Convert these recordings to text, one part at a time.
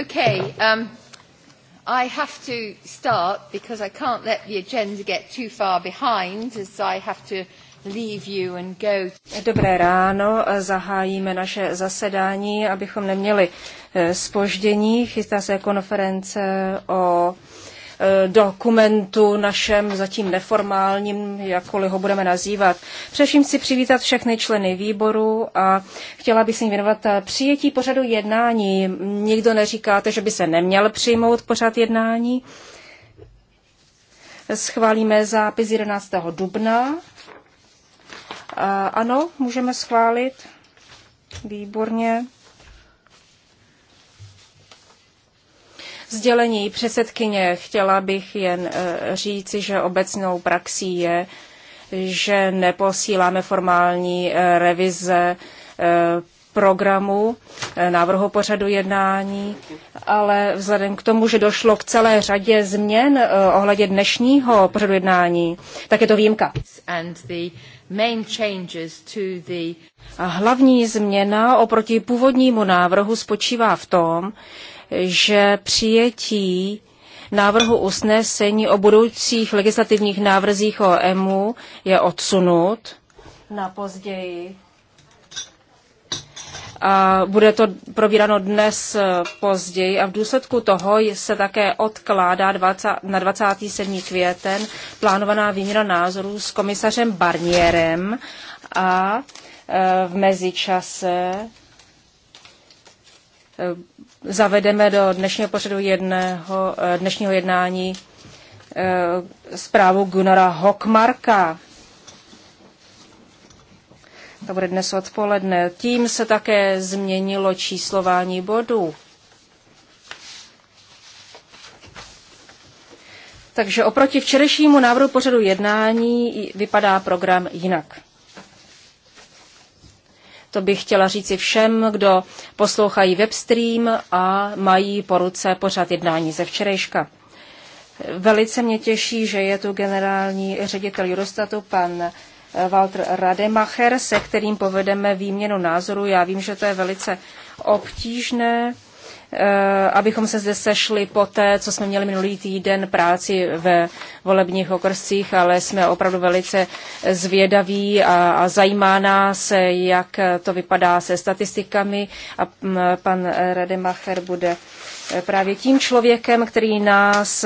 Okay, um, I have to start because I can't let the agenda get too far behind as I have to leave you and go. Dobré ráno, zahájíme naše zasedání, abychom neměli spoždění. Eh, Chystá se konference o Eh, dokumentu našem zatím neformálním, jakkoliv ho budeme nazývat. Především si přivítat všechny členy výboru a chtěla bych si jim věnovat eh, přijetí pořadu jednání. Nikdo neříkáte, že by se neměl přijmout pořad jednání. Schválíme zápis 11. dubna. Eh, ano, můžeme schválit. Výborně. sdělení předsedkyně chtěla bych jen eh, říci, že obecnou praxí je, že neposíláme formální eh, revize eh, programu, návrhu pořadu jednání, ale vzhledem k tomu, že došlo k celé řadě změn ohledně dnešního pořadu jednání, tak je to výjimka. A hlavní změna oproti původnímu návrhu spočívá v tom, že přijetí návrhu usnesení o budoucích legislativních návrzích o EMU je odsunut na později. A bude to probíráno dnes později a v důsledku toho se také odkládá 20, na 27. květen plánovaná výměna názorů s komisařem Barnierem a e, v mezičase e, zavedeme do dnešního pořadu jedného, eh, dnešního jednání eh, zprávu Gunara Hockmarka. To bude dnes odpoledne. Tím se také změnilo číslování bodů. Takže oproti včerejšímu návrhu pořadu jednání vypadá program jinak. To bych chtěla říci všem, kdo poslouchají webstream a mají po ruce pořád jednání ze včerejška. Velice mě těší, že je tu generální ředitel Eurostatu, pan eh, Walter Rademacher, se kterým povedeme výměnu názoru. Já vím, že to je velice obtížné Eh, abychom se zde sešli po té, co jsme měli minulý týden práci ve volebních okrscích, ale jsme opravdu velice zvědaví a, a zajímá nás, jak to vypadá se statistikami a mm, pan eh, Rademacher bude eh, právě tím člověkem, který nás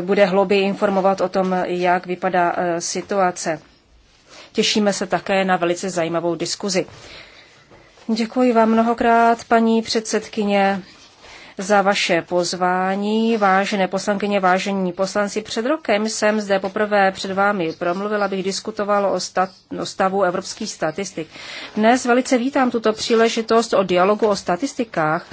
bude hlouběji informovat o tom, jak vypadá situace. Těšíme se také na velice zajímavou diskuzi. Děkuji vám mnohokrát, paní předsedkyně za vaše pozvání. Vážené poslankyně, vážení poslanci, před rokem jsem zde poprvé před vámi promluvila, abych diskutovala o, stat, o stavu evropských statistik. Dnes velice vítám tuto příležitost o dialogu o statistikách.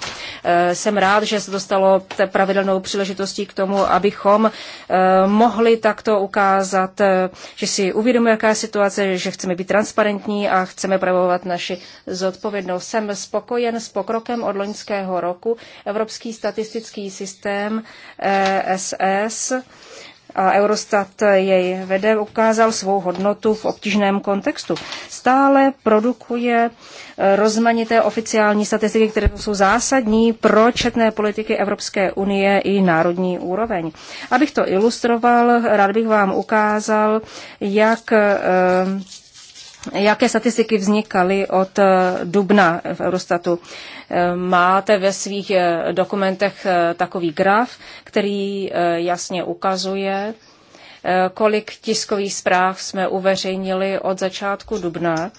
Eh, jsem rád, že se dostalo pravidelnou příležitostí k tomu, abychom eh, mohli takto ukázat, eh, že si uvědomujeme, jaká je situace, že chceme být transparentní a chceme projevovat naši zodpovědnost. Jsem spokojen s pokrokem od loňského roku. Evropský Evropský statistický systém ESS a Eurostat jej vede, ukázal svou hodnotu v obtížném kontextu. Stále produkuje e, rozmanité oficiální statistiky, které jsou zásadní pro četné politiky Evropské unie i národní úroveň. Abych to ilustroval, rád bych vám ukázal, jak e, jaké statistiky vznikaly od eh, dubna v Eurostatu. Eh, máte ve svých eh, dokumentech takový graf, který jasně ukazuje, kolik tiskových zpráv jsme uveřejnili od začátku dubna.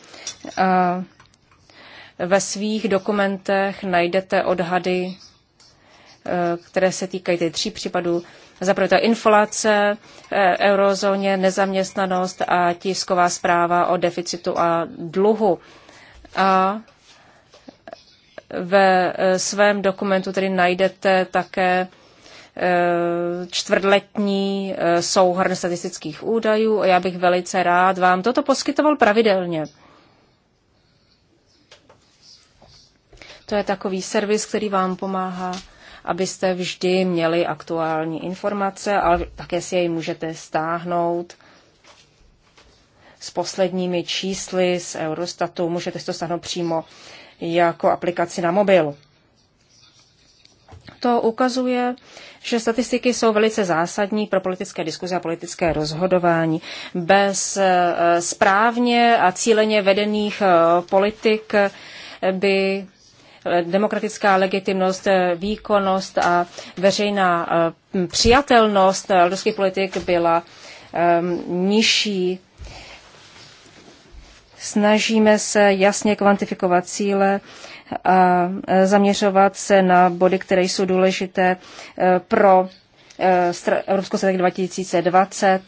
A ve svých dokumentech najdete odhady, které se týkají těch tří případů Zaprvé to inflace, e, eurozóně, nezaměstnanost a tisková zpráva o deficitu a dluhu. A ve e, svém dokumentu tedy najdete také e, čtvrtletní souhrn statistických údajů a já bych velice rád vám toto poskytoval pravidelně. To je takový servis, který vám pomáhá abyste vždy měli aktuální informace, ale také si jej můžete stáhnout s posledními čísly z Eurostatu. Můžete si to stáhnout přímo jako aplikaci na mobil. To ukazuje, že statistiky jsou velice zásadní pro politické diskuze a politické rozhodování. Bez eh, správně a cíleně vedených eh, politik by demokratická legitimnost, výkonnost a veřejná eh, přijatelnost ruských politik byla eh, nižší. Snažíme se jasně kvantifikovat cíle a eh, zaměřovat se na body, které jsou důležité pro Evropskou strategii 2020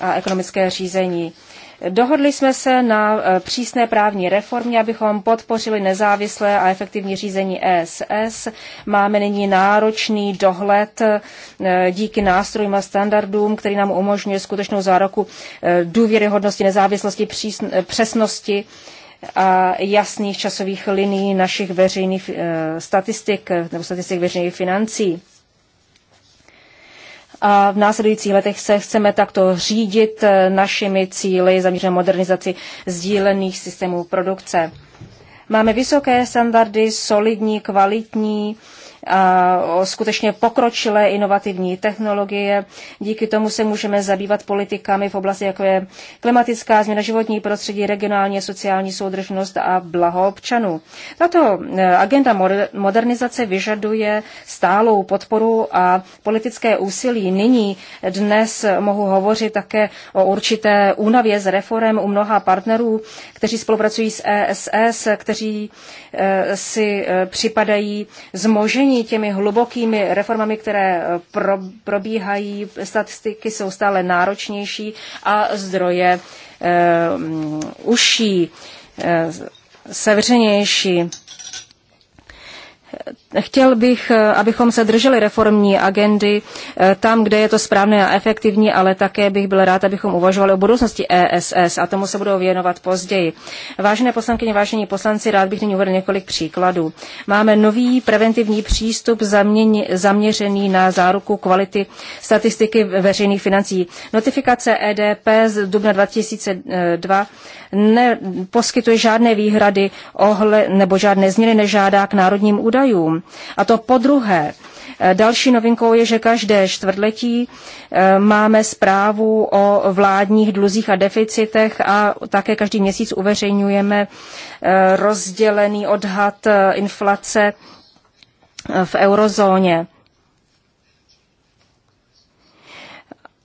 a ekonomické řízení. Dohodli jsme se na e, přísné právní reformě, abychom podpořili nezávislé a efektivní řízení ESS. Máme nyní náročný dohled e, díky nástrojům a standardům, který nám umožňuje skutečnou zároku e, důvěryhodnosti, nezávislosti, přesnosti a jasných časových linií našich veřejných statistik nebo statistik veřejných financí a v následujících letech se chceme takto řídit eh, našimi cíly zaměřené modernizaci sdílených systémů produkce. Máme vysoké standardy, solidní, kvalitní skutečně pokročilé inovativní technologie. Díky tomu se můžeme zabývat politikami v oblasti, jako je klimatická změna životní prostředí, regionální a sociální soudržnost a blaho občanů. Tato e, agenda modernizace vyžaduje stálou podporu a politické úsilí. Nyní dnes mohu hovořit také o určité únavě z reform u mnoha partnerů, kteří spolupracují s ESS, kteří e, si e, připadají zmožení nyní těmi hlubokými reformami, které eh, pro, probíhají. Statistiky jsou stále náročnější a zdroje e, eh, mm, uší, e, eh, sevřenější. Chtěl bych, eh, abychom se drželi reformní agendy eh, tam, kde je to správné a efektivní, ale také bych byl rád, abychom uvažovali o budoucnosti ESS a tomu se budou věnovat později. Vážené poslankyně, vážení poslanci, rád bych nyní uvedl několik příkladů. Máme nový preventivní přístup zaměřený na záruku kvality statistiky veřejných financí. Notifikace EDP z dubna 2002 neposkytuje žádné výhrady ohle, nebo žádné změny nežádá k národním údajům krajům. A to po druhé. Eh, další novinkou je, že každé čtvrtletí eh, máme zprávu o vládních dluzích a deficitech a také každý měsíc uveřejňujeme eh, rozdělený odhad inflace v eurozóně.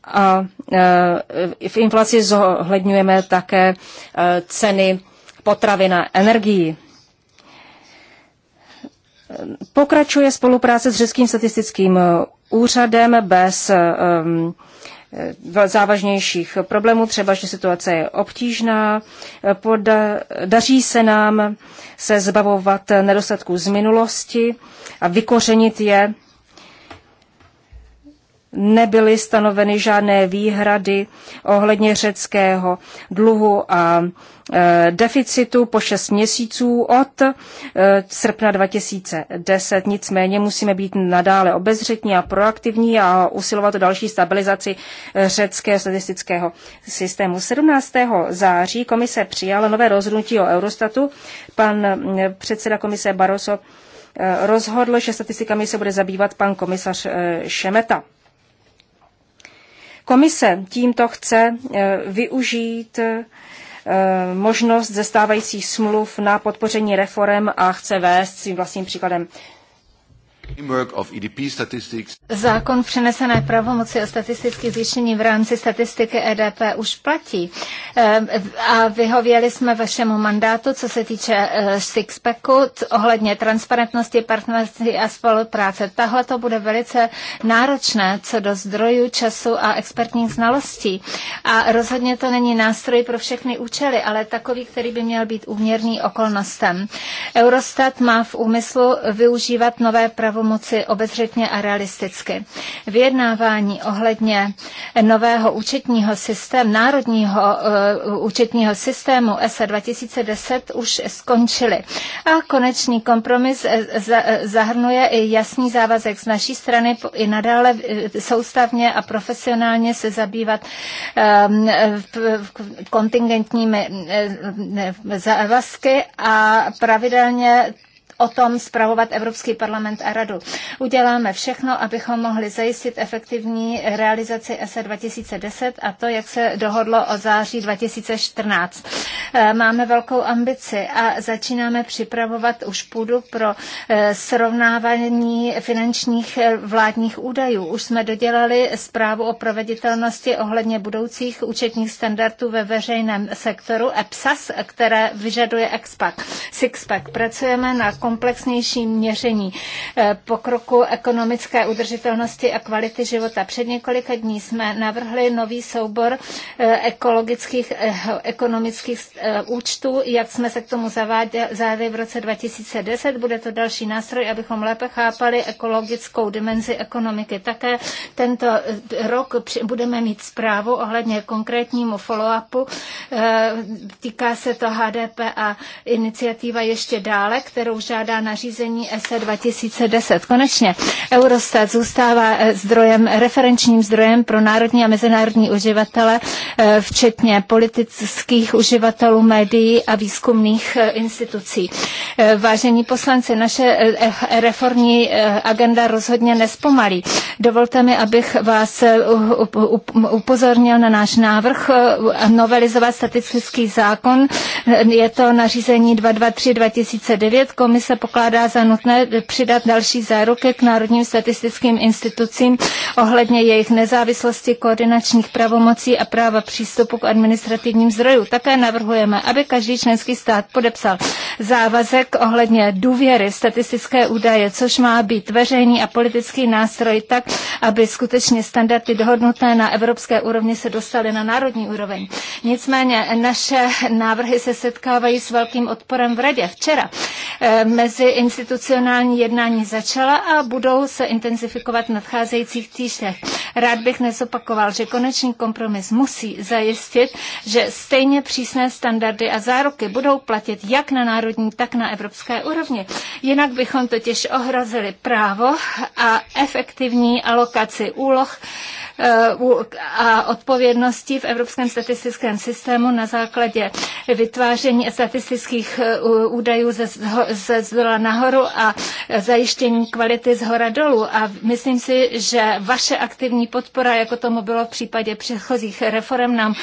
A v inflaci zohledňujeme také ceny potravin a energií. Pokračuje spolupráce s Řeckým statistickým eh, úřadem bez um, závažnějších problémů, třeba, že situace je obtížná. Poda, daří se nám se zbavovat nedostatků z minulosti a vykořenit je nebyly stanoveny žádné výhrady ohledně řeckého dluhu a e, deficitu po 6 měsíců od e, srpna 2010. Nicméně musíme být nadále obezřetní a proaktivní a usilovat o další stabilizaci e, řeckého statistického systému. 17. září komise přijala nové rozhodnutí o Eurostatu. Pan předseda komise Barroso rozhodl, že statistikami se bude zabývat pan komisař Šemeta. Komise tímto chce eh, využít eh, možnost ze stávajících smluv na podpoření reform a chce vést svým vlastním příkladem. E Zákon přenesené pravomoci o statistických zjištění v rámci statistiky EDP už platí. Ehm, a vyhověli jsme vašemu mandátu, co se týče eh, Sixpacku, ohledně transparentnosti, partnerství a spolupráce. Tahle to bude velice náročné co do zdrojů, času a expertních znalostí. A rozhodně to není nástroj pro všechny účely, ale takový, který by měl být úměrný okolnostem. Eurostat má v úmyslu využívat nové pravomoci pravomoci obezřetně a realisticky. Vyjednávání ohledně nového účetního systému, národního uh, účetního systému ESA 2010 už skončily. A konečný kompromis eh, eh, zahrnuje i jasný závazek z naší strany i nadále soustavně a profesionálně se zabývat um, kontingentními závazky a pravidelně o tom zpravovat Evropský parlament a radu. Uděláme všechno, abychom mohli zajistit efektivní realizaci ESE 2010 a to, jak se dohodlo od září 2014. Eh, máme velkou ambici a začínáme připravovat už půdu pro eh, srovnávání finančních eh, vládních údajů. Už jsme dodělali zprávu o proveditelnosti ohledně budoucích účetních standardů ve veřejném sektoru EPSAS, které vyžaduje Expac. sixpack. Pracujeme na komplexnější měření eh, pokroku ekonomické udržitelnosti a kvality života. Před několika dní jsme navrhli nový soubor eh, ekologických eh, ekonomických účtů, jak jsme se k tomu zavádě, v roce 2010. Bude to další nástroj, abychom lépe chápali ekologickou dimenzi ekonomiky. Také tento rok budeme mít zprávu ohledně konkrétnímu follow-upu. Týká se to HDP a iniciativa ještě dále, kterou žádá žádá nařízení ESE 2010. Konečně Eurostat zůstává eh, zdrojem, referenčním zdrojem pro národní a mezinárodní uživatele, eh, včetně politických uživatelů médií a výzkumných eh, institucí. Vážení poslanci, naše reformní agenda rozhodně nespomalí. Dovolte mi, abych vás upozornil na náš návrh novelizovat statistický zákon. Je to nařízení 223 2009. Komise se pokládá za nutné přidat další záruky k národním statistickým institucím ohledně jejich nezávislosti, koordinačních pravomocí a práva přístupu k administrativním zdrojům. Také navrhujeme, aby každý členský stát podepsal závazek ohledně důvěry statistické údaje, což má být veřejný a politický nástroj tak, aby skutečně standardy dohodnuté na evropské úrovni se dostaly na národní úroveň. Nicméně naše návrhy se setkávají s velkým odporem v radě. Včera eh, mezi institucionální jednání začala a budou se intenzifikovat v nadcházejících týdnech. Rád bych nezopakoval, že konečný kompromis musí zajistit, že stejně přísné standardy a záruky budou platit jak na národní, tak na evropské úrovni. Jinak bychom totiž ohrozili právo a efektivní alokaci úloh eh, a odpovědností v Evropském statistickém systému na základě vytváření statistických eh, údajů ze, ze z dola nahoru a zajištění kvality z hora dolů. A myslím si, že vaše aktivní podpora, jako tomu bylo v případě předchozích reform, nám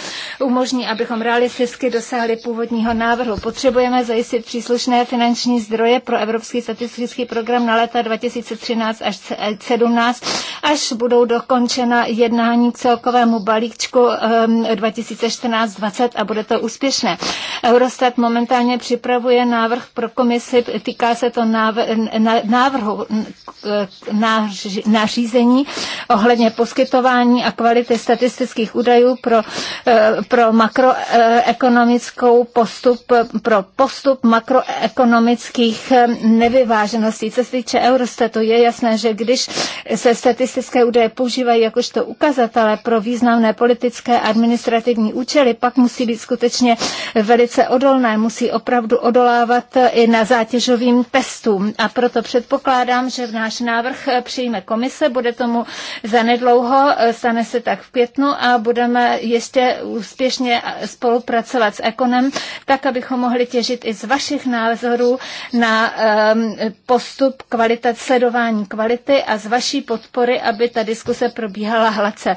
umožní, abychom realisticky dosáhli původního návrhu. Potřebujeme zajistit příslušné finanční zdroje pro Evropský statistický program na léta 2013 až 2017, až budou dokončena jednání k celkovému balíčku 2014-2020 um, a bude to úspěšné. Eurostat momentálně připravuje návrh pro komisi týká se to návrhu nařízení ohledně poskytování a kvality statistických údajů pro, eh, pro makroekonomickou postup, pro postup makroekonomických eh, nevyvážeností. Co se týče Eurostatu, je jasné, že když se statistické údaje používají jakožto ukazatele pro významné politické a administrativní účely, pak musí být skutečně velice odolné, musí opravdu odolávat eh, i na zátěžové covidovým testům A proto předpokládám, že v náš návrh eh, přijme komise, bude tomu zanedlouho, eh, stane se tak v květnu a budeme ještě úspěšně eh, spolupracovat s Ekonem, tak, abychom mohli těžit i z vašich názorů na ehm, postup kvalita, sledování kvality a z vaší podpory, aby ta diskuse probíhala hladce.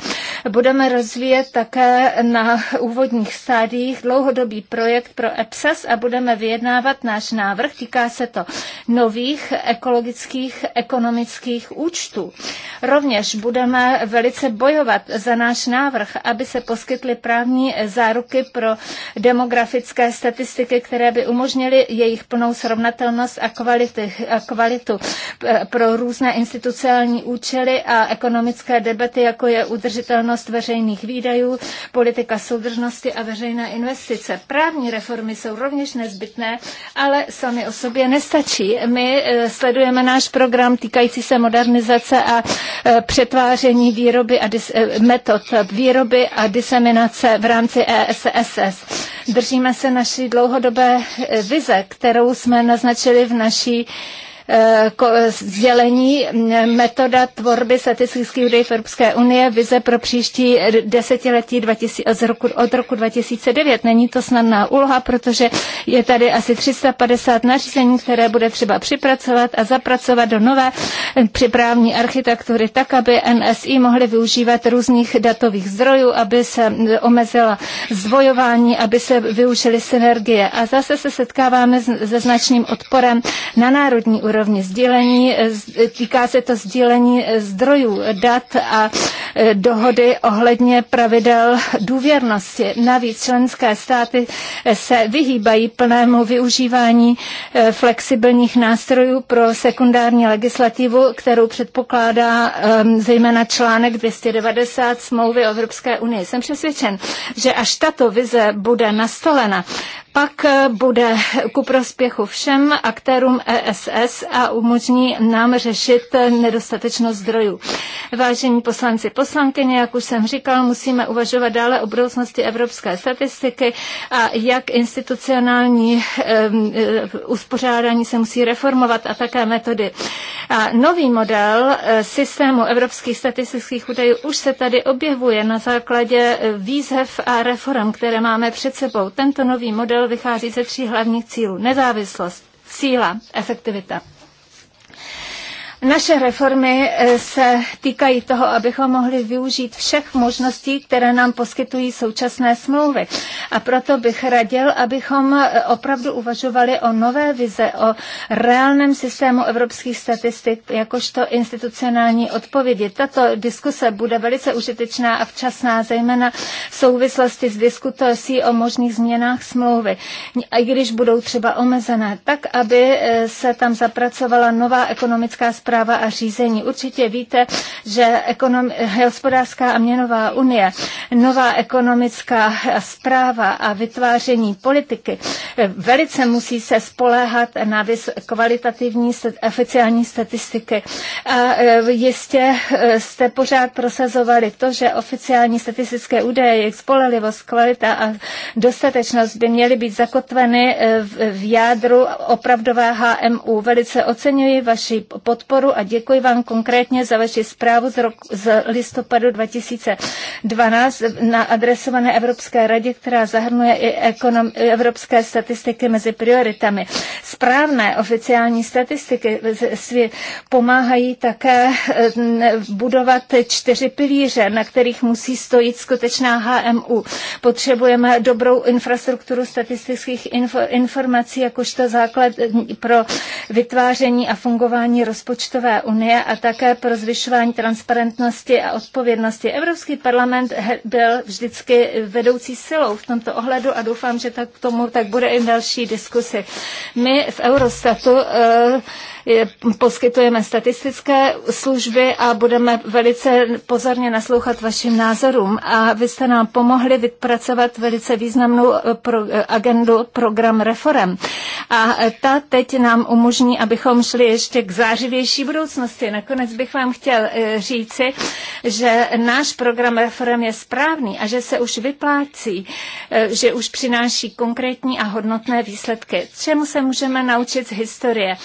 Budeme rozvíjet také na úvodních stádiích dlouhodobý projekt pro EPSAS a budeme vyjednávat náš návrh. Týká se to nových ekologických ekonomických účtů. Rovněž budeme velice bojovat za náš návrh, aby se poskytly právní záruky pro demografické statistiky, které by umožnily jejich plnou srovnatelnost a, kvality, a kvalitu e, pro různé institucionální účely a ekonomické debaty, jako je udržitelnost veřejných výdajů, politika soudržnosti a veřejné investice. Právní reformy jsou rovněž nezbytné, ale sami o sobě nezbytné nestačí. My eh, sledujeme náš program týkající se modernizace a eh, přetváření výroby a dis, eh, metod výroby a diseminace v rámci ESSS. Držíme se naší dlouhodobé vize, kterou jsme naznačili v naší Eh, sdělení mm, metoda tvorby statistických údajů Evropské unie vize pro příští desetiletí 2000, z roku, od roku 2009. Není to snadná úloha, protože je tady asi 350 nařízení, které bude třeba připracovat a zapracovat do nové eh, připravní architektury tak, aby NSI mohly využívat různých datových zdrojů, aby se mm, omezila zvojování, aby se využily synergie. A zase se setkáváme se značným odporem na národní úrovni úrovni sdílení. Eh, týká se to sdílení eh, zdrojů dat a eh, dohody ohledně pravidel důvěrnosti. Navíc členské státy se vyhýbají plnému využívání flexibilních nástrojů pro sekundární legislativu, kterou předpokládá ehm, zejména článek 290 smlouvy o Evropské unii. Jsem přesvědčen, že až tato vize bude nastolena, pak bude ku prospěchu všem aktérům ESS a umožní nám řešit nedostatečnost zdrojů. Vážení poslanci, poslankyně, jak už jsem říkal, musíme uvažovat dále o budoucnosti evropské statistiky a jak institucionální um, uspořádání se musí reformovat a také metody. A nový model eh, systému evropských statistických údajů už se tady objevuje na základě eh, výzev a reform, které máme před sebou. Tento nový model vychází ze tří hlavních cílů. Nezávislost, síla, efektivita. Naše reformy eh, se týkají toho, abychom mohli využít všech možností, které nám poskytují současné smlouvy. A proto bych radil, abychom eh, opravdu uvažovali o nové vize, o reálném systému evropských statistik, jakožto institucionální odpovědi. Tato diskuse bude velice užitečná a včasná, zejména v souvislosti s diskutací o možných změnách smlouvy, i když budou třeba omezené, tak, aby eh, se tam zapracovala nová ekonomická společnost Správa a řízení. Určitě víte, že ekonom, hospodářská a měnová unie, nová ekonomická zpráva a vytváření politiky eh, velice musí se spoléhat na kvalitativní oficiální statistiky. A eh, jistě eh, jste pořád prosazovali to, že oficiální statistické údaje, jejich spolehlivost, kvalita a dostatečnost by měly být zakotveny v jádru opravdové HMU. Velice oceňuji vaši podporu podporu a děkuji vám konkrétně za vaši zprávu z, roku, z listopadu 2012 na adresované Evropské radě, která zahrnuje i ekonom, evropské statistiky mezi prioritami. Správné oficiální statistiky svě, pomáhají také eh, budovat čtyři pilíře, na kterých musí stojit skutečná HMU. Potřebujeme dobrou infrastrukturu statistických info, informací jakožto základ eh, pro vytváření a fungování rozpočtu rozpočtové unie a také pro zvyšování transparentnosti a odpovědnosti. Evropský parlament byl vždycky vedoucí silou v tomto ohledu a doufám, že tak tomu tak bude i v další diskusi. My v Eurostatu uh, poskytujeme statistické služby a budeme velice pozorně naslouchat vašim názorům. A vy jste nám pomohli vypracovat velice významnou eh, pro, eh, agendu program reform. A eh, ta teď nám umožní, abychom šli ještě k zářivější budoucnosti. Nakonec bych vám chtěl říci, že náš program reform je správný a že se už vyplácí, že už přináší konkrétní a hodnotné výsledky. Čemu se můžeme naučit z historie?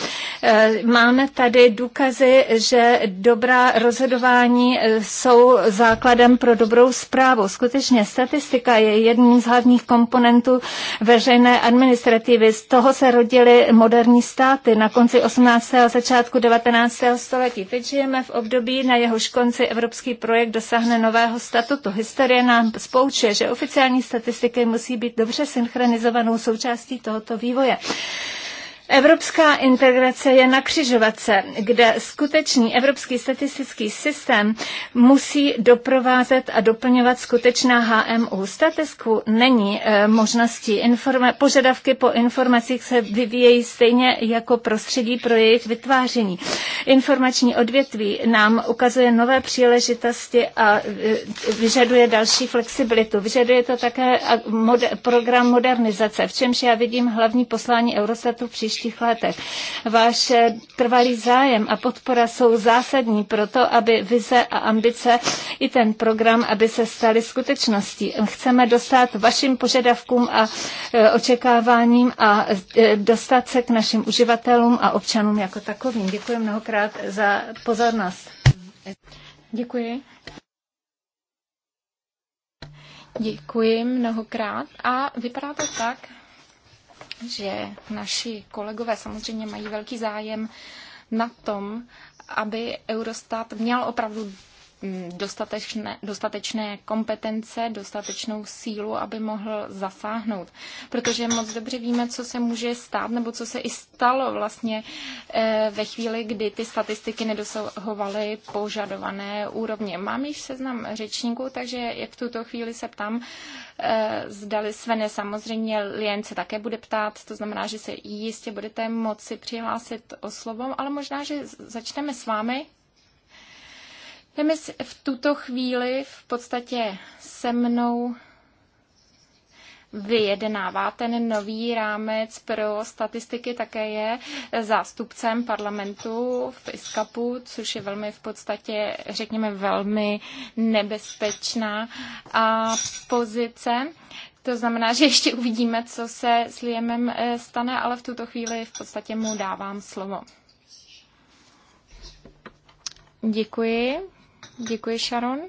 Máme tady důkazy, že dobrá rozhodování e, jsou základem pro dobrou zprávu. Skutečně statistika je jedním z hlavních komponentů veřejné administrativy. Z toho se rodily moderní státy na konci 18. a začátku 19. století. Teď žijeme v období, na jehož konci evropský projekt dosáhne nového statutu. Historie nám spoučuje, že oficiální statistiky musí být dobře synchronizovanou součástí tohoto vývoje. Evropská integrace je na křižovatce, kde skutečný evropský statistický systém musí doprovázet a doplňovat skutečná HMU. Statistiku není e, možností. Informa- požadavky po informacích se vyvíjejí stejně jako prostředí pro jejich vytváření. Informační odvětví nám ukazuje nové příležitosti a e, vyžaduje další flexibilitu. Vyžaduje to také eh, mod- program modernizace, v čemž já vidím hlavní poslání Eurostatu příští příštích letech. Váš eh, trvalý zájem a podpora jsou zásadní pro to, aby vize a ambice i ten program, aby se staly skutečností. Chceme dostat vašim požadavkům a eh, očekáváním a eh, dostat se k našim uživatelům a občanům jako takovým. Děkuji mnohokrát za pozornost. Děkuji. Děkuji mnohokrát a vypadá to tak, že naši kolegové samozřejmě mají velký zájem na tom, aby Eurostat měl opravdu Mm, dostatečné, dostatečné kompetence, dostatečnou sílu, aby mohl zasáhnout. Protože moc dobře víme, co se může stát, nebo co se i stalo vlastně eh, ve chvíli, kdy ty statistiky nedosahovaly požadované úrovně. Mám již seznam řečníků, takže jak v tuto chvíli se ptám, eh, zdali Svene samozřejmě Lien se také bude ptát, to znamená, že se jistě budete moci přihlásit o slovo, ale možná, že začneme s vámi. Je mi v tuto chvíli v podstatě se mnou vyjednává ten nový rámec pro statistiky, také je zástupcem parlamentu v ISKAPu, což je velmi v podstatě, řekněme, velmi nebezpečná a pozice. To znamená, že ještě uvidíme, co se s Liemem eh, stane, ale v tuto chvíli v podstatě mu dávám slovo. Děkuji, Děkuji, Sharon.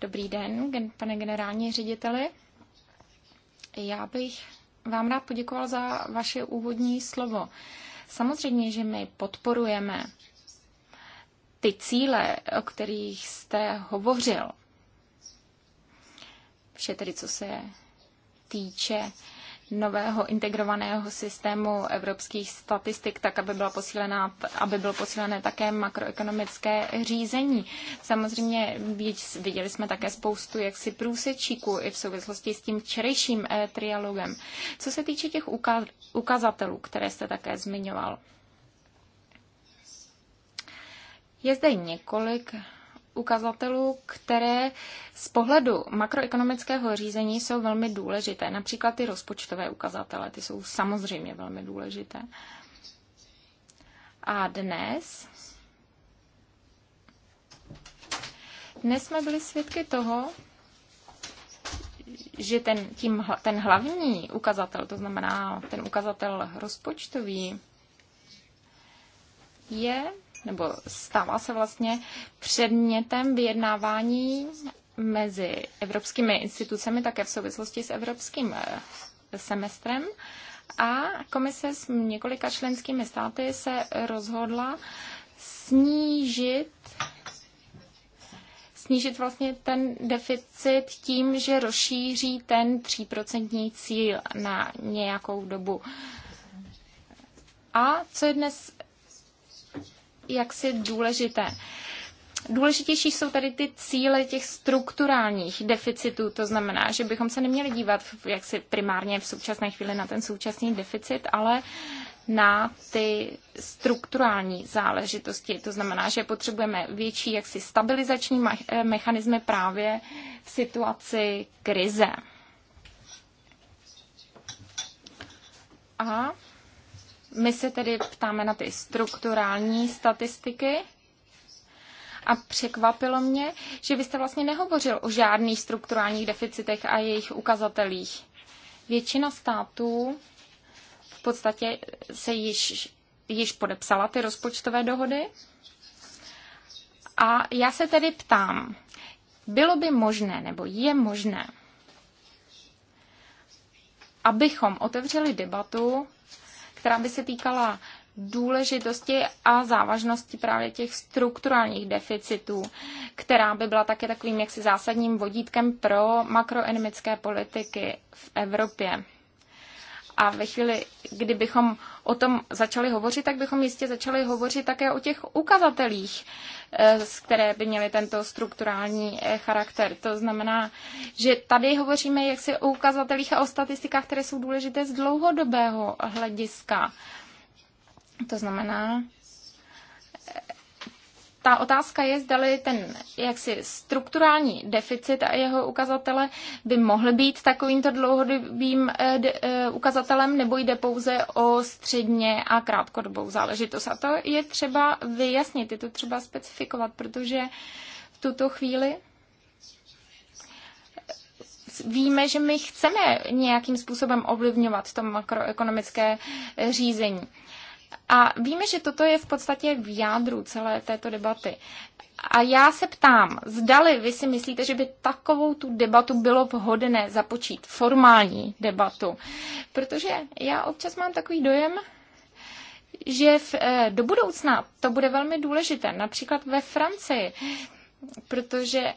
Dobrý den, pane generální řediteli. Já bych vám rád poděkoval za vaše úvodní slovo. Samozřejmě, že my podporujeme ty cíle, o kterých jste hovořil. Vše tedy, co se týče nového integrovaného systému evropských statistik, tak aby, byla posílená, aby bylo posílené také makroekonomické řízení. Samozřejmě viděli jsme také spoustu jaksi průsečíků i v souvislosti s tím včerejším eh, trialogem. Co se týče těch ukazatelů, které jste také zmiňoval, je zde několik ukazatelů, které z pohledu makroekonomického řízení jsou velmi důležité. Například ty rozpočtové ukazatele, ty jsou samozřejmě velmi důležité. A dnes dnes jsme byli svědky toho, že ten, tím, ten hlavní ukazatel, to znamená ten ukazatel rozpočtový, je nebo stává se vlastně předmětem vyjednávání mezi evropskými institucemi, také v souvislosti s evropským eh, semestrem. A komise s několika členskými státy se rozhodla snížit snížit vlastně ten deficit tím, že rozšíří ten 3% cíl na nějakou dobu. A co je dnes jaksi důležité. Důležitější jsou tady ty cíle těch strukturálních deficitů, to znamená, že bychom se neměli dívat jak si primárně v současné chvíli na ten současný deficit, ale na ty strukturální záležitosti. To znamená, že potřebujeme větší jaksi stabilizační eh, mechanismy právě v situaci krize. A my se tedy ptáme na ty strukturální statistiky a překvapilo mě, že vy jste vlastně nehovořil o žádných strukturálních deficitech a jejich ukazatelích. Většina států v podstatě se již, již podepsala ty rozpočtové dohody. A já se tedy ptám, bylo by možné, nebo je možné, abychom otevřeli debatu která by se týkala důležitosti a závažnosti právě těch strukturálních deficitů, která by byla také takovým jaksi zásadním vodítkem pro makroekonomické politiky v Evropě. A ve chvíli, kdybychom o tom začali hovořit, tak bychom jistě začali hovořit také o těch ukazatelích, eh, které by měly tento strukturální eh, charakter. To znamená, že tady hovoříme jaksi o ukazatelích a o statistikách, které jsou důležité z dlouhodobého hlediska. To znamená, ta otázka je, zdali ten jaksi strukturální deficit a jeho ukazatele by mohl být takovýmto dlouhodobým eh, eh, ukazatelem, nebo jde pouze o středně a krátkodobou záležitost. A to je třeba vyjasnit, je to třeba specifikovat, protože v tuto chvíli víme, že my chceme nějakým způsobem ovlivňovat to makroekonomické eh, řízení. A víme, že toto je v podstatě v jádru celé této debaty. A já se ptám, zdali vy si myslíte, že by takovou tu debatu bylo vhodné započít, formální debatu. Protože já občas mám takový dojem, že v, eh, do budoucna to bude velmi důležité. Například ve Francii protože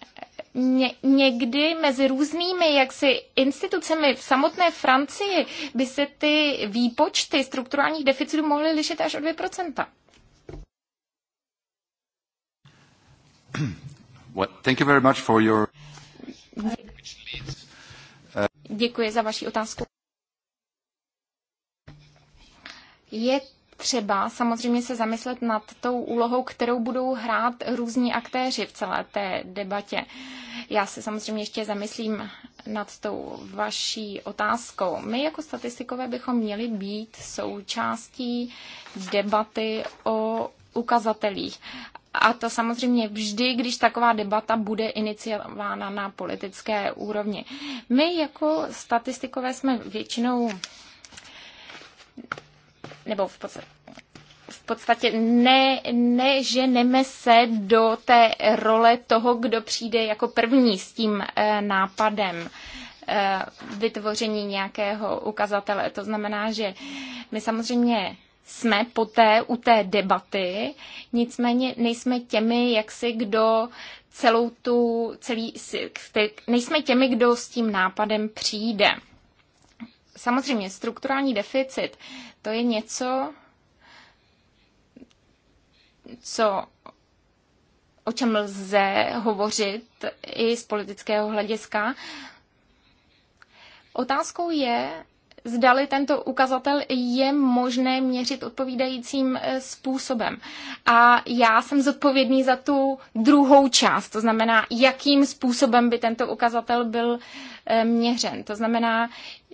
ně, někdy mezi různými jaksi institucemi v samotné Francii by se ty výpočty strukturálních deficitů mohly lišit až o 2%. Well, thank you very much for your... Děkuji za vaši otázku. Je třeba samozřejmě se zamyslet nad tou úlohou, kterou budou hrát různí aktéři v celé té debatě. Já se samozřejmě ještě zamyslím nad tou vaší otázkou. My jako statistikové bychom měli být součástí debaty o ukazatelích. A to samozřejmě vždy, když taková debata bude iniciována na politické úrovni. My jako statistikové jsme většinou nebo v podstatě v podstatě ne, ne, ženeme se do té role toho, kdo přijde jako první s tím eh, nápadem eh, vytvoření nějakého ukazatele. To znamená, že my samozřejmě jsme poté u té debaty, nicméně nejsme těmi, jak si kdo celou tu, celý, nejsme těmi, kdo s tím nápadem přijde. Samozřejmě, strukturální deficit, to je něco, co, o čem lze hovořit i z politického hlediska. Otázkou je, zdali tento ukazatel je možné měřit odpovídajícím eh, způsobem. A já jsem zodpovědný za tu druhou část, to znamená, jakým způsobem by tento ukazatel byl eh, měřen. To znamená,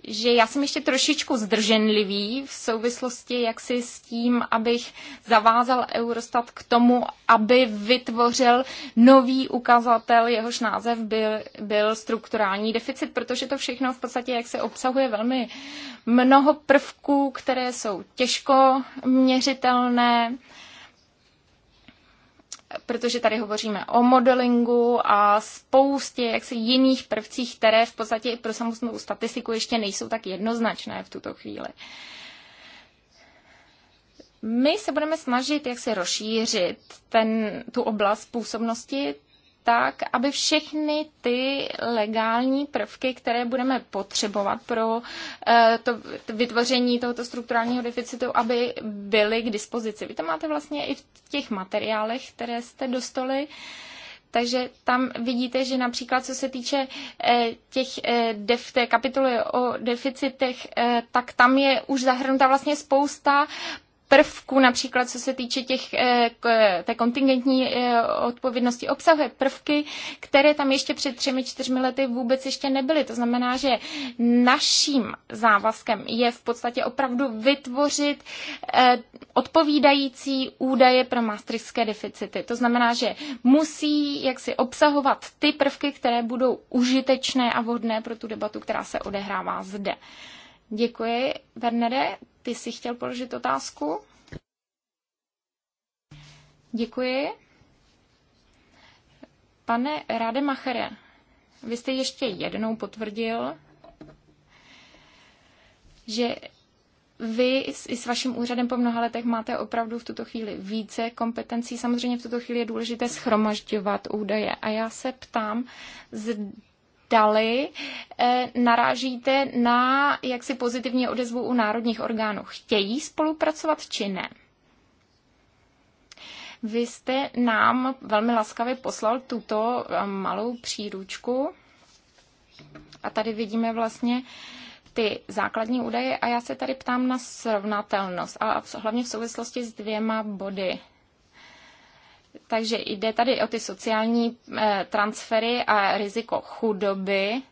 že já jsem ještě trošičku zdrženlivý v souvislosti jaksi s tím, abych zavázal Eurostat k tomu, aby vytvořil nový ukazatel, jehož název byl, byl strukturální deficit, protože to všechno v podstatě jak se obsahuje velmi mnoho prvků, které jsou těžko měřitelné, protože tady hovoříme o modelingu a spoustě jaksi jiných prvcích, které v podstatě i pro samotnou statistiku ještě nejsou tak jednoznačné v tuto chvíli. My se budeme snažit jak se rozšířit ten, tu oblast působnosti tak, aby všechny ty legální prvky, které budeme potřebovat pro eh, to vytvoření tohoto strukturálního deficitu, aby byly k dispozici. Vy to máte vlastně i v těch materiálech, které jste dostali. Takže tam vidíte, že například co se týče eh, těch eh, def, té kapitoly o deficitech, tak tam je už zahrnuta vlastně spousta prvků, například co se týče těch, eh, té kontingentní eh, odpovědnosti, obsahuje prvky, které tam ještě před třemi, čtyřmi lety vůbec ještě nebyly. To znamená, že naším závazkem je v podstatě opravdu vytvořit eh, odpovídající údaje pro maastrichtské deficity. To znamená, že musí jaksi obsahovat ty prvky, které budou užitečné a vhodné pro tu debatu, která se odehrává zde. Děkuji. Bernere, ty jsi chtěl položit otázku? Děkuji. Pane Rademachere, vy jste ještě jednou potvrdil, že vy i s vaším úřadem po mnoha letech máte opravdu v tuto chvíli více kompetencí. Samozřejmě v tuto chvíli je důležité schromažďovat údaje. A já se ptám, ptali, eh, narážíte na jaksi pozitivní odezvu u národních orgánů. Chtějí spolupracovat či ne? Vy jste nám velmi laskavě poslal tuto eh, malou příručku. A tady vidíme vlastně ty základní údaje a já se tady ptám na srovnatelnost a hlavně v souvislosti s dvěma body. Takže jde tady o ty sociální eh, transfery a riziko chudoby.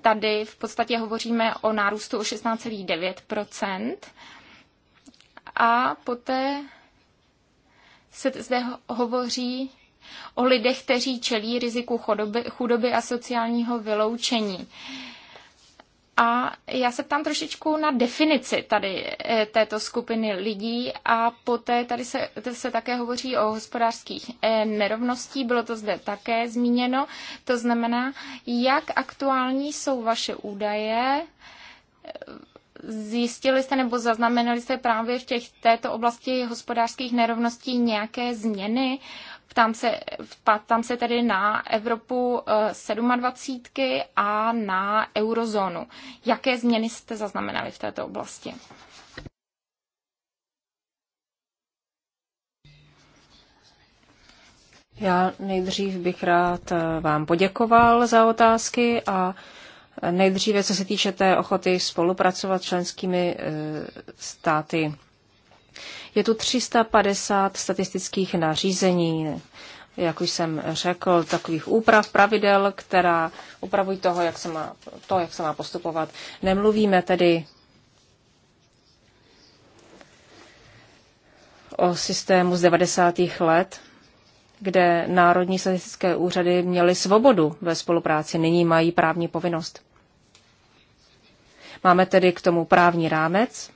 Tady v podstatě hovoříme o nárůstu o 16,9 a poté se zde hovoří o lidech, kteří čelí riziku chudoby, a sociálního vyloučení. A já se ptám trošičku na definici tady eh, této skupiny lidí a poté tady se, se také hovoří o hospodářských eh, nerovností, bylo to zde také zmíněno. To znamená, jak aktuální jsou vaše údaje, zjistili jste nebo zaznamenali jste právě v těch, této oblasti hospodářských nerovností nějaké změny? Ptám se, ptám se tedy na Evropu 27 eh, a na eurozónu. Jaké změny jste zaznamenali v této oblasti? Já nejdřív bych rád eh, vám poděkoval za otázky a eh, nejdříve, co se týče té ochoty spolupracovat s členskými státy je tu 350 statistických nařízení, jak už jsem řekl, takových úprav pravidel, která upravují toho, jak se má, to, jak se má postupovat. Nemluvíme tedy o systému z 90. let, kde národní statistické úřady měly svobodu ve spolupráci, nyní mají právní povinnost. Máme tedy k tomu právní rámec,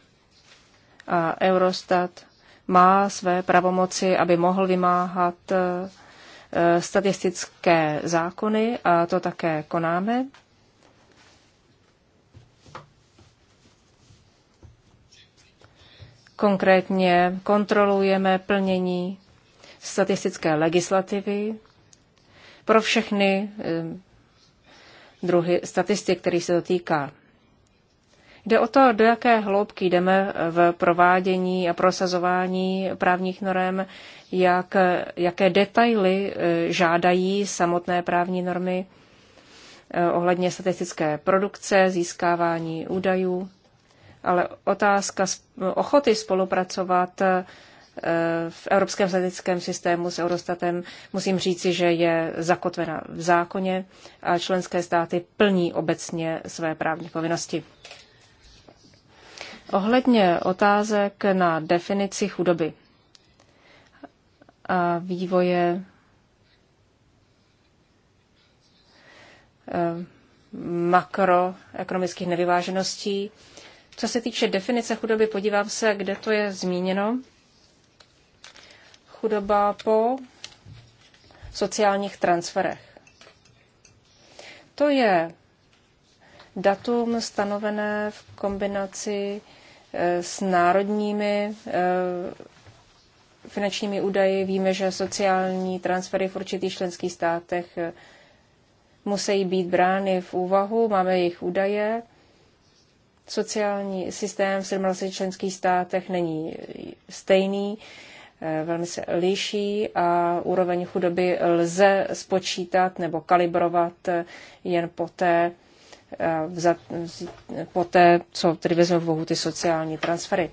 Eurostat má své pravomoci, aby mohl vymáhat e, statistické zákony a to také konáme. Konkrétně kontrolujeme plnění statistické legislativy pro všechny e, druhy statistik, který se dotýká. týká. Jde o to, do jaké hloubky jdeme v provádění a prosazování právních norm, jak, jaké detaily e, žádají samotné právní normy e, ohledně statistické produkce, získávání údajů. Ale otázka ochoty spolupracovat e, v Evropském statistickém systému s Eurostatem musím říci, že je zakotvena v zákoně a členské státy plní obecně své právní povinnosti. Ohledně otázek na definici chudoby a vývoje eh, makroekonomických nevyvážeností. Co se týče definice chudoby, podívám se, kde to je zmíněno. Chudoba po sociálních transferech. To je datum stanovené v kombinaci Eh, s národními eh, finančními údaji. Víme, že sociální transfery v určitých členských státech eh, musí být brány v úvahu, máme jejich údaje. Sociální systém v 17 členských státech není stejný, velmi se liší a úroveň chudoby lze spočítat nebo kalibrovat jen poté, Eh, vzat, poté, co tedy vezmou v ty sociální transfery.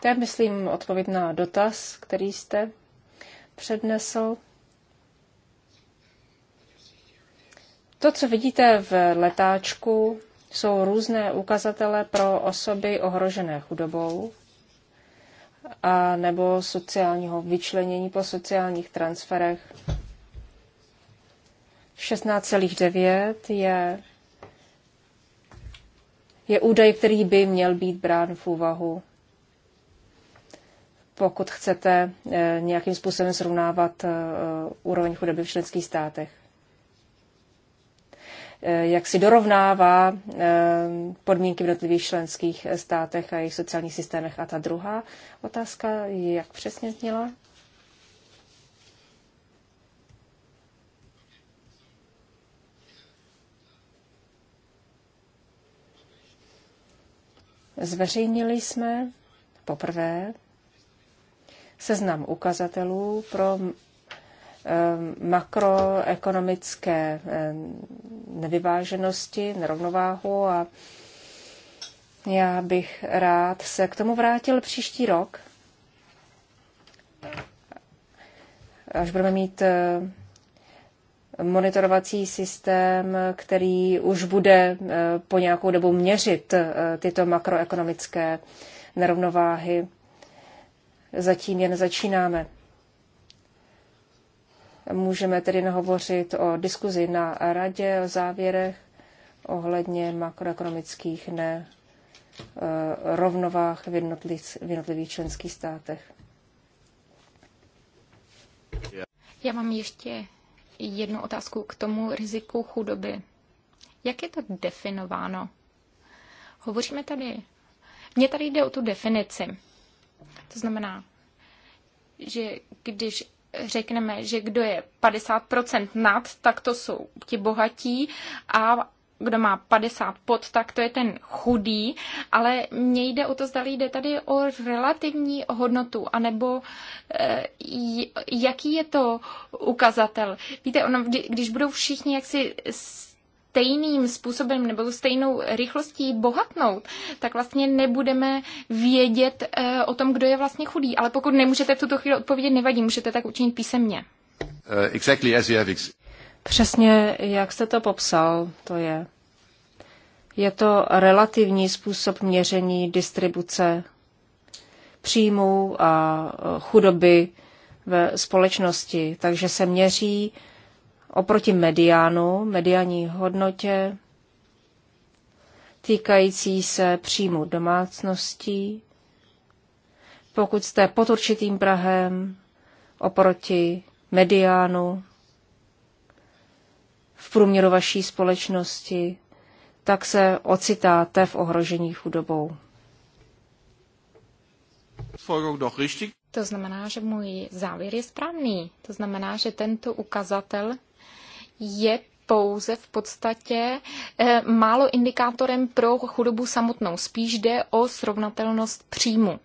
To je, myslím, odpověď na dotaz, který jste přednesl. To, co vidíte v letáčku, jsou různé ukazatele pro osoby ohrožené chudobou a nebo sociálního vyčlenění po sociálních transferech. 16,9 je, je údaj, který by měl být brán v úvahu, pokud chcete eh, nějakým způsobem srovnávat eh, úroveň chudoby v členských státech. Eh, jak si dorovnává eh, podmínky v jednotlivých členských státech a jejich sociálních systémech. A ta druhá otázka, jak přesně zněla? Zveřejnili jsme poprvé seznam ukazatelů pro Ehm, makroekonomické ehm, nevyváženosti, nerovnováhu a já bych rád se k tomu vrátil příští rok, až budeme mít ehm, monitorovací systém, který už bude po nějakou dobu měřit tyto makroekonomické nerovnováhy. Zatím jen začínáme. Můžeme tedy nahovořit o diskuzi na radě, o závěrech ohledně makroekonomických ne e, rovnovách v jednotlivých, v jednotlivých členských státech. Já mám ještě jednu otázku k tomu riziku chudoby. Jak je to definováno? Hovoříme tady. Mně tady jde o tu definici. To znamená, že když řekneme, že kdo je 50% nad, tak to jsou ti bohatí a kdo má 50 pod, tak to je ten chudý, ale mně jde o to, zda jde tady o relativní hodnotu, anebo e, jaký je to ukazatel. Víte, ono, když budou všichni jaksi stejným způsobem nebo stejnou rychlostí bohatnout, tak vlastně nebudeme vědět eh, o tom, kdo je vlastně chudý. Ale pokud nemůžete v tuto chvíli odpovědět, nevadí, můžete tak učinit písemně. Uh, exactly as you have ex- Přesně, jak jste to popsal, to je. Je to relativní způsob měření distribuce příjmů a eh, chudoby ve společnosti, takže se měří oproti mediánu, mediální hodnotě týkající se příjmu domácností, pokud jste pod určitým Prahem oproti mediánu v průměru vaší společnosti, tak se ocitáte v ohrožení chudobou. To znamená, že můj závěr je správný. To znamená, že tento ukazatel je pouze v podstatě eh, málo indikátorem pro chudobu samotnou. Spíš jde o srovnatelnost příjmu.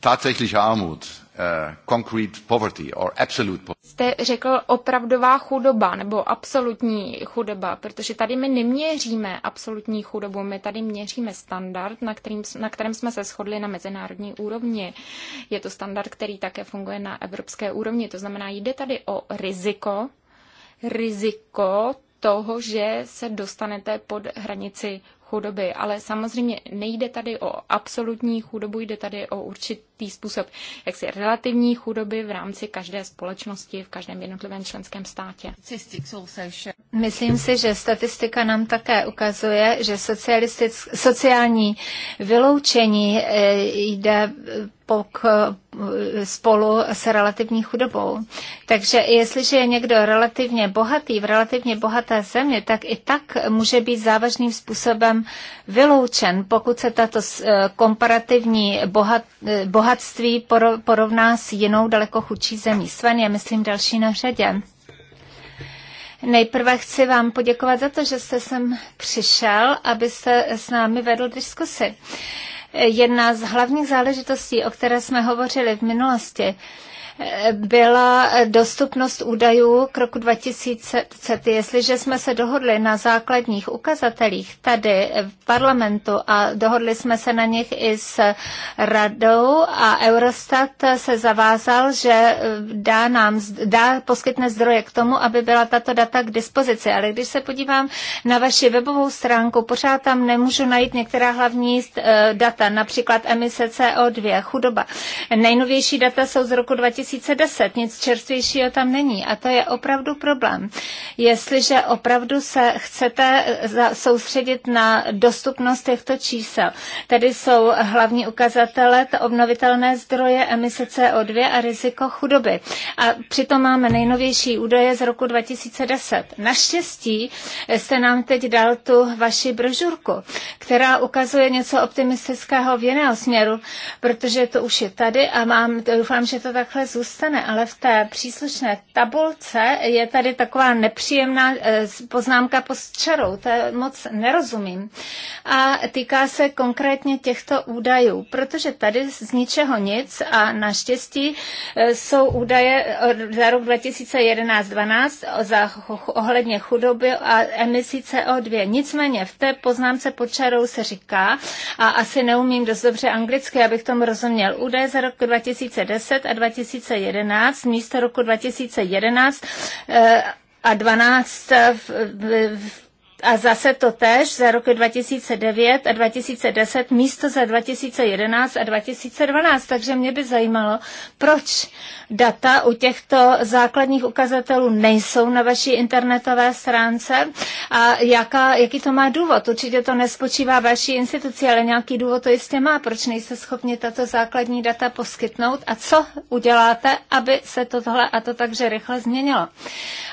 Tatsächlich Armut, uh, concrete poverty or absolute poverty. Jste řekl opravdová chudoba nebo absolutní chudoba, protože tady my neměříme absolutní chudobu, my tady měříme standard, na, kterým, na kterém jsme se shodli na mezinárodní úrovni. Je to standard, který také funguje na evropské úrovni, to znamená, jde tady o riziko, riziko toho, že se dostanete pod hranici chudoby. Ale samozřejmě nejde tady o absolutní chudobu, jde tady o určitý způsob jaksi relativní chudoby v rámci každé společnosti, v každém jednotlivém členském státě. Myslím si, že statistika nám také ukazuje, že sociální vyloučení eh, jde pok eh, spolu s relativní chudobou. Takže jestliže je někdo relativně bohatý v relativně bohaté země, tak i tak může být závažným způsobem vyloučen, pokud se tato eh, komparativní bohat, eh, bohatství porovná s jinou daleko chudší zemí. Sven je, myslím, další na řadě. Nejprve chci vám poděkovat za to, že jste sem přišel, abyste s námi vedl diskusy. Uh, Jedna z hlavních záležitostí, o které jsme hovořili v minulosti, byla dostupnost údajů k roku 2000. Jestliže jsme se dohodli na základních ukazatelích tady v parlamentu a dohodli jsme se na nich i s radou a Eurostat se zavázal, že dá nám, dá, poskytne zdroje k tomu, aby byla tato data k dispozici. Ale když se podívám na vaši webovou stránku, pořád tam nemůžu najít některá hlavní eh, data, například emise CO2, chudoba. Nejnovější data jsou z roku 2000 2010. Nic čerstvějšího tam není a to je opravdu problém. Jestliže opravdu se chcete eh, soustředit na dostupnost těchto čísel, tady jsou hlavní ukazatele, obnovitelné zdroje, emise CO2 a riziko chudoby. A přitom máme nejnovější údaje z roku 2010. Naštěstí eh, jste nám teď dal tu vaši brožurku, která ukazuje něco optimistického v jiného směru, protože to už je tady a mám, doufám, že to takhle zůstává zůstane, ale v té příslušné tabulce je tady taková nepříjemná eh, poznámka pod čarou, to moc nerozumím. A týká se konkrétně těchto údajů, protože tady z ničeho nic a naštěstí eh, jsou údaje eh, za rok 2011-12 za ohledně chudoby a emisí CO2. Nicméně v té poznámce pod čarou se říká, a asi neumím dost dobře anglicky, abych tomu rozuměl, údaje za rok 2010 a 2011 2011, místo roku 2011 eh, a 12 v, v, v a zase to tež za roky 2009 a 2010 místo za 2011 a 2012. Takže mě by zajímalo, proč data u těchto základních ukazatelů nejsou na vaší internetové stránce a jaká, jaký to má důvod. Určitě to nespočívá vaší instituci, ale nějaký důvod to jistě má. Proč nejste schopni tato základní data poskytnout a co uděláte, aby se to tohle a to takže rychle změnilo.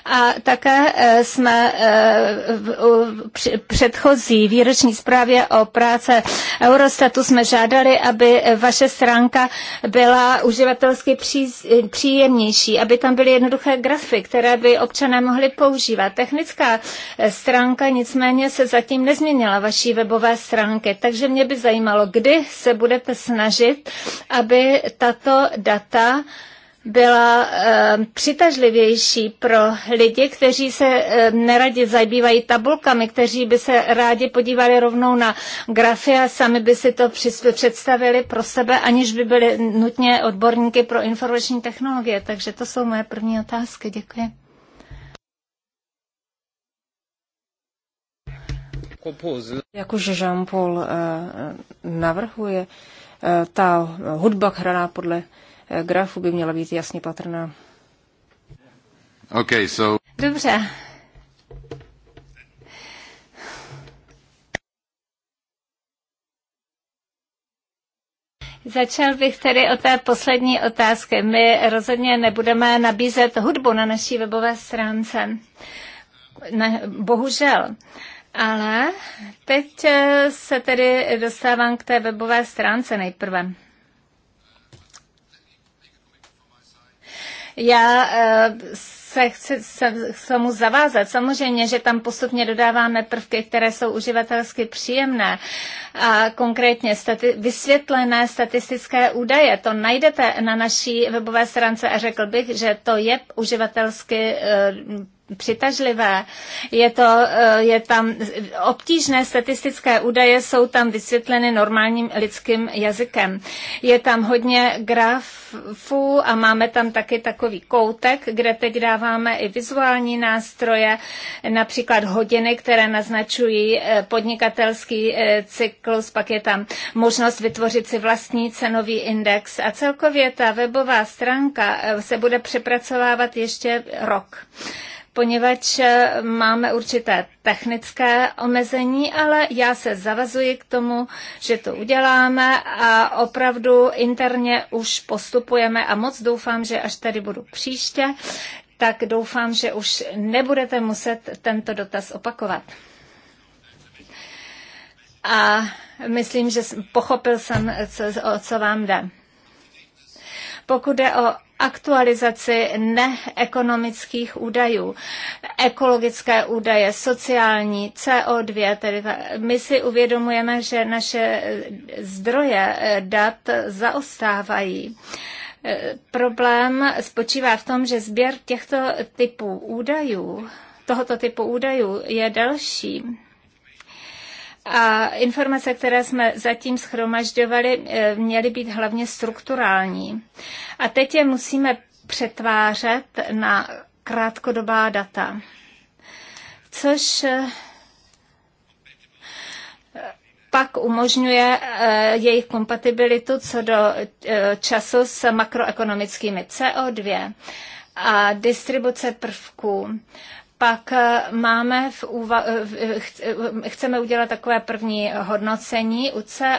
A také eh, jsme eh, předchozí výroční zprávě o práce Eurostatu jsme žádali, aby vaše stránka byla uživatelsky příjemnější, aby tam byly jednoduché grafy, které by občané mohli používat. Technická stránka nicméně se zatím nezměnila vaší webové stránky, takže mě by zajímalo, kdy se budete snažit, aby tato data byla eh, přitažlivější pro lidi, kteří se eh, neradě zabývají tabulkami, kteří by se rádi podívali rovnou na grafy a sami by si to představili pro sebe, aniž by byli nutně odborníky pro informační technologie. Takže to jsou moje první otázky. Děkuji. Jak už Jean-Paul eh, navrhuje, ta hudba hraná podle grafu by měla být jasně patrná. Okay, so... Dobře. Začal bych tedy o té poslední otázky. My rozhodně nebudeme nabízet hudbu na naší webové stránce. Ne, bohužel. Ale teď eh, se tedy dostávám k té webové stránce nejprve. Já eh, se chci k tomu zavázat. Samozřejmě, že tam postupně dodáváme prvky, které jsou uživatelsky příjemné a konkrétně stati- vysvětlené statistické údaje. To najdete na naší webové stránce a řekl bych, že to je uživatelsky eh, přitažlivé. Je, to, eh, je tam obtížné statistické údaje, jsou tam vysvětleny normálním lidským jazykem. Je tam hodně grafů a máme tam taky takový koutek, kde teď dáváme i vizuální nástroje, například hodiny, které naznačují eh, podnikatelský eh, cyklus, pak je tam možnost vytvořit si vlastní cenový index a celkově ta webová stránka se bude přepracovávat ještě rok poněvadž eh, máme určité technické omezení, ale já se zavazuji k tomu, že to uděláme a opravdu interně už postupujeme a moc doufám, že až tady budu příště, tak doufám, že už nebudete muset tento dotaz opakovat. A myslím, že pochopil jsem, co, o co vám jde. Pokud jde o aktualizaci neekonomických údajů, ekologické údaje, sociální, CO2. Tedy my si uvědomujeme, že naše eh, zdroje eh, dat zaostávají. Eh, problém spočívá v tom, že sběr těchto typů údajů, tohoto typu údajů je delší a informace, které jsme zatím schromažďovali, eh, měly být hlavně strukturální. A teď je musíme přetvářet na krátkodobá data. Což eh, pak umožňuje eh, jejich kompatibilitu co do času s makroekonomickými CO2 a distribuce prvků pak eh, máme v úva- eh, eh, chceme udělat takové první hodnocení UCE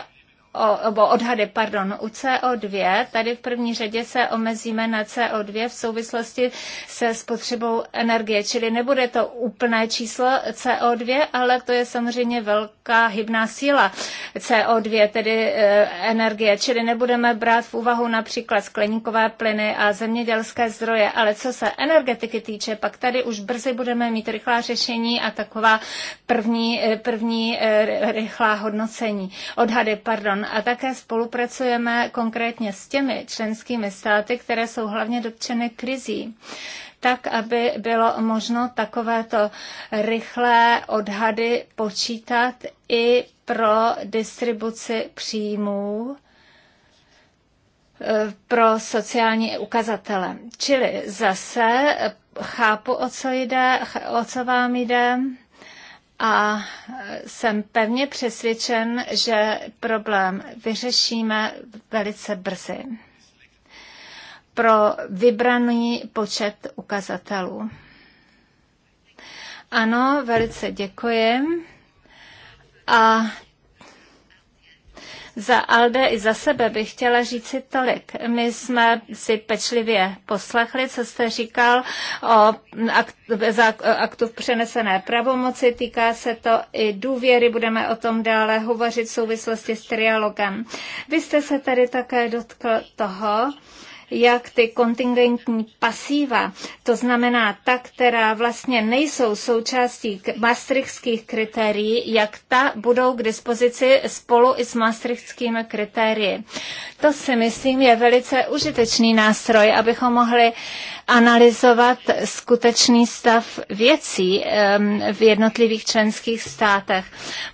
o, odhady, pardon, u CO2, tady v první řadě se omezíme na CO2 v souvislosti se spotřebou energie, čili nebude to úplné číslo CO2, ale to je samozřejmě velká hybná síla CO2, tedy eh, energie, čili nebudeme brát v úvahu například skleníkové plyny a zemědělské zdroje, ale co se energetiky týče, pak tady už brzy budeme mít rychlá řešení a taková první, eh, první eh, rychlá hodnocení, odhady, pardon a také spolupracujeme konkrétně s těmi členskými státy, které jsou hlavně dotčeny krizí tak, aby bylo možno takovéto rychlé odhady počítat i pro distribuci příjmů eh, pro sociální ukazatele. Čili zase chápu, o co jde, o co vám jde a jsem pevně přesvědčen, že problém vyřešíme velice brzy pro vybraný počet ukazatelů. Ano, velice děkuji. A za Alde i za sebe bych chtěla říci tolik. My jsme si pečlivě poslechli, co jste říkal o aktu v přenesené pravomoci. Týká se to i důvěry, budeme o tom dále hovořit v souvislosti s trialogem. Vy jste se tady také dotkl toho, jak ty kontingentní pasíva, to znamená ta, která vlastně nejsou součástí maastrichtských kritérií, jak ta budou k dispozici spolu i s maastrichtskými kritérii. To si myslím je velice užitečný nástroj, abychom mohli uh, analyzovat skutečný stav věcí v jednotlivých členských státech.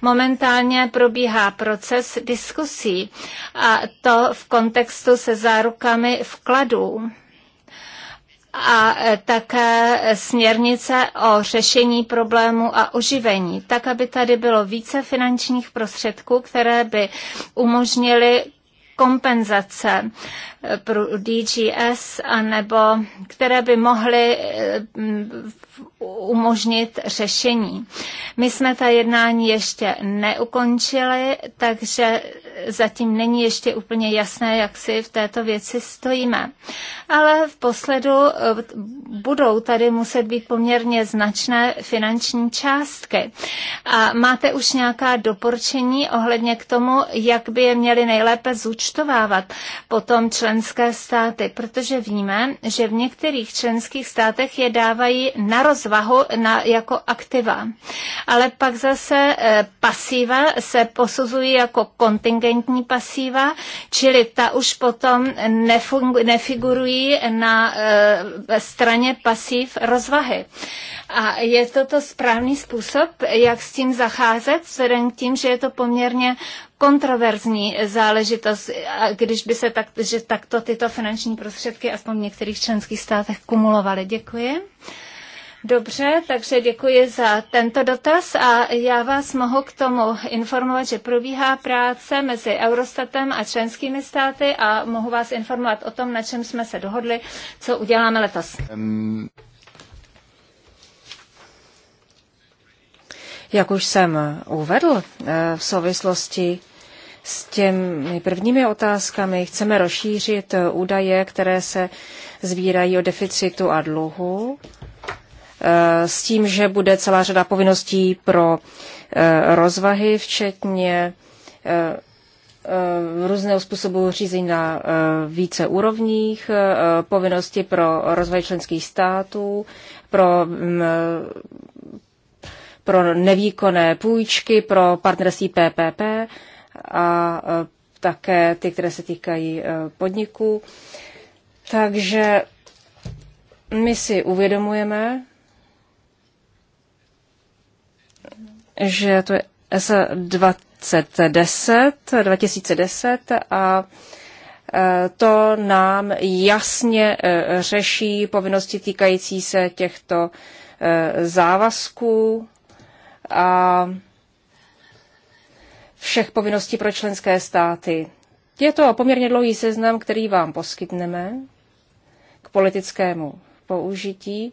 Momentálně probíhá proces diskusí a to v kontextu se zárukami vkladů a také směrnice o řešení problému a oživení, tak aby tady bylo více finančních prostředků, které by umožnily kompenzace eh, pro DGS, anebo které by mohly eh, umožnit řešení. My jsme ta jednání ještě neukončili, takže zatím není ještě úplně jasné, jak si v této věci stojíme. Ale v posledu eh, budou tady muset být poměrně značné finanční částky. A máte už nějaká doporučení ohledně k tomu, jak by je měli nejlépe zúčtovat? účtovávat potom členské státy, protože víme, že v některých členských státech je dávají na rozvahu na, jako aktiva. Ale pak zase e, pasíva se posuzují jako kontingentní pasíva, čili ta už potom nefigurují na e, straně pasív rozvahy. A je to to správný způsob, jak s tím zacházet, vzhledem k tím, že je to poměrně kontroverzní záležitost, když by se tak, že takto tyto finanční prostředky aspoň v některých členských státech kumulovaly. Děkuji. Dobře, takže děkuji za tento dotaz a já vás mohu k tomu informovat, že probíhá práce mezi Eurostatem a členskými státy a mohu vás informovat o tom, na čem jsme se dohodli, co uděláme letos. Um... Jak už jsem uvedl eh, v souvislosti s těmi prvními otázkami. Chceme rozšířit eh, údaje, které se zvírají o deficitu a dluhu, eh, s tím, že bude celá řada povinností pro eh, rozvahy, včetně různého způsobu řízení na více úrovních, povinnosti pro rozvoj členských států, pro, mm, pro nevýkonné půjčky, pro partnerství PPP a e, také ty, které se týkají e, podniků. Takže my si uvědomujeme, že to je S2010, 2010 a e, to nám jasně řeší povinnosti týkající se těchto závazků a všech povinností pro členské státy. Je to poměrně dlouhý seznam, který vám poskytneme k politickému použití.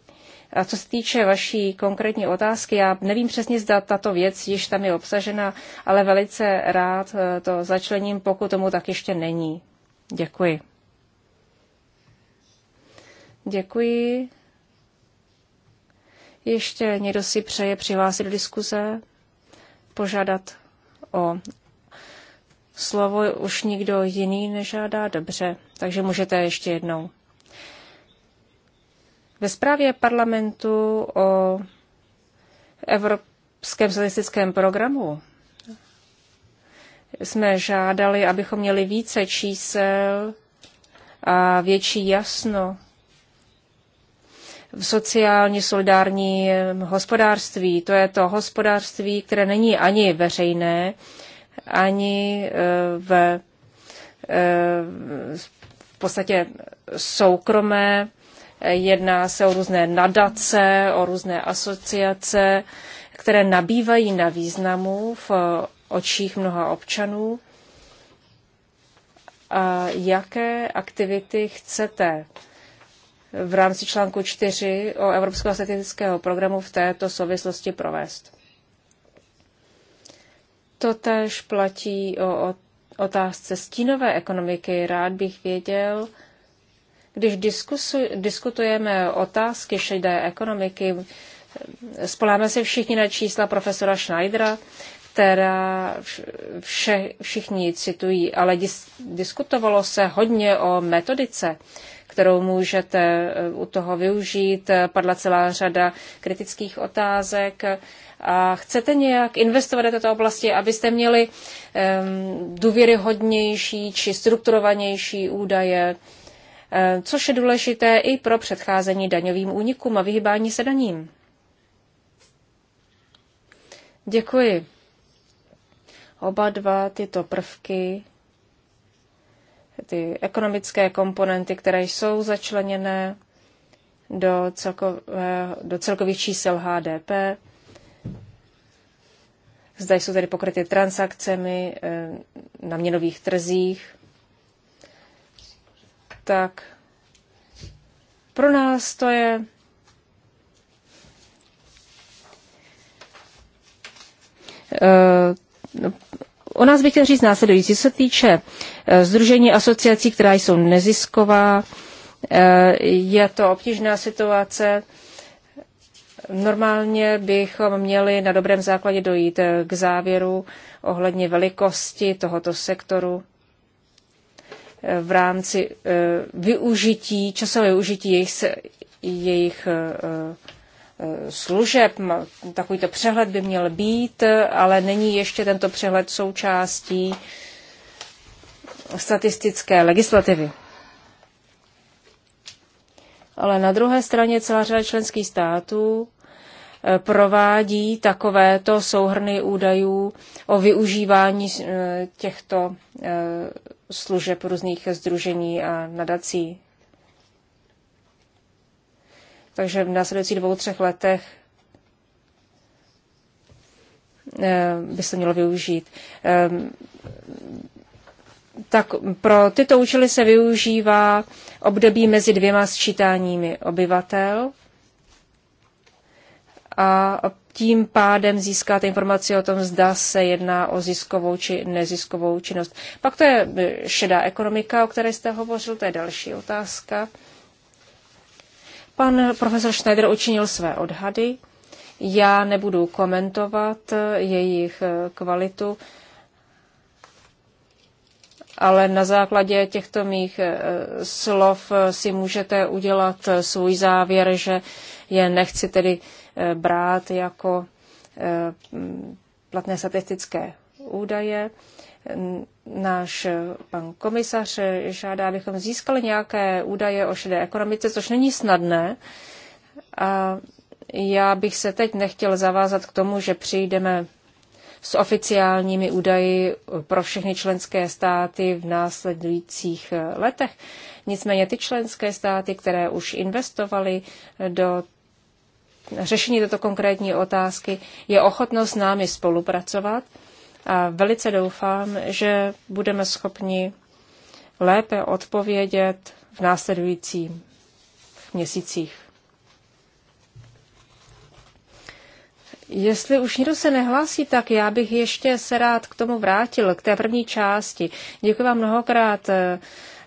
A co se týče vaší konkrétní otázky, já nevím přesně, zda tato věc již tam je obsažena, ale velice rád eh, to začlením, pokud tomu tak ještě není. Děkuji. Děkuji. Ještě někdo si přeje přihlásit do diskuze, požádat o slovo, už nikdo jiný nežádá, dobře, takže můžete ještě jednou. Ve zprávě parlamentu o Evropském statistickém programu jsme žádali, abychom měli více čísel a větší jasno v sociálně solidární eh, hospodářství. To je to hospodářství, které není ani veřejné, ani eh, v, eh, v podstatě soukromé. Jedná se o různé nadace, o různé asociace, které nabývají na významu v očích mnoha občanů. A jaké aktivity chcete v rámci článku 4 o Evropského statistického programu v této souvislosti provést. Totež platí o otázce stínové ekonomiky. Rád bych věděl, když diskusu, diskutujeme otázky šedé ekonomiky, spoláme se všichni na čísla profesora Schneidera, která vše, všichni citují, ale dis, diskutovalo se hodně o metodice kterou můžete eh, u toho využít. Eh, padla celá řada kritických otázek. A chcete nějak investovat do této oblasti, abyste měli um, důvěryhodnější či strukturovanější údaje, um, což je důležité i pro předcházení daňovým únikům a vyhybání se daním. Děkuji. Oba dva tyto prvky ty ekonomické komponenty, které jsou začleněné do, celkové, do celkových čísel HDP. Zda jsou tedy pokryty transakcemi eh, na měnových trzích. Tak pro nás to je eh, O nás bych chtěl říct následující. Co se týče Združení e, asociací, která jsou nezisková, e, je to obtížná situace. Normálně bychom měli na dobrém základě dojít e, k závěru ohledně velikosti tohoto sektoru v rámci využití, časového využití jejich, jejich služeb. Takovýto přehled by měl být, ale není ještě tento přehled součástí statistické legislativy. Ale na druhé straně celá řada členských států e, provádí takovéto souhrny údajů o využívání e, těchto e, služeb různých združení a nadací. Takže v následujících dvou, třech letech eh, by se mělo využít. Eh, tak pro tyto účely se využívá období mezi dvěma sčítáními obyvatel a tím pádem získáte informaci o tom, zda se jedná o ziskovou či neziskovou činnost. Pak to je šedá ekonomika, o které jste hovořil, to je další otázka. Pan profesor Schneider učinil své odhady. Já nebudu komentovat eh, jejich eh, kvalitu, ale na základě těchto mých eh, slov si můžete udělat svůj závěr, že je nechci tedy brát jako platné statistické údaje náš eh, pan komisař eh, žádá, abychom získali nějaké údaje o šedé ekonomice, což není snadné. A já bych se teď nechtěl zavázat k tomu, že přijdeme s oficiálními údaji eh, pro všechny členské státy v následujících letech. Nicméně ty členské státy, které už investovaly do řešení této konkrétní otázky, je ochotno s námi spolupracovat a velice doufám, že budeme schopni lépe odpovědět v následujících měsících. Jestli už nikdo se nehlásí, tak já bych ještě se rád k tomu vrátil, k té první části. Děkuji vám mnohokrát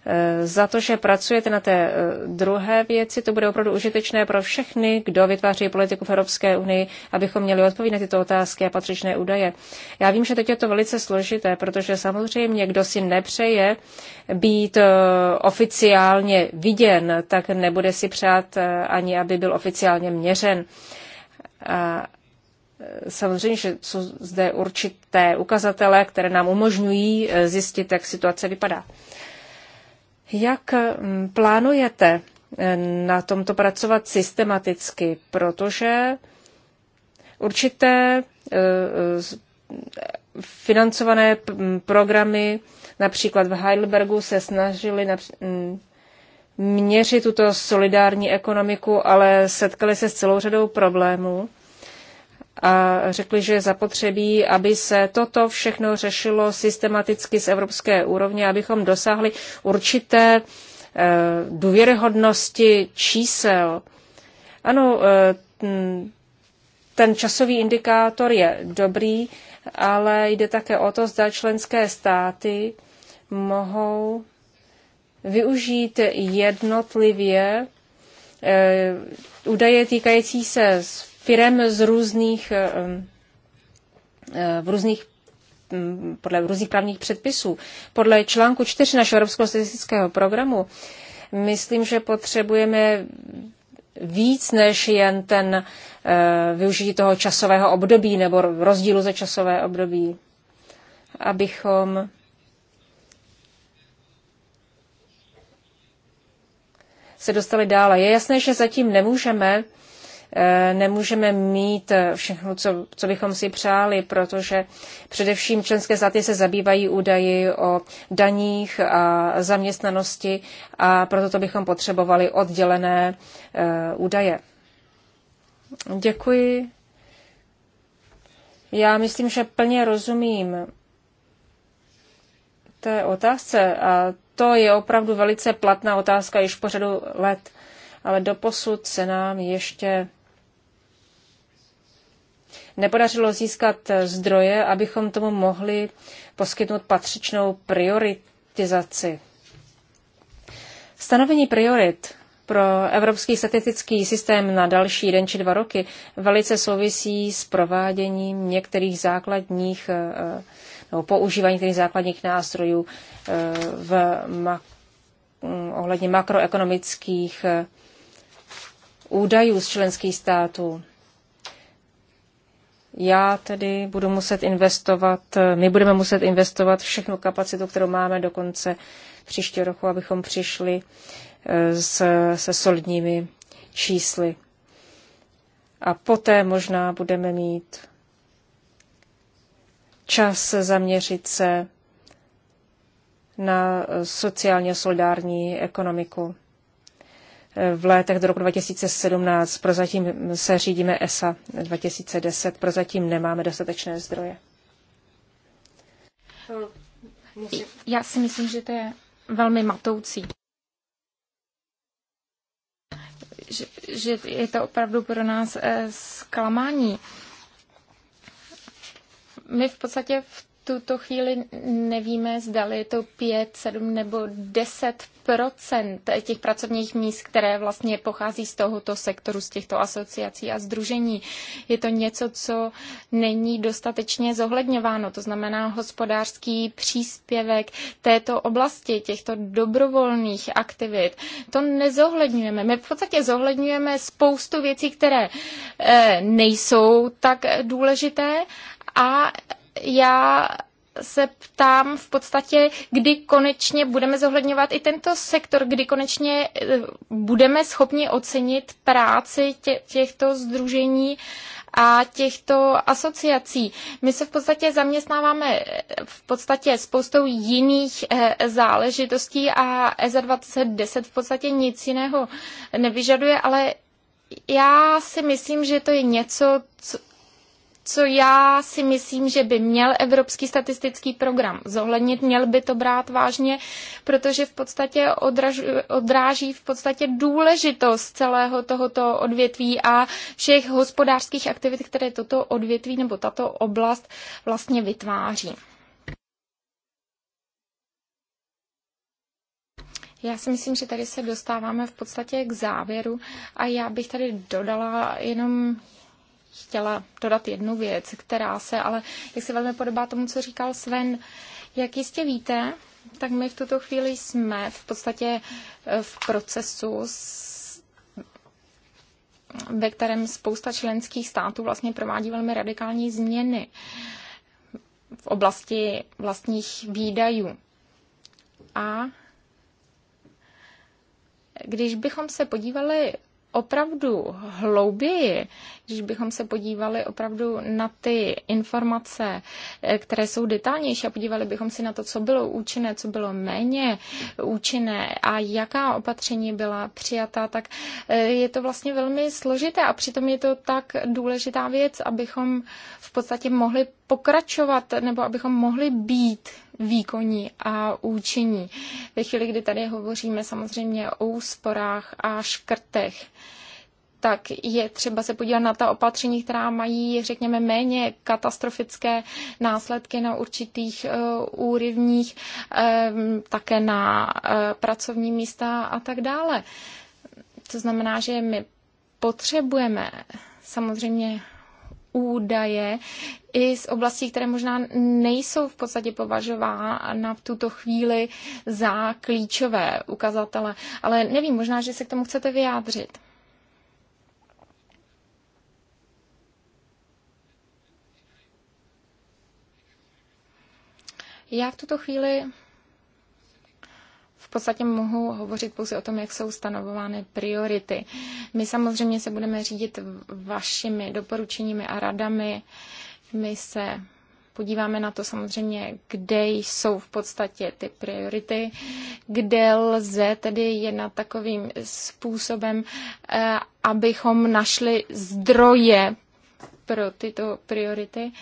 Eh, za to, že pracujete na té eh, druhé věci. To bude opravdu užitečné pro všechny, kdo vytváří politiku v Evropské unii, abychom měli odpovědět na tyto otázky a patřičné údaje. Já vím, že teď je to velice složité, protože samozřejmě, kdo si nepřeje být eh, oficiálně viděn, tak nebude si přát ani, aby byl oficiálně měřen. A samozřejmě, že jsou zde určité ukazatele, které nám umožňují zjistit, jak situace vypadá. Jak mm, plánujete eh, na tomto pracovat systematicky, protože určité eh, eh, financované mm, programy, například v Heidelbergu, se snažili mm, měřit tuto solidární ekonomiku, ale setkali se s celou řadou problémů a řekli, že je zapotřebí, aby se toto všechno řešilo systematicky z evropské úrovně, abychom dosáhli určité eh, důvěryhodnosti čísel. Ano, eh, ten časový indikátor je dobrý, ale jde také o to, zda členské státy mohou využít jednotlivě eh, údaje týkající se firem z různých, eh, eh, v různých mm, podle různých právních předpisů. Podle článku 4 našeho Evropského statistického programu myslím, že potřebujeme víc než jen ten eh, využití toho časového období nebo rozdílu ze časové období, abychom se dostali dále. Je jasné, že zatím nemůžeme Eh, nemůžeme mít eh, všechno, co, co bychom si přáli, protože především členské státy se zabývají údaji o daních a zaměstnanosti a proto to bychom potřebovali oddělené eh, údaje. Děkuji. Já myslím, že plně rozumím té otázce a to je opravdu velice platná otázka již po řadu let, ale doposud se nám ještě nepodařilo získat zdroje, abychom tomu mohli poskytnout patřičnou prioritizaci. Stanovení priorit pro Evropský statistický systém na další jeden či dva roky velice souvisí s prováděním některých základních eh, nebo používání některých základních nástrojů eh, v ma- mm, ohledně makroekonomických eh, údajů z členských států. Já tedy budu muset investovat, my budeme muset investovat všechnu kapacitu, kterou máme do konce příštího roku, abychom přišli eh, s, se solidními čísly. A poté možná budeme mít čas zaměřit se na sociálně solidární ekonomiku v létech do roku 2017. Prozatím se řídíme e ESA 2010, prozatím nemáme dostatečné zdroje. Já si myslím, že to je velmi matoucí. Že, že je to opravdu pro nás eh, zklamání. My v podstatě v tuto chvíli nevíme, zdali je to 5, 7 nebo 10 těch pracovních míst, které vlastně pochází z tohoto sektoru, z těchto asociací a združení. Je to něco, co není dostatečně zohledňováno, to znamená hospodářský příspěvek této oblasti, těchto dobrovolných aktivit. To nezohledňujeme. My v podstatě zohledňujeme spoustu věcí, které eh, nejsou tak důležité a já se ptám v podstatě, kdy konečně budeme zohledňovat i tento sektor, kdy konečně e, budeme schopni ocenit práci tě, těchto združení a těchto asociací. My se v podstatě zaměstnáváme e, v podstatě spoustou jiných e, záležitostí a ez 2010 v podstatě nic jiného nevyžaduje, ale já si myslím, že to je něco, co já si myslím, že by měl Evropský statistický program zohlednit, měl by to brát vážně, protože v podstatě odraž, odráží v podstatě důležitost celého tohoto odvětví a všech hospodářských aktivit, které toto odvětví nebo tato oblast vlastně vytváří. Já si myslím, že tady se dostáváme v podstatě k závěru a já bych tady dodala jenom chtěla dodat jednu věc, která se ale, jak se velmi podobá tomu, co říkal Sven, jak jistě víte, tak my v tuto chvíli jsme v podstatě eh, v procesu ve kterém spousta členských států vlastně provádí velmi radikální změny v oblasti vlastních výdajů. A když bychom se podívali opravdu hlouběji, když bychom se podívali opravdu na ty informace, eh, které jsou detailnější a podívali bychom si na to, co bylo účinné, co bylo méně účinné a jaká opatření byla přijata, tak eh, je to vlastně velmi složité a přitom je to tak důležitá věc, abychom v podstatě mohli pokračovat nebo abychom mohli být výkonní a účinní. Ve chvíli, kdy tady hovoříme samozřejmě o úsporách a škrtech, tak je třeba se podívat na ta opatření, která mají, řekněme, méně katastrofické následky na určitých uh, úrovních, um, také na uh, pracovní místa a tak dále. To znamená, že my potřebujeme samozřejmě údaje i z oblastí, které možná nejsou v podstatě považována v tuto chvíli za klíčové ukazatele. Ale nevím, možná, že se k tomu chcete vyjádřit. Já v tuto chvíli v podstatě mohu hovořit pouze o tom, jak jsou stanovovány priority. My samozřejmě se budeme řídit vašimi doporučeními a radami. My se podíváme na to samozřejmě, kde jsou v podstatě ty priority, kde lze tedy jednat takovým způsobem, eh, abychom našli zdroje pro tyto priority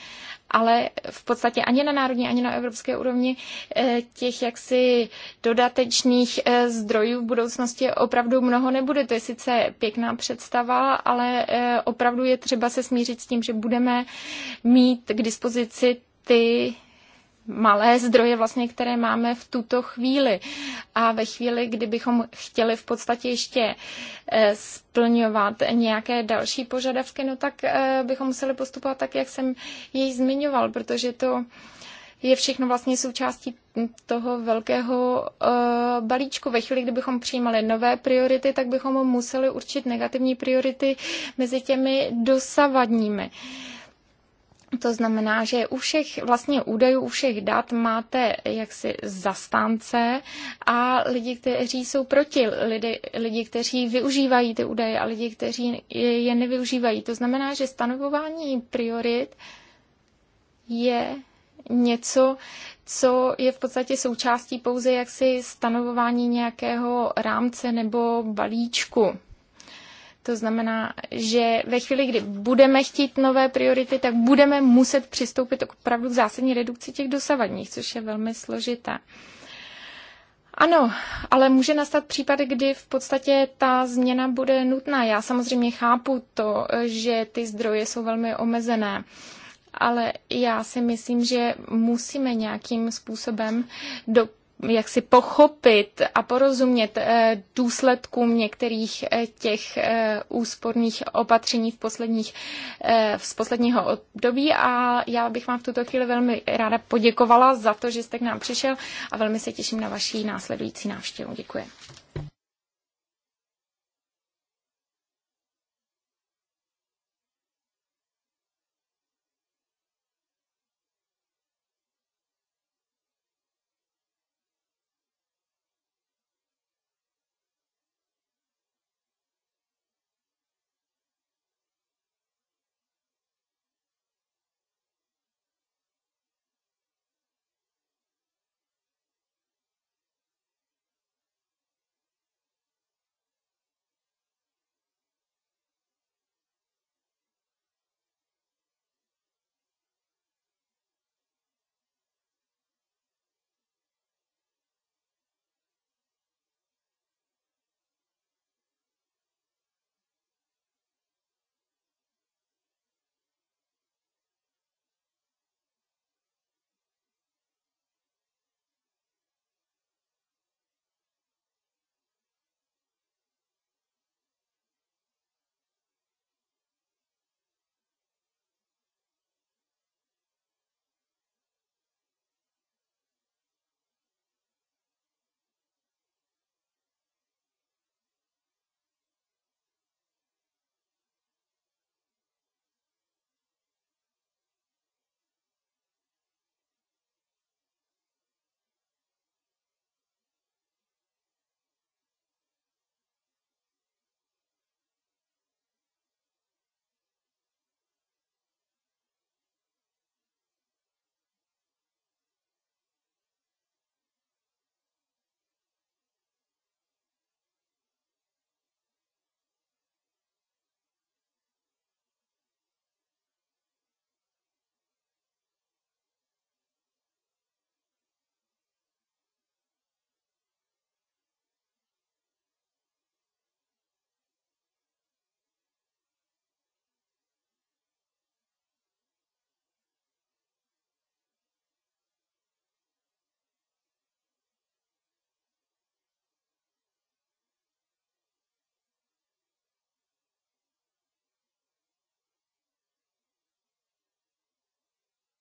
ale v podstatě ani na národní, ani na evropské úrovni eh, těch jaksi dodatečných eh, zdrojů v budoucnosti opravdu mnoho nebude. To je sice pěkná představa, ale eh, opravdu je třeba se smířit s tím, že budeme mít k dispozici ty malé zdroje, vlastně, které máme v tuto chvíli. A ve chvíli, kdybychom chtěli v podstatě ještě eh, splňovat nějaké další požadavky, no tak eh, bychom museli postupovat tak, jak jsem jej zmiňoval, protože to je všechno vlastně součástí toho velkého uh, balíčku. Ve chvíli, kdybychom přijímali nové priority, tak bychom museli určit negativní priority mezi těmi dosavadními. Uh, to znamená, že u všech vlastně údajů, u všech dat máte jaksi zastánce a lidi, kteří jsou proti, lidi, lidi, kteří využívají ty údaje a lidi, kteří je nevyužívají. To znamená, že stanovování priorit je něco, co je v podstatě součástí pouze jaksi stanovování nějakého rámce nebo balíčku. To znamená, že ve chvíli, kdy budeme chtít nové priority, tak budeme muset přistoupit k opravdu k zásadní redukci těch dosavadních, což je velmi složité. Ano, ale může nastat případ, kdy v podstatě ta změna bude nutná. Já samozřejmě chápu to, že ty zdroje jsou velmi omezené ale já si myslím, že musíme nějakým způsobem do jak si pochopit a porozumět eh, důsledkům některých eh, těch eh, úsporných opatření v, posledních, z posledního období a já bych vám v tuto chvíli velmi ráda poděkovala za to, že jste k nám přišel a velmi se těším na vaší následující návštěvu. Děkuji.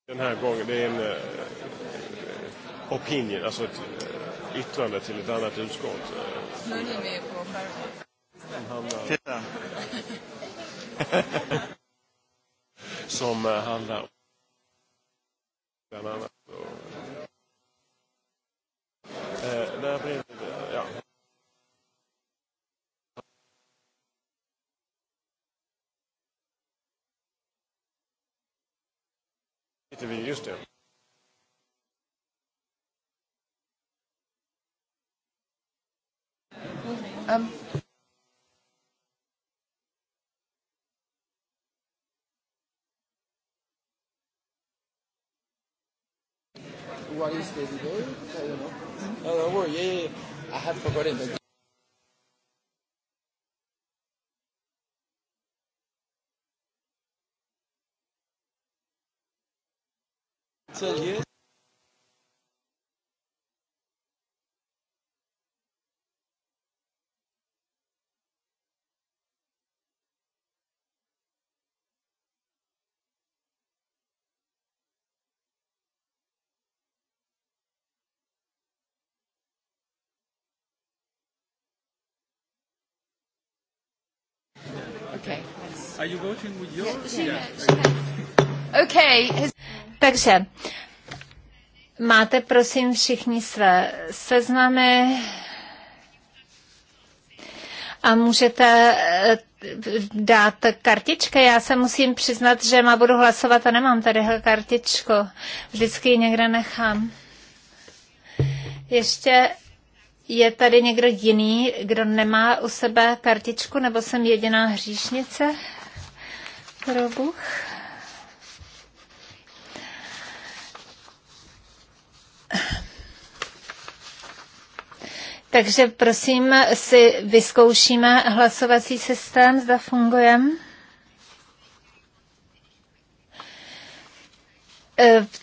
Den här gången, det är en uh, opinion, alltså ett uh, yttrande till ett annat utskott. Eh. Snurren är på skärmen. Titta. Som handlar bland annat used to. Um. What is the delay? I don't know. No, don't worry. Yeah, yeah, yeah. I have forgotten. But Okay. Are you voting with your? Yeah, she, yeah. She okay. Takže máte prosím všichni své seznamy a můžete eh, dát kartičky. Já se musím přiznat, že má budu hlasovat a nemám tady kartičku. Vždycky ji někde nechám. Ještě je tady někdo jiný, kdo nemá u sebe kartičku, nebo jsem jediná hříšnice? Pro Bůh. Takže prosím si vyzkoušíme hlasovací systém, zda fungujeme.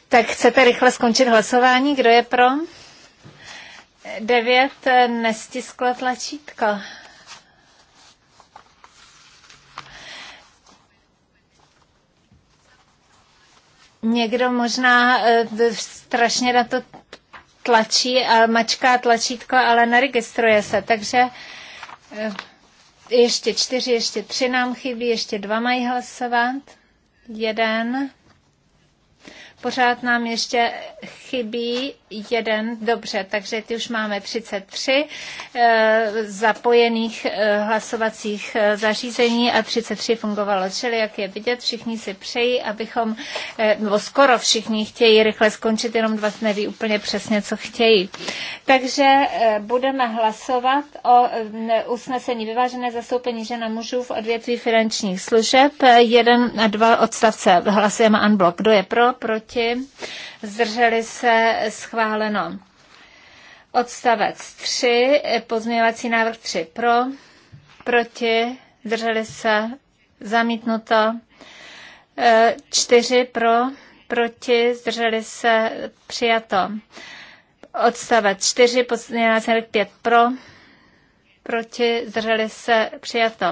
Tak chcete rychle skončit hlasování? Kdo je pro? Devět e, nestisklo tlačítko. Někdo možná eh, strašně na to tlačí a mačká tlačítko, ale neregistruje se. Takže eh, ještě čtyři, ještě tři nám chybí, ještě dva mají hlasovat. Jeden. Pořád nám ještě chybí jeden, dobře, takže ty už máme 33 eh, zapojených eh, hlasovacích eh, zařízení a 33 fungovalo. Čili, jak je vidět, všichni si přejí, abychom, nebo skoro všichni chtějí rychle skončit, jenom dva neví úplně přesně, co chtějí. Takže budeme hlasovat o usnesení vyvážené zastoupení žen a mužů v odvětví finančních služeb. Jeden a dva odstavce hlasujeme unblock. Kdo je pro, proti? Zdrželi se schválení schváleno. Odstavec 3, pozměňovací návrh 3 pro, proti, drželi se, zamítnuto. 4 e, pro, proti, zdrželi se, přijato. Odstavec 4, pozměňovací návrh 5 pro, proti, zdrželi se, přijato.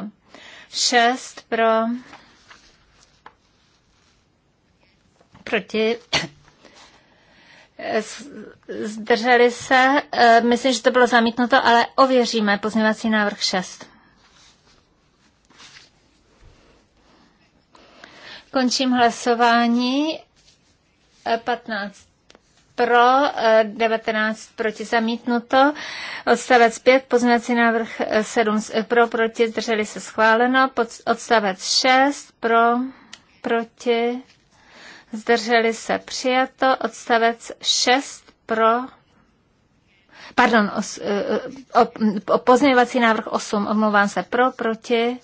6 pro, proti, Zdrželi se, e, myslím, že to bylo zamítnuto, ale ověříme pozměvací návrh 6. Končím hlasování. 15 e, pro, 19 e, proti zamítnuto, odstavec 5, poznací návrh 7 pro, proti, zdrželi se schváleno, odstavec 6 pro, proti, zdrželi se přijato, odstavec 6 pro, pardon, os, o, eh, eh, o, pozměňovací návrh 8, omlouvám se, pro, proti,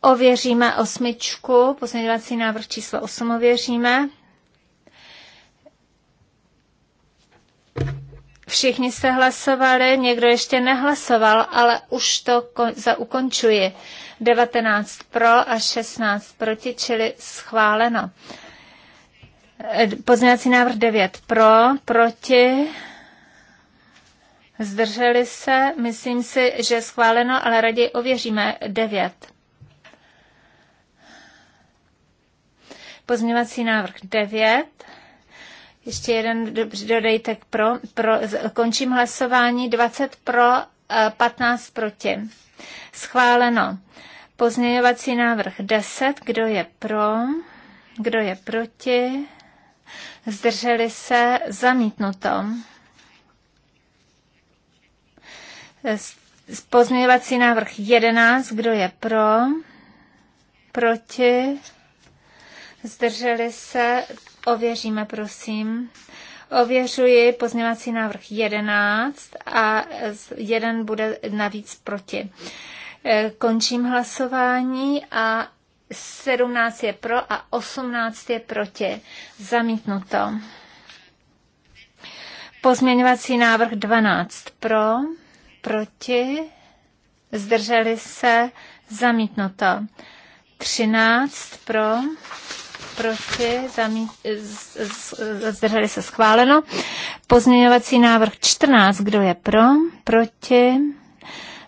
ověříme osmičku, pozměňovací návrh číslo 8 ověříme. Všichni se hlasovali, někdo ještě nehlasoval, ale už to za ukončuji. 19 pro a 16 proti, čili schváleno. E, pozměňovací návrh 9 pro, proti, zdrželi se, myslím si, že schváleno, ale raději ověříme 9. Pozměňovací návrh 9. Ještě jeden dodejte pro, pro. Končím hlasování. 20 pro, 15 e, proti. Schváleno. Pozměňovací návrh 10. Kdo je pro? Kdo je proti? Zdrželi se? Zamítnuto. Pozměňovací návrh 11. Kdo je pro? Proti? Zdrželi se? Ověříme, prosím. Ověřuji pozměňovací návrh 11 a jeden bude navíc proti. Eh, končím hlasování a 17 je pro a 18 je proti. Zamítnuto. Pozměňovací návrh 12 pro, proti, zdrželi se, zamítnuto. 13 pro, proti, zamít, zdrželi se schváleno. Pozměňovací návrh 14, kdo je pro, proti,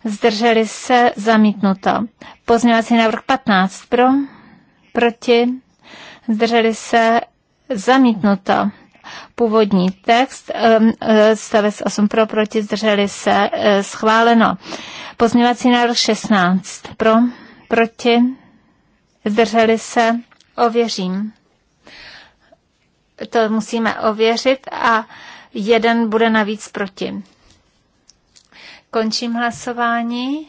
zdrželi se, zamítnuto. Pozměňovací návrh 15 pro, proti, zdrželi se, zamítnuto. Původní text, um, eh, stavec 8 pro, proti, zdrželi se, eh, schváleno. Pozměňovací návrh 16 pro, proti, zdrželi se, ověřím. To musíme ověřit a jeden bude navíc proti. Končím hlasování.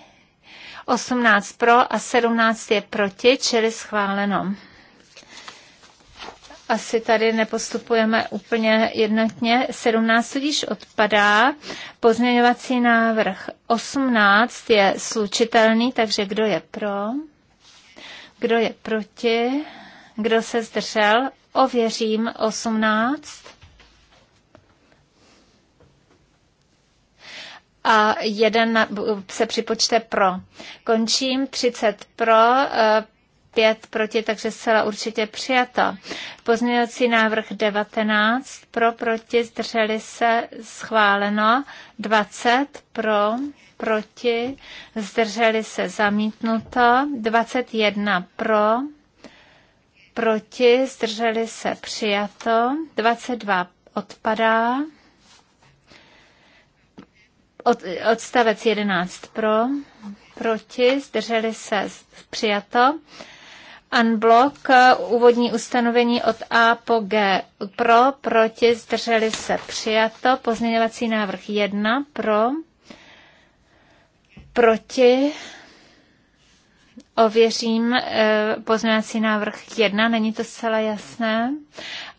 18 pro a 17 je proti, čili schváleno. Asi tady nepostupujeme úplně jednotně. 17 tudíž odpadá. Pozměňovací návrh 18 je slučitelný, takže kdo je pro? Kdo je proti? Kdo se zdržel? Ověřím 18. a jeden se připočte pro. Končím 30 pro, 5 eh, proti, takže zcela určitě přijato. Pozměňovací návrh 19 pro, proti, zdrželi se, schváleno. 20 pro, proti, zdrželi se, zamítnuto. 21 pro, proti, zdrželi se, přijato. 22 odpadá. Od, odstavec 11 pro, proti, zdrželi se přijato. Unblock, úvodní ustanovení od A po G pro, proti, zdrželi se přijato. Pozměňovací návrh 1 pro, proti, ověřím eh, pozměňovací návrh 1, není to zcela jasné.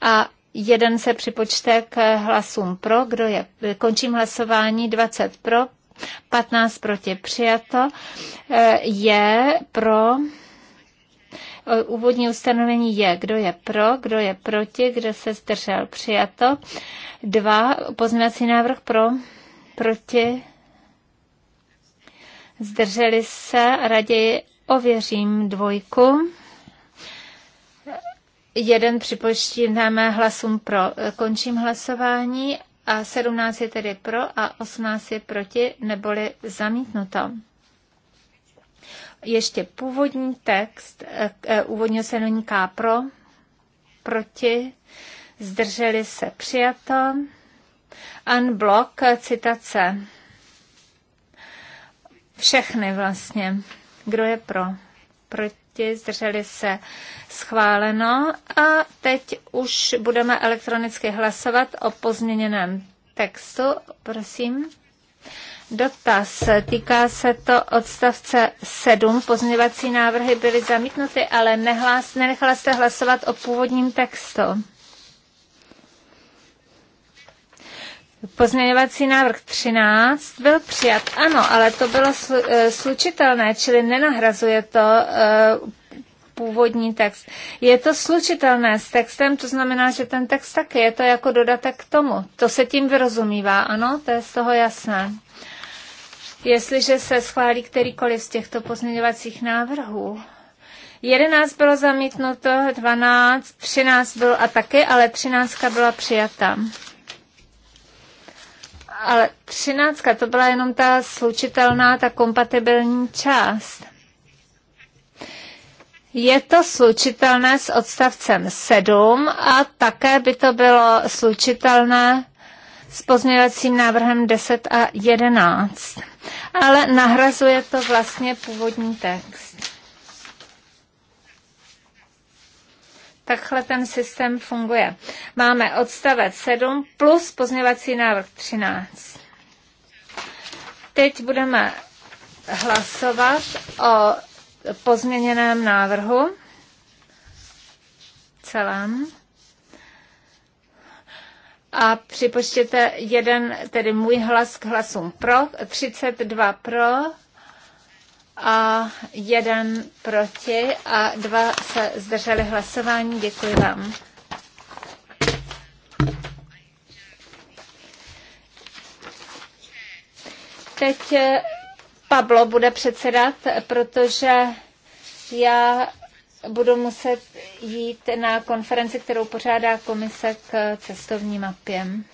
A Jeden se připočte k hlasům pro, kdo je, končím hlasování 20 pro, 15 proti přijato, e, je pro e, Úvodní ustanovení je, kdo je pro, kdo je proti, kdo se zdržel, přijato. Dva, pozměňovací návrh pro, proti, zdrželi se, raději ověřím dvojku. Jeden dáme hlasům pro. Končím hlasování a 17 je tedy pro a 18 je proti, neboli zamítnuto. Ještě původní text eh, eh, úvodního senoní pro, proti, zdrželi se přijato. Unblock citace. Všechny vlastně. Kdo je pro? Proti proti, zdrželi se schváleno. A teď už budeme elektronicky hlasovat o pozměněném textu. Prosím. Dotaz. Týká se to odstavce 7. Pozměňovací návrhy byly zamítnuty, ale nehlás, nenechala jste hlasovat o původním textu. Pozměňovací návrh 13 byl přijat, ano, ale to bylo eh, slučitelné, čili nenahrazuje to eh, původní text. Je to slučitelné s textem, to znamená, že ten text taky je to jako dodatek k tomu. To se tím vyrozumívá, ano, to je z toho jasné. Jestliže se schválí kterýkoliv z těchto pozměňovacích návrhů, 11 bylo zamítnuto, 12, 13 bylo a taky, ale 13 byla přijata ale třináctka to byla jenom ta slučitelná, ta kompatibilní část. Je to slučitelné s odstavcem 7 a také by to bylo slučitelné s pozměňovacím návrhem 10 a 11. Ale nahrazuje to vlastně původní text. takhle ten systém funguje. Máme odstavec 7 plus pozměvací návrh 13. Teď budeme hlasovat o pozměněném návrhu celém. A připočtěte jeden, tedy můj hlas k hlasům pro, 32 pro, a jeden proti a dva se zdrželi hlasování. Děkuji vám. Teď eh, Pablo bude předsedat, protože já budu muset jít na konferenci, kterou pořádá komise k cestovní mapěm.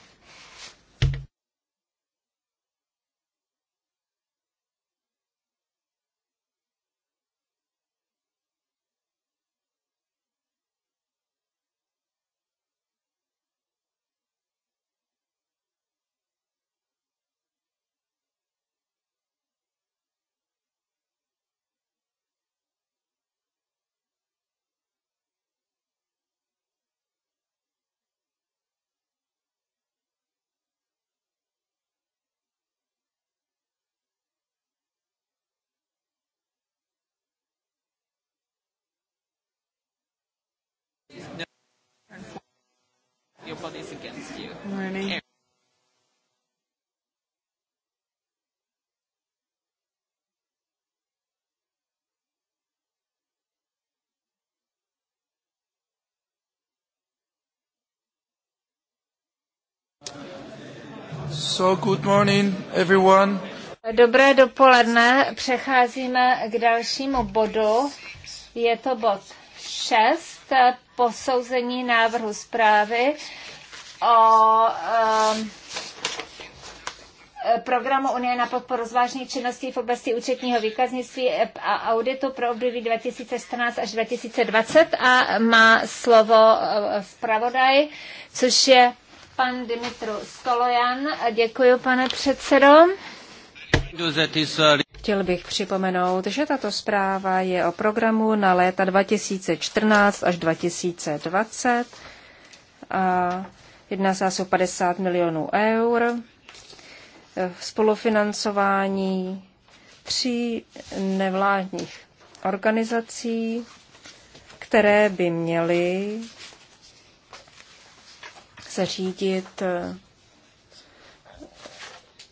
everybody's against you. Morning. So, good morning, everyone. Dobré dopoledne, přecházíme k dalšímu bodu. Je to bod 6, posouzení návrhu zprávy o um, programu Unie na podporu zvláštní činností v oblasti účetního výkaznictví a auditu pro období 2014 až 2020 a má slovo eh, zpravodaj, což je pan Dimitru Stolojan. Děkuji, pane předsedo. Chtěl bych připomenout, že tato zpráva je o programu na léta 2014 až 2020. A Jedná se asi o 50 milionů eur. Spolufinancování tří nevládních organizací, které by měly zařídit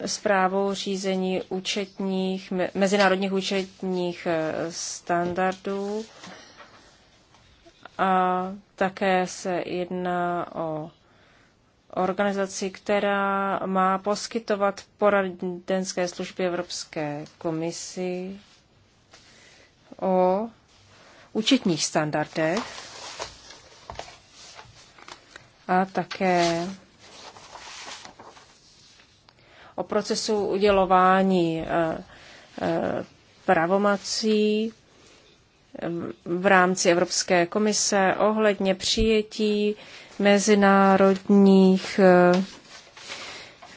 zprávou eh, řízení účetních, mezinárodních účetních eh, standardů a také se jedná o organizaci, která má poskytovat poradenské služby Evropské komisi o účetních standardech a také o procesu udělování eh, eh, pravomací v rámci Evropské komise ohledně přijetí mezinárodních eh,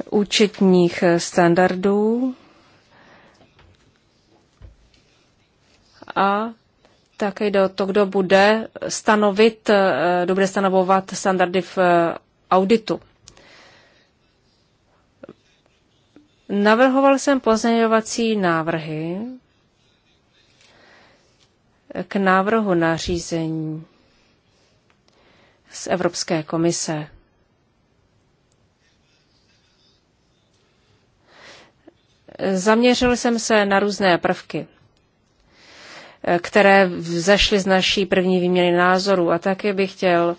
účetních standardů a také jde o to, kdo bude stanovit, eh, kdo bude stanovovat standardy v eh, auditu. Navrhoval jsem pozměňovací návrhy k návrhu nařízení z Evropské komise. Zaměřil jsem se na různé prvky, které vzešly z naší první výměny názorů a také bych chtěl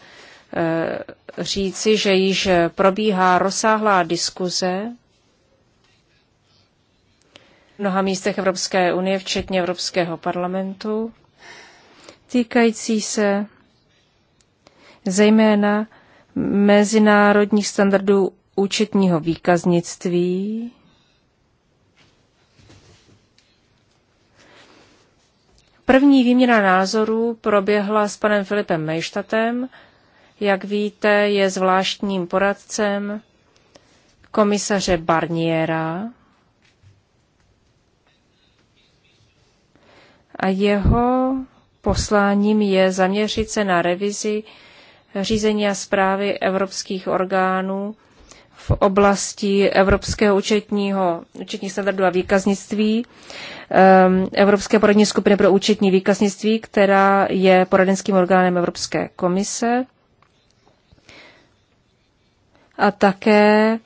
eh, říci, že již probíhá rozsáhlá diskuze v mnoha místech Evropské unie, včetně Evropského parlamentu, týkající se zejména mezinárodních standardů účetního výkaznictví, První výměna názorů proběhla s panem Filipem Mejštatem. Jak víte, je zvláštním poradcem komisaře Barniera a jeho posláním je zaměřit se na revizi řízení a zprávy evropských orgánů v oblasti Evropského účetního, účetních standardu a výkaznictví, ehm, Evropské poradní skupiny pro účetní výkaznictví, která je poradenským orgánem Evropské komise a také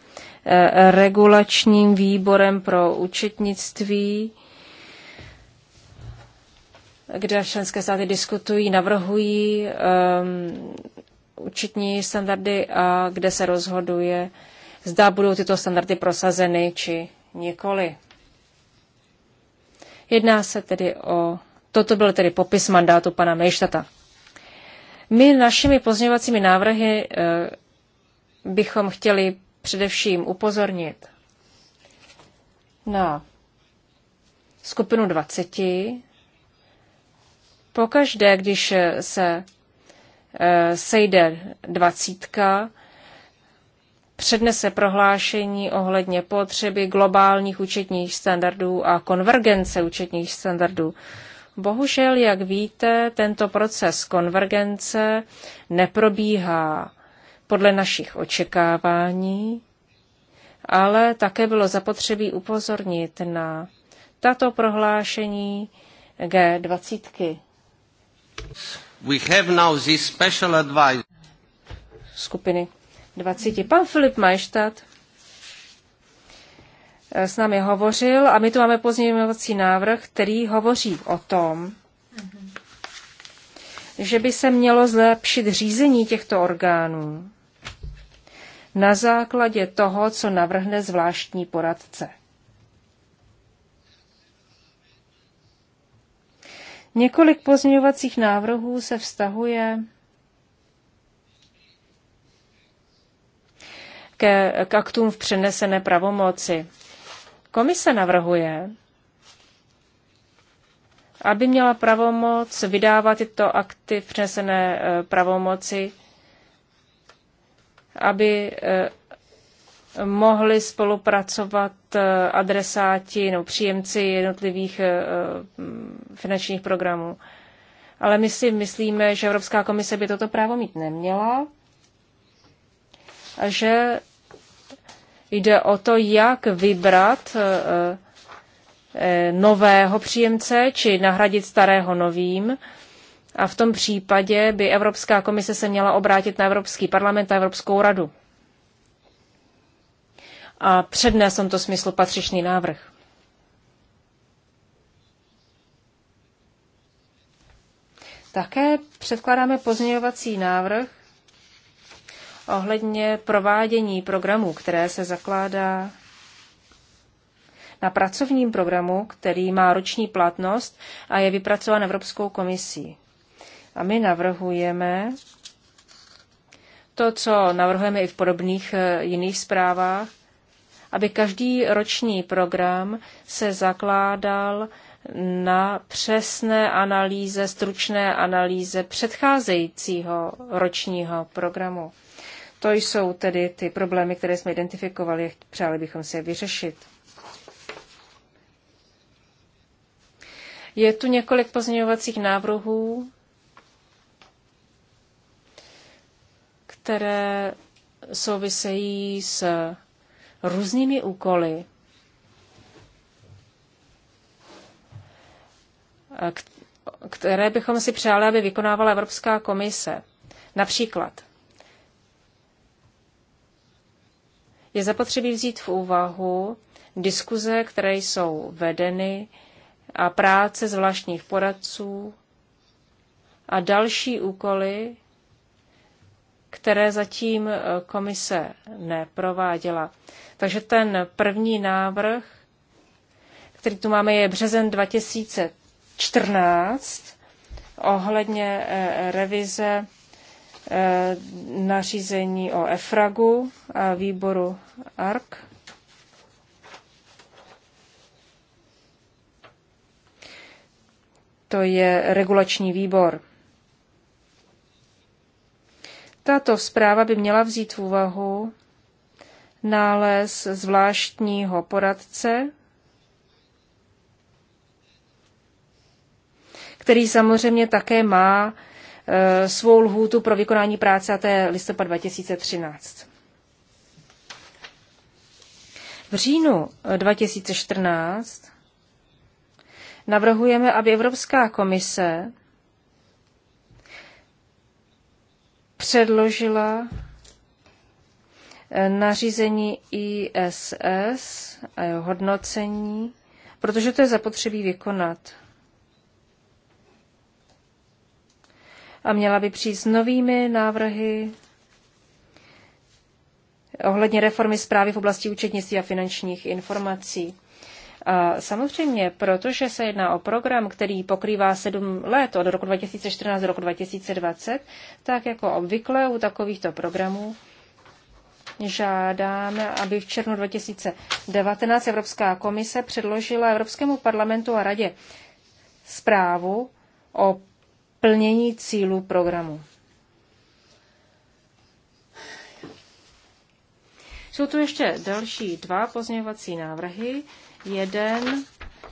eh, regulačním výborem pro účetnictví, kde členské státy diskutují, navrhují um, účetní standardy a kde se rozhoduje, zda budou tyto standardy prosazeny či nikoli. Jedná se tedy o... Toto byl tedy popis mandátu pana Mejštata. My našimi pozměňovacími návrhy e, bychom chtěli především upozornit na skupinu 20. Pokaždé, když se Eh, sejde dvacítka, přednese prohlášení ohledně potřeby globálních účetních standardů a konvergence účetních standardů. Bohužel, jak víte, tento proces konvergence neprobíhá podle našich očekávání, ale také bylo zapotřebí upozornit na tato prohlášení G20. We have now this special advice. Skupiny 20. Pan Filip Majštát eh, s námi hovořil a my tu máme pozměňovací návrh, který hovoří o tom, že by se mělo zlepšit řízení těchto orgánů na základě toho, co navrhne zvláštní poradce. Několik pozměňovacích návrhů se vztahuje ke, k aktům v přenesené pravomoci. Komise navrhuje, aby měla pravomoc vydávat tyto akty v přenesené eh, pravomoci, aby eh, mohli spolupracovat eh, adresáti nebo příjemci jednotlivých eh, eh, finančních programů. Ale my si myslíme, že Evropská komise by toto právo mít neměla a že jde o to, jak vybrat nového příjemce či nahradit starého novým. A v tom případě by Evropská komise se měla obrátit na Evropský parlament a Evropskou radu a přednést v tomto smyslu patřičný návrh. Také předkládáme pozměňovací návrh ohledně provádění programů, které se zakládá na pracovním programu, který má roční platnost a je vypracován Evropskou komisí. A my navrhujeme to, co navrhujeme i v podobných eh, jiných zprávách, aby každý roční program se zakládal na přesné analýze, stručné analýze předcházejícího ročního programu. To jsou tedy ty problémy, které jsme identifikovali, přáli bychom si je vyřešit. Je tu několik pozměňovacích návrhů, které souvisejí s různými úkoly, eh, které bychom si přáli, aby vykonávala Evropská komise. Například je zapotřebí vzít v úvahu diskuze, které jsou vedeny a práce zvláštních poradců a další úkoly, které zatím eh, komise neprováděla. Takže ten první návrh, který tu máme, je březen 2014 ohledně eh, revize eh, nařízení o EFRAGu a výboru ARC. To je regulační výbor. Tato zpráva by měla vzít v úvahu nález zvláštního poradce, který samozřejmě také má e, svou lhůtu pro vykonání práce a to je listopad 2013. V říjnu 2014 navrhujeme, aby Evropská komise předložila nařízení ISS a jeho hodnocení, protože to je zapotřebí vykonat. A měla by přijít s novými návrhy ohledně reformy zprávy v oblasti účetnictví a finančních informací. A samozřejmě, protože se jedná o program, který pokrývá sedm let od roku 2014 do roku 2020, tak jako obvykle u takovýchto programů žádáme, aby v červnu 2019 Evropská komise předložila Evropskému parlamentu a radě zprávu o plnění cílů programu. Jsou tu ještě další dva pozměňovací návrhy. Jeden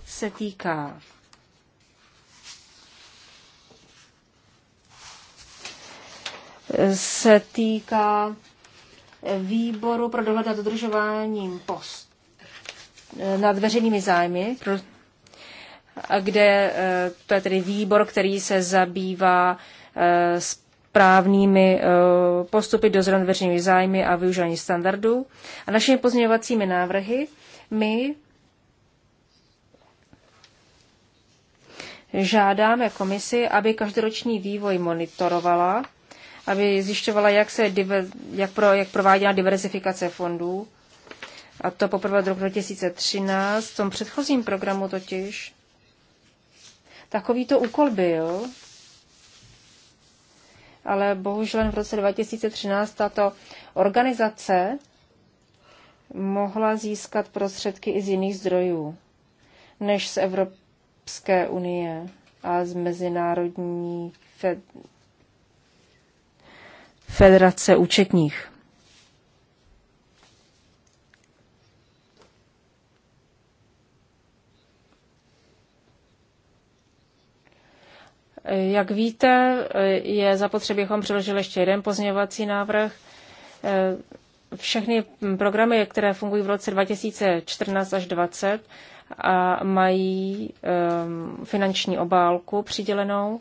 se týká se týká výboru pro dohled nad dodržováním post eh, nad veřejnými zájmy, kde eh, to je tedy výbor, který se zabývá eh, správnými postupy dozoru nad veřejnými zájmy a využívání standardů. A našimi pozměňovacími návrhy my žádáme komisi, aby každoroční vývoj monitorovala aby zjišťovala, jak, se, jak, pro, jak prováděla diversifikace fondů. A to poprvé od roku 2013, v tom předchozím programu totiž. Takovýto úkol byl, ale bohužel v roce 2013 tato organizace mohla získat prostředky i z jiných zdrojů než z Evropské unie a z Mezinárodní Federace účetních. Jak víte, je zapotřebí, abychom přiložili ještě jeden pozměňovací návrh. Všechny programy, které fungují v roce 2014 až 2020 a mají um, finanční obálku přidělenou,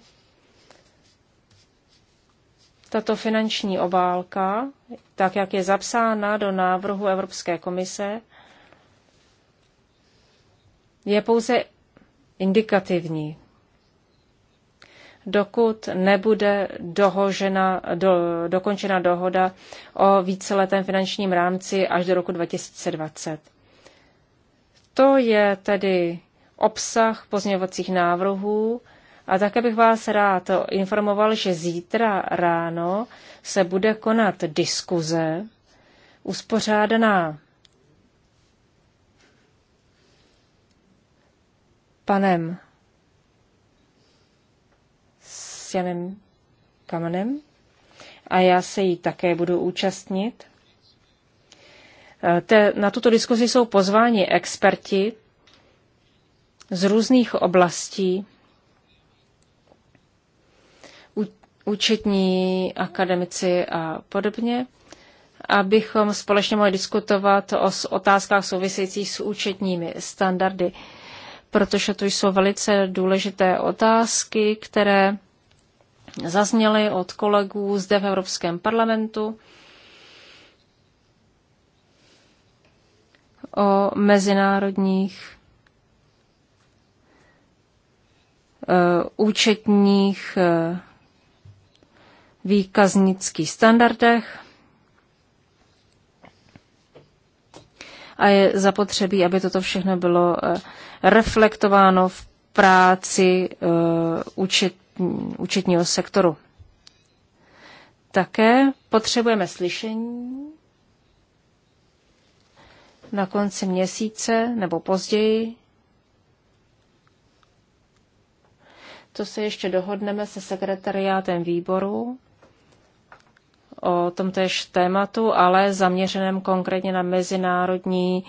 tato finanční obálka, tak jak je zapsána do návrhu Evropské komise, je pouze indikativní. Dokud nebude dohožena, do, dokončena dohoda o víceletém finančním rámci až do roku 2020. To je tedy obsah pozměňovacích návrhů, a také bych vás rád informoval, že zítra ráno se bude konat diskuze uspořádaná panem s Janem Kamenem a já se jí také budu účastnit. E, te, na tuto diskuzi jsou pozváni experti z různých oblastí účetní akademici a podobně, abychom společně mohli diskutovat o otázkách souvisejících s účetními standardy, protože to jsou velice důležité otázky, které zazněly od kolegů zde v Evropském parlamentu o mezinárodních eh, účetních eh, výkaznických standardech a je zapotřebí, aby toto všechno bylo eh, reflektováno v práci eh, účet, účetního sektoru. Také potřebujeme slyšení na konci měsíce nebo později. To se ještě dohodneme se sekretariátem výboru o tomtež tématu, ale zaměřeném konkrétně na mezinárodní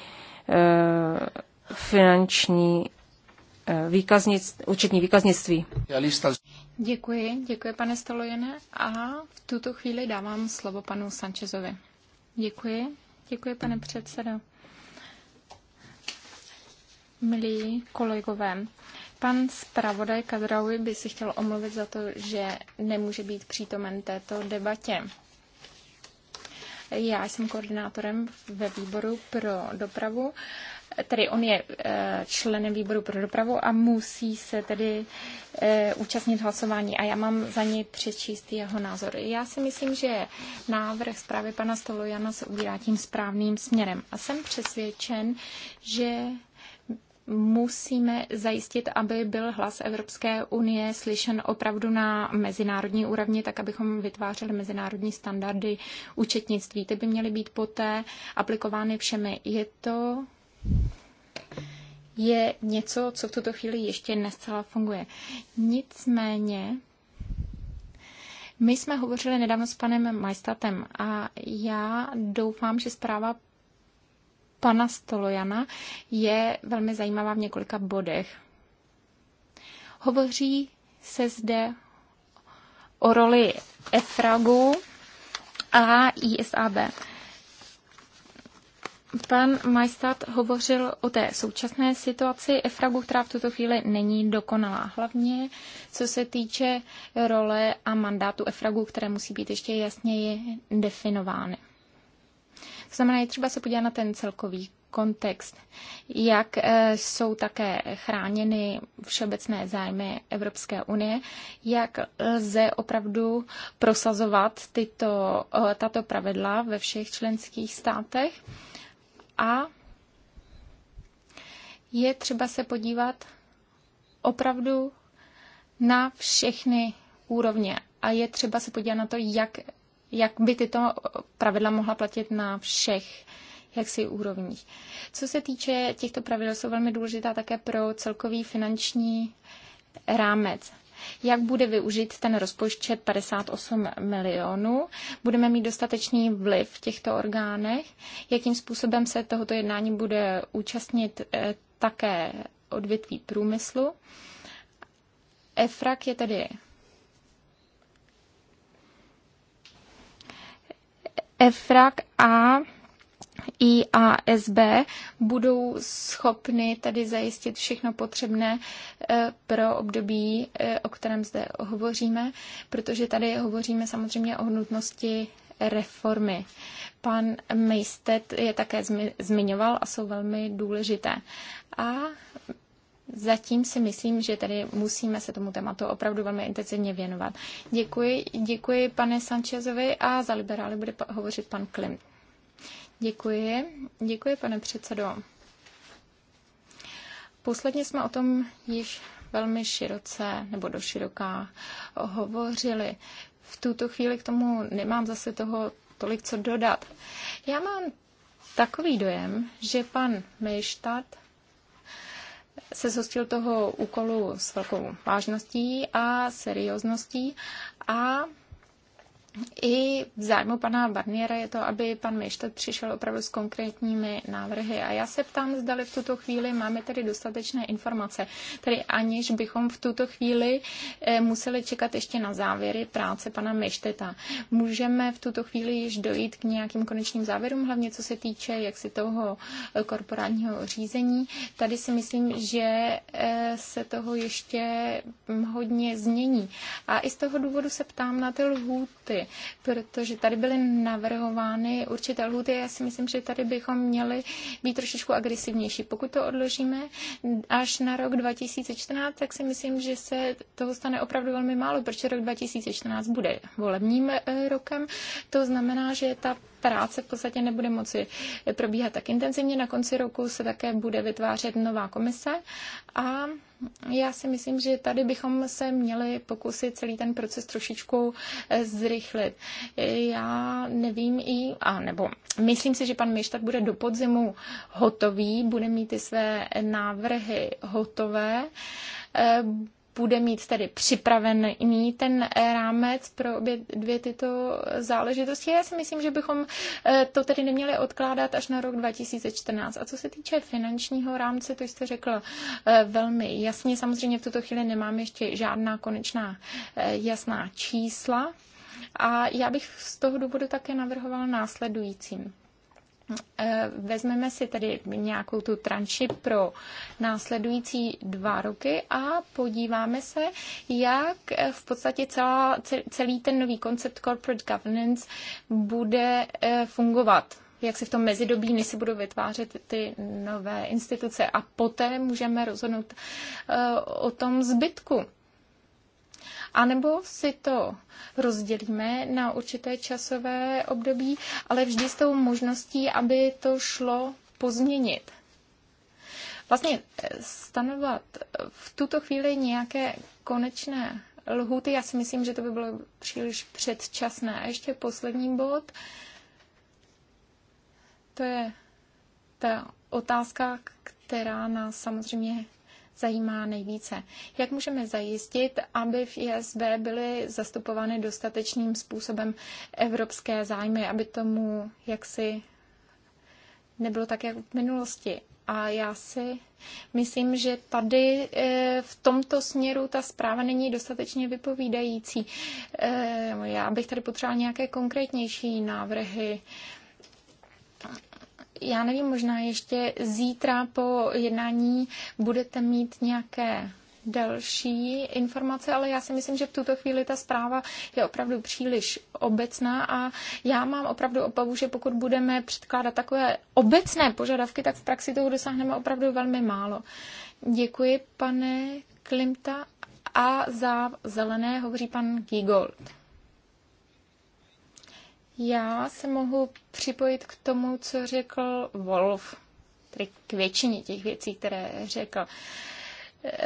eh, finanční eh, výkaznic, účetní výkaznictví. Děkuji, děkuji pane Stalojene a v tuto chvíli dávám slovo panu Sanchezovi. Děkuji, děkuji pane předsedo. Milí kolegové, pan zpravodaj Kadraui by si chtěl omluvit za to, že nemůže být přítomen této debatě. Já jsem koordinátorem ve výboru pro dopravu, tedy on je eh, členem výboru pro dopravu a musí se tedy eh, účastnit hlasování a já mám za něj přečíst jeho názor. Já si myslím, že návrh zprávy pana Stolojana se ubírá tím správným směrem a jsem přesvědčen, že musíme zajistit, aby byl hlas Evropské unie slyšen opravdu na mezinárodní úrovni, tak abychom vytvářeli mezinárodní standardy účetnictví. Ty by měly být poté aplikovány všemi. Je to je něco, co v tuto chvíli ještě nescela funguje. Nicméně, my jsme hovořili nedávno s panem Majstatem a já doufám, že zpráva pana Stolojana je velmi zajímavá v několika bodech. Hovoří se zde o roli EFRAGu a ISAB. Pan Majstat hovořil o té současné situaci EFRAGu, která v tuto chvíli není dokonalá. Hlavně co se týče role a mandátu EFRAGu, které musí být ještě jasněji definovány. Znamená, je třeba se podívat na ten celkový kontext, jak eh, jsou také chráněny všeobecné zájmy Evropské unie, jak lze opravdu prosazovat tyto, eh, tato pravidla ve všech členských státech a je třeba se podívat opravdu na všechny úrovně a je třeba se podívat na to, jak jak by tyto pravidla mohla platit na všech jaksi úrovních. Co se týče těchto pravidel, jsou velmi důležitá také pro celkový finanční rámec. Jak bude využít ten rozpočet 58 milionů? Budeme mít dostatečný vliv v těchto orgánech? Jakým způsobem se tohoto jednání bude účastnit eh, také odvětví průmyslu? EFRAK je tedy EFRAG a IASB budou schopny tady zajistit všechno potřebné eh, pro období, eh, o kterém zde hovoříme, protože tady hovoříme samozřejmě o nutnosti reformy. Pan Meistet je také zmiňoval a jsou velmi důležité. A zatím si myslím, že tady musíme se tomu tématu opravdu velmi intenzivně věnovat. Děkuji, děkuji pane Sančezovi a za liberály bude hovořit pan Klim. Děkuji, děkuji pane předsedo. Posledně jsme o tom již velmi široce nebo do široká hovořili. V tuto chvíli k tomu nemám zase toho tolik co dodat. Já mám takový dojem, že pan Mejštad se zhostil toho úkolu s velkou vážností a seriózností a i v zájmu pana Barniera je to, aby pan Mejštet přišel opravdu s konkrétními návrhy. A já se ptám, zdali v tuto chvíli máme tedy dostatečné informace, tedy aniž bychom v tuto chvíli eh, museli čekat ještě na závěry práce pana Mejšteta. Můžeme v tuto chvíli již dojít k nějakým konečným závěrům, hlavně co se týče jaksi toho eh, korporátního řízení. Tady si myslím, že eh, se toho ještě hm, hodně změní. A i z toho důvodu se ptám na ty lhůty protože tady byly navrhovány určité lhuty. Já si myslím, že tady bychom měli být trošičku agresivnější. Pokud to odložíme až na rok 2014, tak si myslím, že se toho stane opravdu velmi málo, protože rok 2014 bude volebním e, rokem. To znamená, že ta práce v podstatě nebude moci probíhat tak intenzivně. Na konci roku se také bude vytvářet nová komise a já si myslím, že tady bychom se měli pokusit celý ten proces trošičku eh, zrychlit. Já nevím i, a nebo myslím si, že pan Mištat bude do podzimu hotový, bude mít ty své návrhy hotové eh, bude mít tedy připravený ten eh, rámec pro obě dvě tyto záležitosti. Já si myslím, že bychom eh, to tedy neměli odkládat až na rok 2014. A co se týče finančního rámce, to jste řekl eh, velmi jasně. Samozřejmě v tuto chvíli nemám ještě žádná konečná jasná čísla. A já bych z toho důvodu také navrhoval následujícím. Eh, vezmeme si tedy nějakou tu tranši pro následující dva roky a podíváme se, jak eh, v podstatě celá, celý ten nový koncept corporate governance bude eh, fungovat jak si v tom mezidobí, než budou vytvářet ty nové instituce a poté můžeme rozhodnout o tom zbytku anebo si to rozdělíme na určité časové období, ale vždy s tou možností, aby to šlo pozměnit. Vlastně eh, stanovat eh, v tuto chvíli nějaké konečné lhuty, já si myslím, že to by bylo příliš předčasné. A ještě poslední bod, to je ta otázka, která nás samozřejmě zajímá nejvíce. Jak můžeme zajistit, aby v ISB byly zastupovány dostatečným způsobem evropské zájmy, aby tomu jaksi nebylo tak, jak v minulosti. A já si myslím, že tady e, v tomto směru ta zpráva není dostatečně vypovídající. E, já bych tady potřebovala nějaké konkrétnější návrhy já nevím, možná ještě zítra po jednání budete mít nějaké další informace, ale já si myslím, že v tuto chvíli ta zpráva je opravdu příliš obecná a já mám opravdu obavu, že pokud budeme předkládat takové obecné požadavky, tak v praxi toho dosáhneme opravdu velmi málo. Děkuji, pane Klimta. A za zelené hovoří pan Gigold. Já se mohu připojit k tomu, co řekl Wolf, tedy k většině těch věcí, které řekl.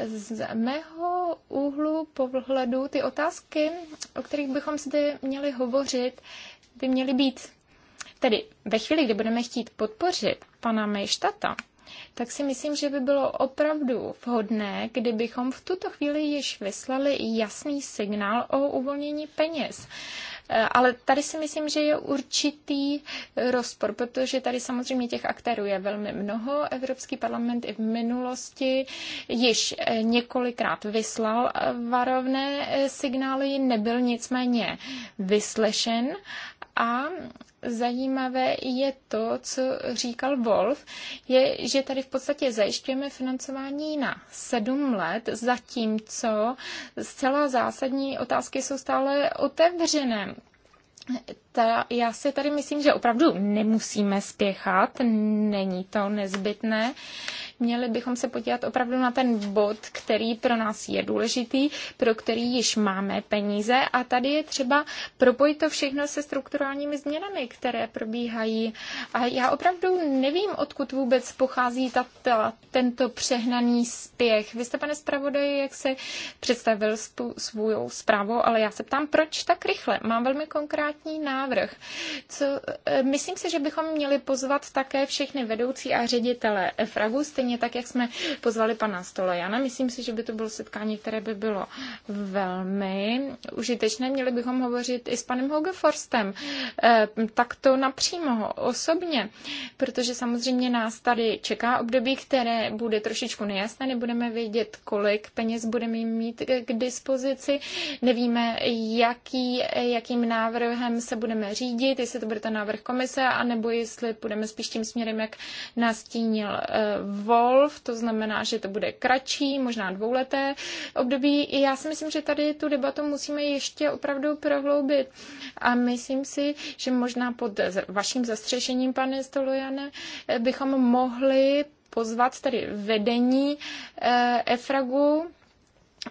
Z mého úhlu pohledu ty otázky, o kterých bychom zde měli hovořit, by měly být. Tedy ve chvíli, kdy budeme chtít podpořit pana Mejštata, tak si myslím, že by bylo opravdu vhodné, kdybychom v tuto chvíli již vyslali jasný signál o uvolnění peněz. Eh, ale tady si myslím, že je určitý rozpor, protože tady samozřejmě těch aktérů je velmi mnoho. Evropský parlament i v minulosti již eh, několikrát vyslal eh, varovné signály, nebyl nicméně vyslešen a zajímavé je to, co říkal Wolf, je, že tady v podstatě zajišťujeme financování na sedm let, zatímco zcela zásadní otázky jsou stále otevřené ta, já si tady myslím, že opravdu nemusíme spěchat, není to nezbytné. Měli bychom se podívat opravdu na ten bod, který pro nás je důležitý, pro který již máme peníze a tady je třeba propojit to všechno se strukturálními změnami, které probíhají. A já opravdu nevím, odkud vůbec pochází tato, tento přehnaný spěch. Vy jste, pane zpravodaji, jak se představil svou zprávu, ale já se ptám, proč tak rychle? Mám velmi konkrétní návrh návrh. Co, eh, myslím si, že bychom měli pozvat také všechny vedoucí a ředitele EFRAGu, stejně tak, jak jsme pozvali pana Stolojana. Myslím si, že by to bylo setkání, které by bylo velmi užitečné. Měli bychom hovořit i s panem Hogeforstem, eh, takto napřímo, osobně, protože samozřejmě nás tady čeká období, které bude trošičku nejasné, nebudeme vědět, kolik peněz budeme mít k dispozici, nevíme, jaký, jakým návrhem se budeme budeme řídit, jestli to bude ten návrh komise, anebo jestli půjdeme spíš tím směrem, jak nastínil eh, Wolf, to znamená, že to bude kratší, možná dvouleté období. I já si myslím, že tady tu debatu musíme ještě opravdu prohloubit. A myslím si, že možná pod vaším zastřešením, pane Stolojane, eh, bychom mohli pozvat tedy vedení eh, EFRAGu,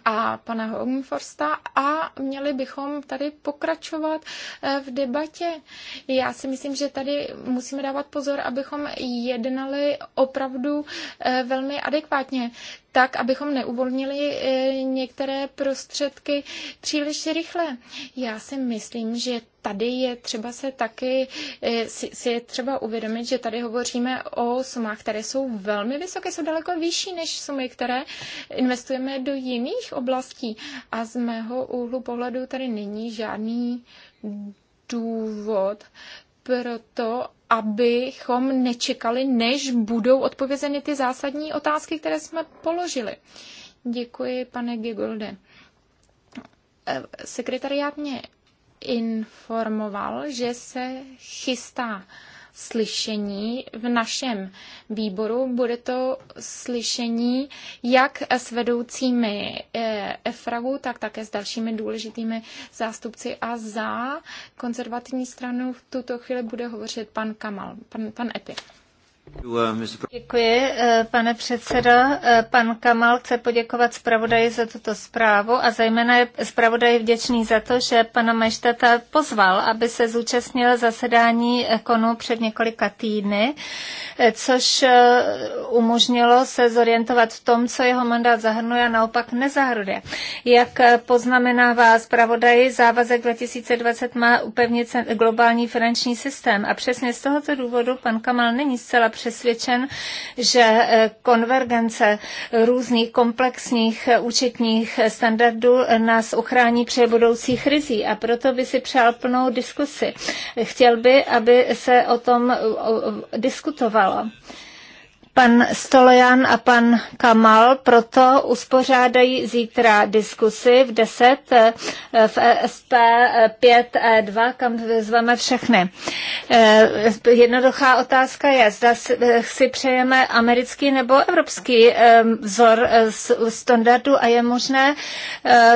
a pana Hongforsta a měli bychom tady pokračovat eh, v debatě. Já si myslím, že tady musíme dávat pozor, abychom jednali opravdu eh, velmi adekvátně tak, abychom neuvolnili e, některé prostředky příliš rychle. Já si myslím, že tady je třeba se taky, e, si, si je třeba uvědomit, že tady hovoříme o sumách, které jsou velmi vysoké, jsou daleko vyšší než sumy, které investujeme do jiných oblastí. A z mého úhlu pohledu tady není žádný důvod pro to, abychom nečekali, než budou odpovězeny ty zásadní otázky, které jsme položili. Děkuji, pane Gigolde. Eh, sekretariát mě informoval, že se chystá slyšení v našem výboru. Bude to slyšení jak s vedoucími EFRAGu, eh, tak také s dalšími důležitými zástupci a za konzervativní stranu v tuto chvíli bude hovořit pan Kamal, pan, pan Epi. Děkuji, eh, pane předsedo. Eh, pan Kamal chce poděkovat zpravodaji za tuto zprávu a zejména je zpravodaj vděčný za to, že pana Meštata pozval, aby se zúčastnil zasedání konu před několika týdny, eh, což umožnilo se zorientovat v tom, co jeho mandát zahrnuje a naopak nezahrnuje. Jak poznamenává zpravodaj, závazek 2020 má upevnit globální finanční systém a přesně z tohoto důvodu pan Kamal není zcela přesvědčen, že eh, konvergence různých komplexních eh, účetních standardů nás ochrání před budoucích rizí a proto by si přál plnou diskusi. Chtěl by, aby se o tom diskutovalo. Pan Stolojan a pan Kamal proto uspořádají zítra diskusi v 10 eh, v e SP 5E2, kam zveme všechny. Eh, jednoduchá otázka je, zda si eh, přejeme americký nebo evropský vzor standardu a je možné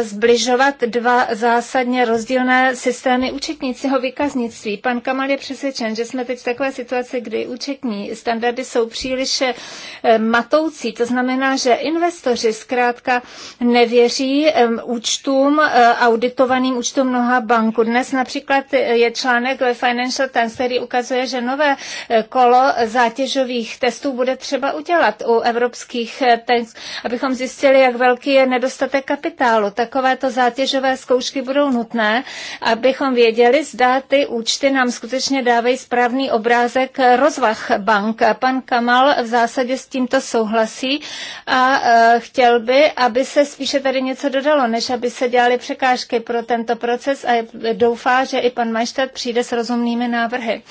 zbližovat dva zásadně rozdílné systémy účetnícího výkaznictví. Pan Kamal je přesvědčen, že jsme teď v takové situaci, kdy účetní standardy jsou příliš spíše eh, matoucí. To znamená, že investoři zkrátka nevěří účtům, eh, auditovaným účtům mnoha banků. Dnes například je článek ve Financial Times, který ukazuje, že nové eh, kolo zátěžových testů bude třeba udělat u evropských testů, abychom zjistili, jak velký je nedostatek kapitálu. Takovéto zátěžové zkoušky budou nutné, abychom věděli, zda ty účty nám skutečně dávají správný obrázek rozvah bank. Pan Kamal v zásadě s tímto souhlasí a e, chtěl by, aby se spíše tady něco dodalo, než aby se dělaly překážky pro tento proces a doufá, že i pan Majštát přijde s rozumnými návrhy.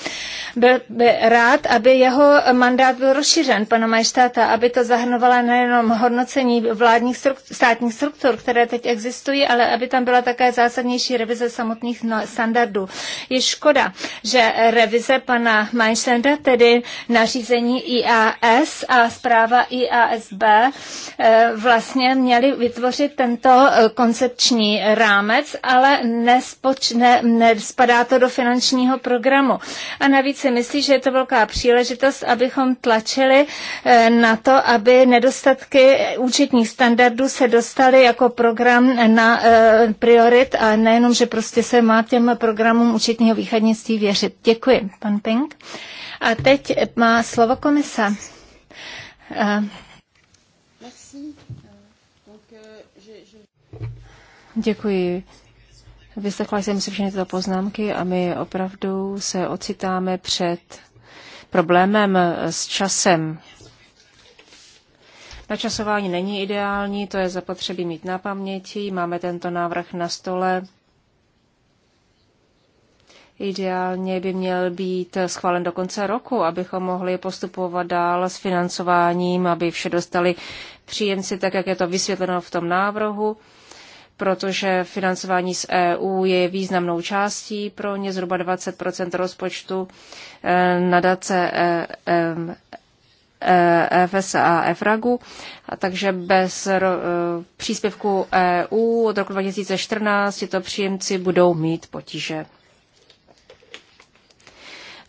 Byl by rád, aby jeho mandát byl rozšířen, pana Majštáta, aby to zahrnovala nejenom hodnocení vládních struktur, státních struktur, které teď existují, ale aby tam byla také zásadnější revize samotných no- standardů. Je škoda, že revize pana Majštáta, tedy nařízení IAE, IAS a zpráva IASB eh, vlastně měly vytvořit tento eh, koncepční rámec, ale nespoč, ne, nespadá to do finančního programu. A navíc si myslí, že je to velká příležitost, abychom tlačili eh, na to, aby nedostatky účetních standardů se dostaly jako program na priorit a nejenom, že prostě se má těm programům účetního výchadnictví věřit. Děkuji, pan Pink. A teď má slovo komise. Eh, Děkuji. Vyslechla jsem si všechny tyto poznámky a my opravdu se ocitáme před problémem s časem. Načasování není ideální, to je zapotřebí mít na paměti. Máme tento návrh na stole Ideálně by měl být schválen do konce roku, abychom mohli postupovat dál s financováním, aby vše dostali příjemci, tak jak je to vysvětleno v tom návrhu, protože financování z EU je významnou částí pro ně, zhruba 20 rozpočtu eh, nadace EFS eh, eh, a EFRAGu, a takže bez příspěvku EU od roku 2014 tyto příjemci budou mít potíže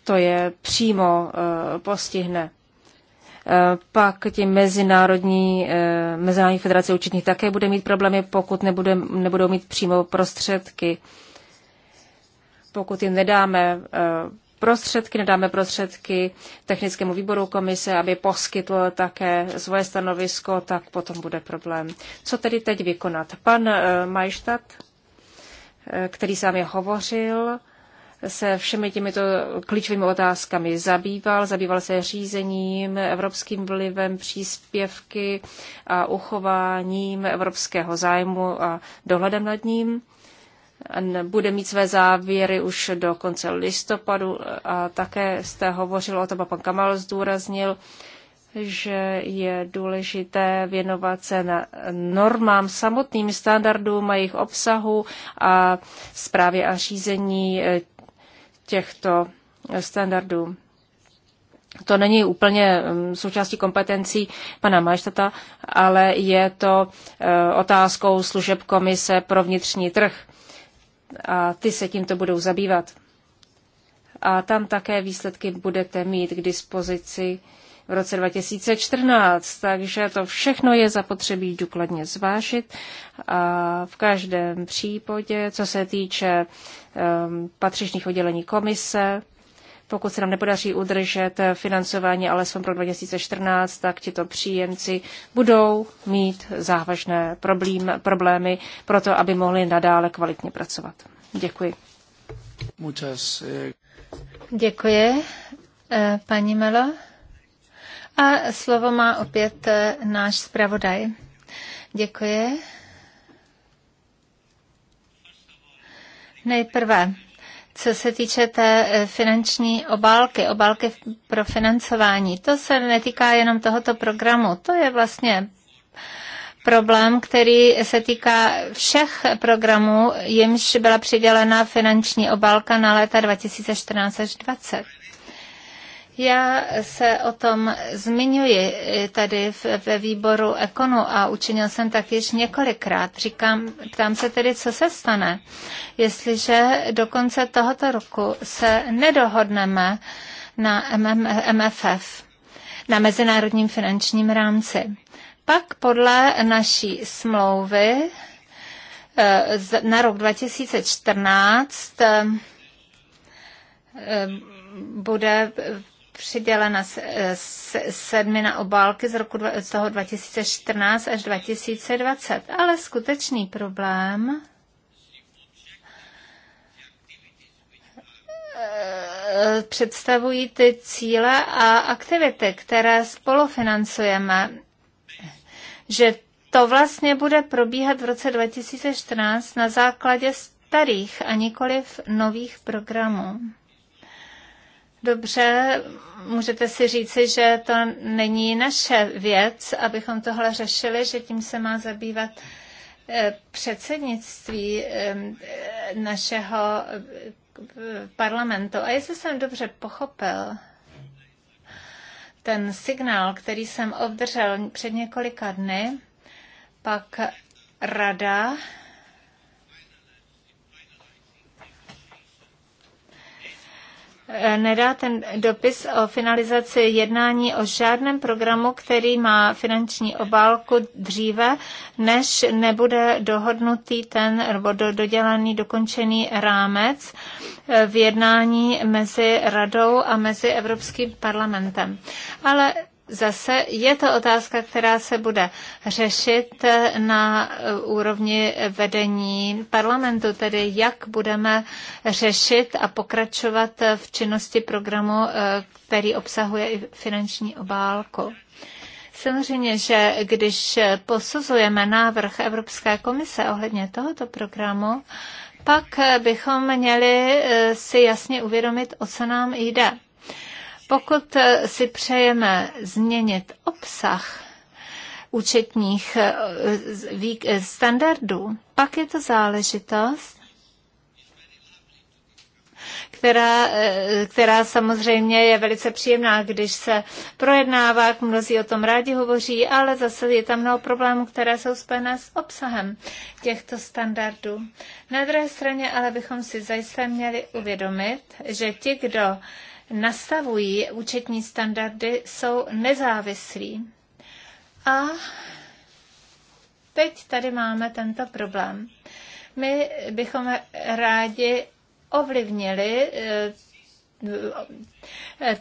to je přímo eh, postihne. Eh, pak ti mezinárodní, eh, mezinárodní federace účetních také bude mít problémy, pokud nebude, nebudou mít přímo prostředky. Pokud jim nedáme prostředky, nedáme prostředky technickému výboru komise, aby poskytl také svoje stanovisko, tak potom bude problém. Co tedy teď vykonat? Pan Majštat, který sám je hovořil, se všemi těmito klíčovými otázkami zabýval. Zabýval se řízením, evropským vlivem, příspěvky a uchováním evropského zájmu a dohledem nad ním. Bude mít své závěry už do konce listopadu a také jste hovořil o tom, a pan Kamal zdůraznil, že je důležité věnovat se na normám, samotným standardům a jejich obsahu a zprávě a řízení těchto standardů. To není úplně mm, součástí kompetencí pana Majštata, ale je to e, otázkou služeb komise pro vnitřní trh. A ty se tímto budou zabývat. A tam také výsledky budete mít k dispozici v roce 2014, takže to všechno je zapotřebí důkladně zvážit. A v každém případě, co se týče Um, patřičných oddělení komise. Pokud se nám nepodaří udržet financování alespoň pro 2014, tak tito příjemci budou mít závažné problém, problémy pro to, aby mohli nadále kvalitně pracovat. Děkuji. Eh, Děkuji, eh, paní Melo. A slovo má opět eh, náš zpravodaj. Děkuji. Nejprve co se týče té eh, finanční obálky, obálky pro financování, to se netýká jenom tohoto programu, to je vlastně problém, který se týká všech programů, jimž byla přidělena finanční obálka na léta 2014 až 2020. Já se o tom zmiňuji tady ve výboru Ekonu a učinil jsem tak již několikrát. Říkám, tam se tedy, co se stane, jestliže do konce tohoto roku se nedohodneme na MFF, na mezinárodním finančním rámci. Pak podle naší smlouvy eh, na rok 2014 eh, bude přidělena na obálky z roku z toho 2014 až 2020. Ale skutečný problém eh, představují ty cíle a aktivity, které spolufinancujeme. Že to vlastně bude probíhat v roce 2014 na základě starých a nikoliv nových programů. Dobře, můžete si říci, že to není naše věc, abychom tohle řešili, že tím se má zabývat eh, předsednictví eh, našeho eh, parlamentu. A jestli jsem dobře pochopil, ten signál, který jsem obdržel před několika dny, pak rada nedá ten dopis o finalizaci jednání o žádném programu, který má finanční obálku dříve, než nebude dohodnutý ten nebo dodělaný, dokončený rámec eh, v jednání mezi radou a mezi Evropským parlamentem. Ale zase je to otázka, která se bude řešit na úrovni vedení parlamentu, tedy jak budeme řešit a pokračovat v činnosti programu, eh, který obsahuje i finanční obálku. Samozřejmě, že když posuzujeme návrh Evropské komise ohledně tohoto programu, pak bychom měli eh, si jasně uvědomit, o co nám jde. Pokud eh, si přejeme změnit obsah účetních eh, eh, standardů, pak je to záležitost, která, která samozřejmě je velice příjemná, když se projednává, mnozí o tom rádi hovoří, ale zase je tam mnoho problémů, které jsou spojené s obsahem těchto standardů. Na druhé straně ale bychom si zajisté měli uvědomit, že ti, kdo nastavují účetní standardy, jsou nezávislí. A teď tady máme tento problém. My bychom rádi ovlivnili eh,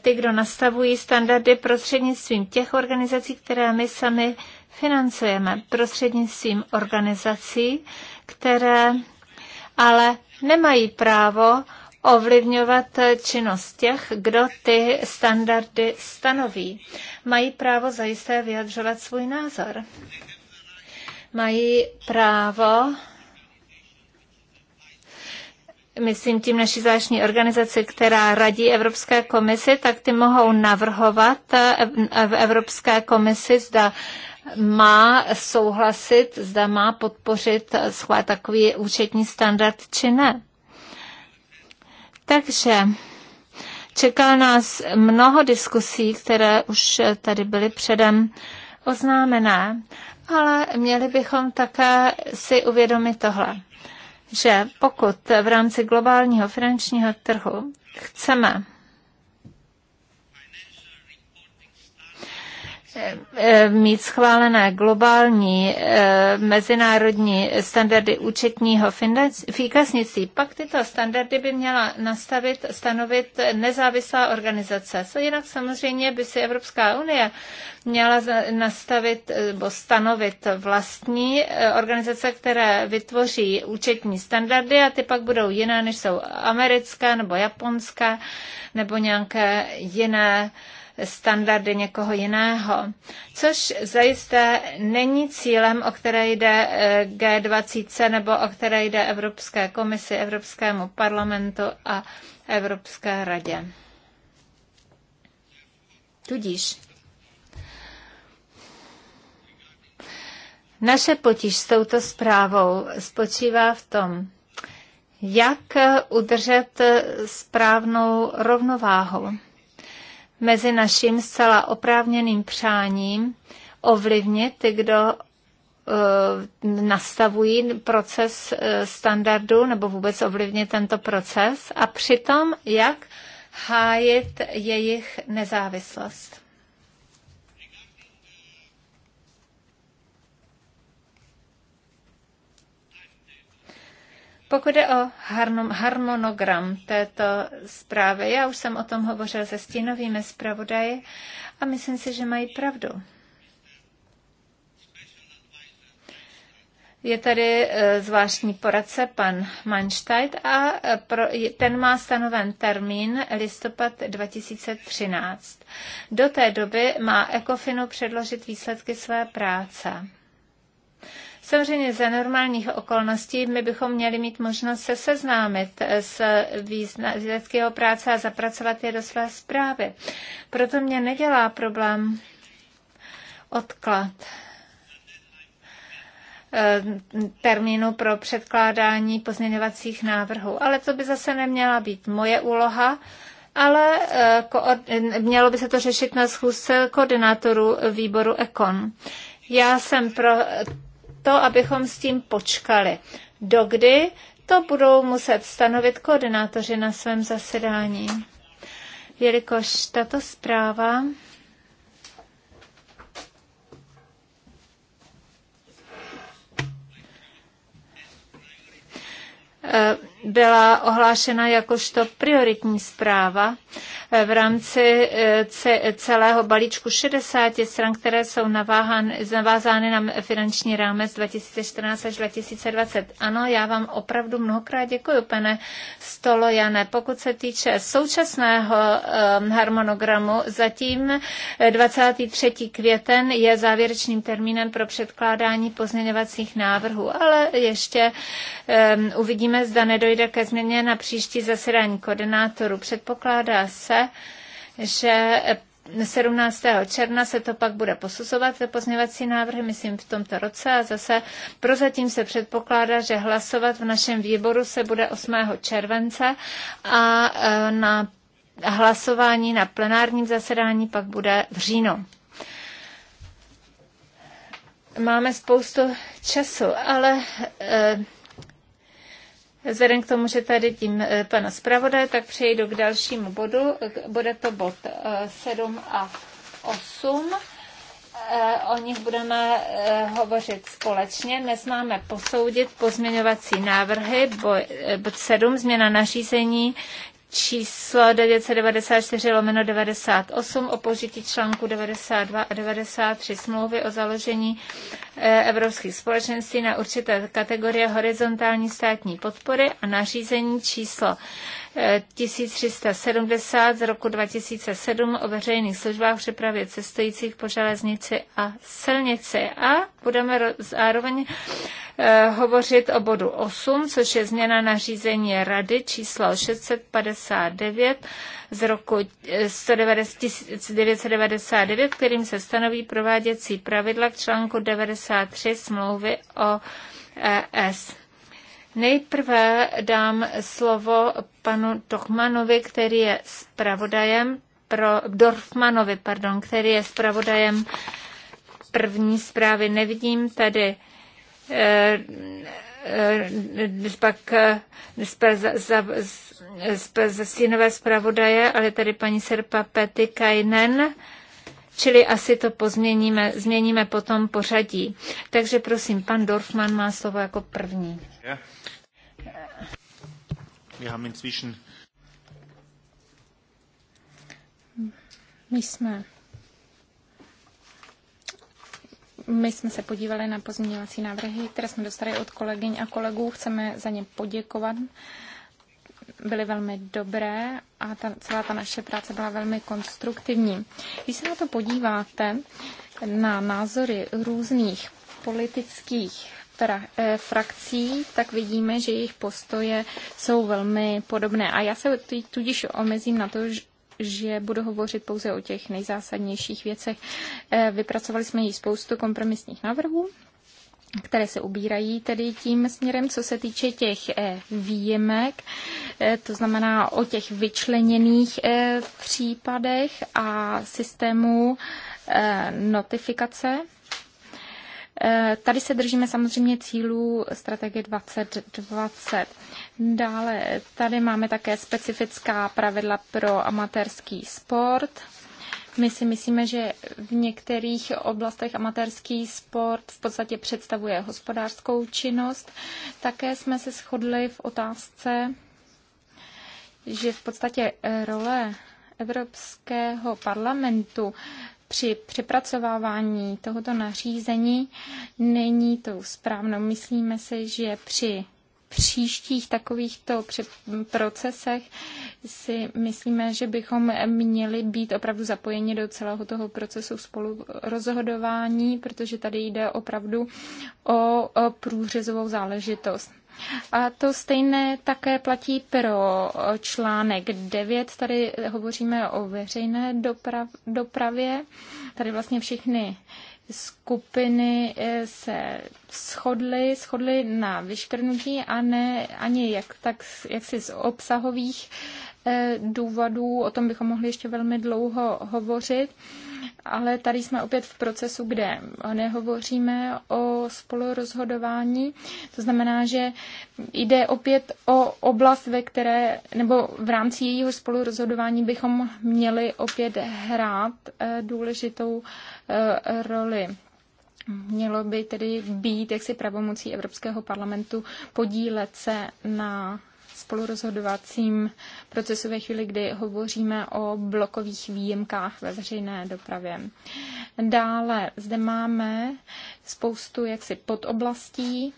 ty, kdo nastavují standardy prostřednictvím těch organizací, které my sami financujeme, prostřednictvím organizací, které ale nemají právo ovlivňovat činnost těch, kdo ty standardy stanoví. Mají právo zajisté vyjadřovat svůj názor. Mají právo myslím tím naší zvláštní organizaci, která radí Evropské komisi, tak ty mohou navrhovat v Evropské komisi, zda má souhlasit, zda má podpořit schvál takový účetní standard či ne. Takže čeká nás mnoho diskusí, které už tady byly předem oznámené, ale měli bychom také si uvědomit tohle, že pokud v rámci globálního finančního trhu chceme Eh, eh, mít schválené globální eh, mezinárodní standardy účetního výkaznictví, pak tyto standardy by měla nastavit, stanovit nezávislá organizace. Co jinak samozřejmě by si Evropská unie měla nastavit nebo stanovit vlastní organizace, které vytvoří účetní standardy a ty pak budou jiné, než jsou americké nebo japonské nebo nějaké jiné standardy někoho jiného, což zajisté není cílem, o které jde eh, G20 nebo o které jde Evropské komisi, Evropskému parlamentu a Evropské radě. Tudíž naše potíž s touto zprávou spočívá v tom, jak udržet správnou rovnováhu mezi naším zcela oprávněným přáním ovlivnit ty, kdo eh, nastavují proces eh, standardu nebo vůbec ovlivnit tento proces a přitom jak hájit jejich nezávislost. Pokud je o harmonogram této zprávy, já už jsem o tom hovořil se stínovými zpravodaji a myslím si, že mají pravdu. Je tady e, zvláštní poradce pan Manstein a e, ten má stanoven termín listopad 2013. Do té doby má Ekofinu předložit výsledky své práce. Samozřejmě za normálních okolností my bychom měli mít možnost se seznámit s výsledky práce a zapracovat je do své zprávy. Proto mě nedělá problém odklad eh, termínu pro předkládání pozměňovacích návrhů. Ale to by zase neměla být moje úloha, ale eh, mělo by se to řešit na schůzce koordinátorů výboru EKON. Já jsem pro to, abychom s tím počkali. Dokdy to budou muset stanovit koordinátoři na svém zasedání. Jelikož tato zpráva uh, byla ohlášena jakožto prioritní zpráva eh, v rámci eh, celého balíčku 60 stran, které jsou navázány na finanční rámec 2014 až 2020. Ano, já vám opravdu mnohokrát děkuji, pane Stolojane. Pokud se týče současného ehm, harmonogramu, zatím 23. Eh, květen je závěrečným termínem pro předkládání pozměňovacích návrhů, ale ještě ehm, uvidíme, zda nedojde dojde ke změně na příští zasedání koordinátorů. Předpokládá se, že 17. června se to pak bude posuzovat ve pozměvací návrhy, myslím v tomto roce a zase prozatím se předpokládá, že hlasovat v našem výboru se bude 8. července a e, na hlasování na plenárním zasedání pak bude v říjnu. Máme spoustu času, ale e, Vzhledem k tomu, že tady tím eh, pana zpravodaje, tak přejdu k dalšímu bodu. Bude to bod 7 eh, a 8. Eh, o nich budeme hovořit společně. Dnes máme posoudit pozměňovací návrhy, bod 7, změna nařízení číslo 994 lomeno 98 o požití článku 92 a 93 smlouvy o založení eh, evropských společenství na určité kategorie horizontální státní podpory a nařízení číslo 1370 z roku 2007 o veřejných službách přepravě cestujících po železnici a silnici. A budeme zároveň eh, hovořit o bodu 8, což je změna nařízení Rady číslo 659 z roku 1999, eh, kterým se stanoví prováděcí pravidla k článku 93 smlouvy o ES. Eh, Nejprve dám slovo panu Tochmanovi, který je zpravodajem pro Dorfmanovi, pardon, který je zpravodajem první zprávy. Nevidím tady eh, eh pak eh, ze stínové zpravodaje, ale tady paní Serpa Pety Kajnen, čili asi to pozměníme, změníme potom pořadí. Takže prosím, pan Dorfman má slovo jako první. Yeah. Wir haben inzwischen my jsme my jsme se podívali na pozměňovací návrhy, které jsme dostali od kolegyň a kolegů. Chceme za ně poděkovat. Byly velmi dobré a ta, celá ta naše práce byla velmi konstruktivní. Když se na to podíváte, na názory různých politických Eh, frakcí, tak vidíme, že jejich postoje jsou velmi podobné. A já se tudíž omezím na to, že budu hovořit pouze o těch nejzásadnějších věcech. Eh, vypracovali jsme již spoustu kompromisních návrhů, které se ubírají tedy tím směrem, co se týče těch eh, výjimek, to znamená o těch vyčleněných případech a systému notifikace Eh, tady se držíme samozřejmě cílů strategie 2020. Dále tady máme také specifická pravidla pro amatérský sport. My si myslíme, že v některých oblastech amatérský sport v podstatě představuje hospodářskou činnost. Také jsme se shodli v otázce, že v podstatě role Evropského parlamentu při přepracovávání tohoto nařízení není to správnou. Myslíme si, že při příštích takovýchto procesech si myslíme, že bychom měli být opravdu zapojeni do celého toho procesu spolurozhodování, protože tady jde opravdu o průřezovou záležitost. A to stejné také platí pro článek 9. Tady hovoříme o veřejné doprav, dopravě. Tady vlastně všechny skupiny eh, se shodly, shodly na vyškrnutí a ne ani jak, tak, jak si z obsahových eh, důvodů, o tom bychom mohli ještě velmi dlouho hovořit ale tady jsme opět v procesu, kde nehovoříme o spolurozhodování. To znamená, že jde opět o oblast, ve které, nebo v rámci jejího spolurozhodování bychom měli opět hrát eh, důležitou eh, roli. Mělo by tedy být jaksi pravomocí Evropského parlamentu podílet se na spolurozhodovacím procesu ve chvíli, kdy hovoříme o blokových výjimkách ve veřejné dopravě. Dále zde máme spoustu jaksi podoblastí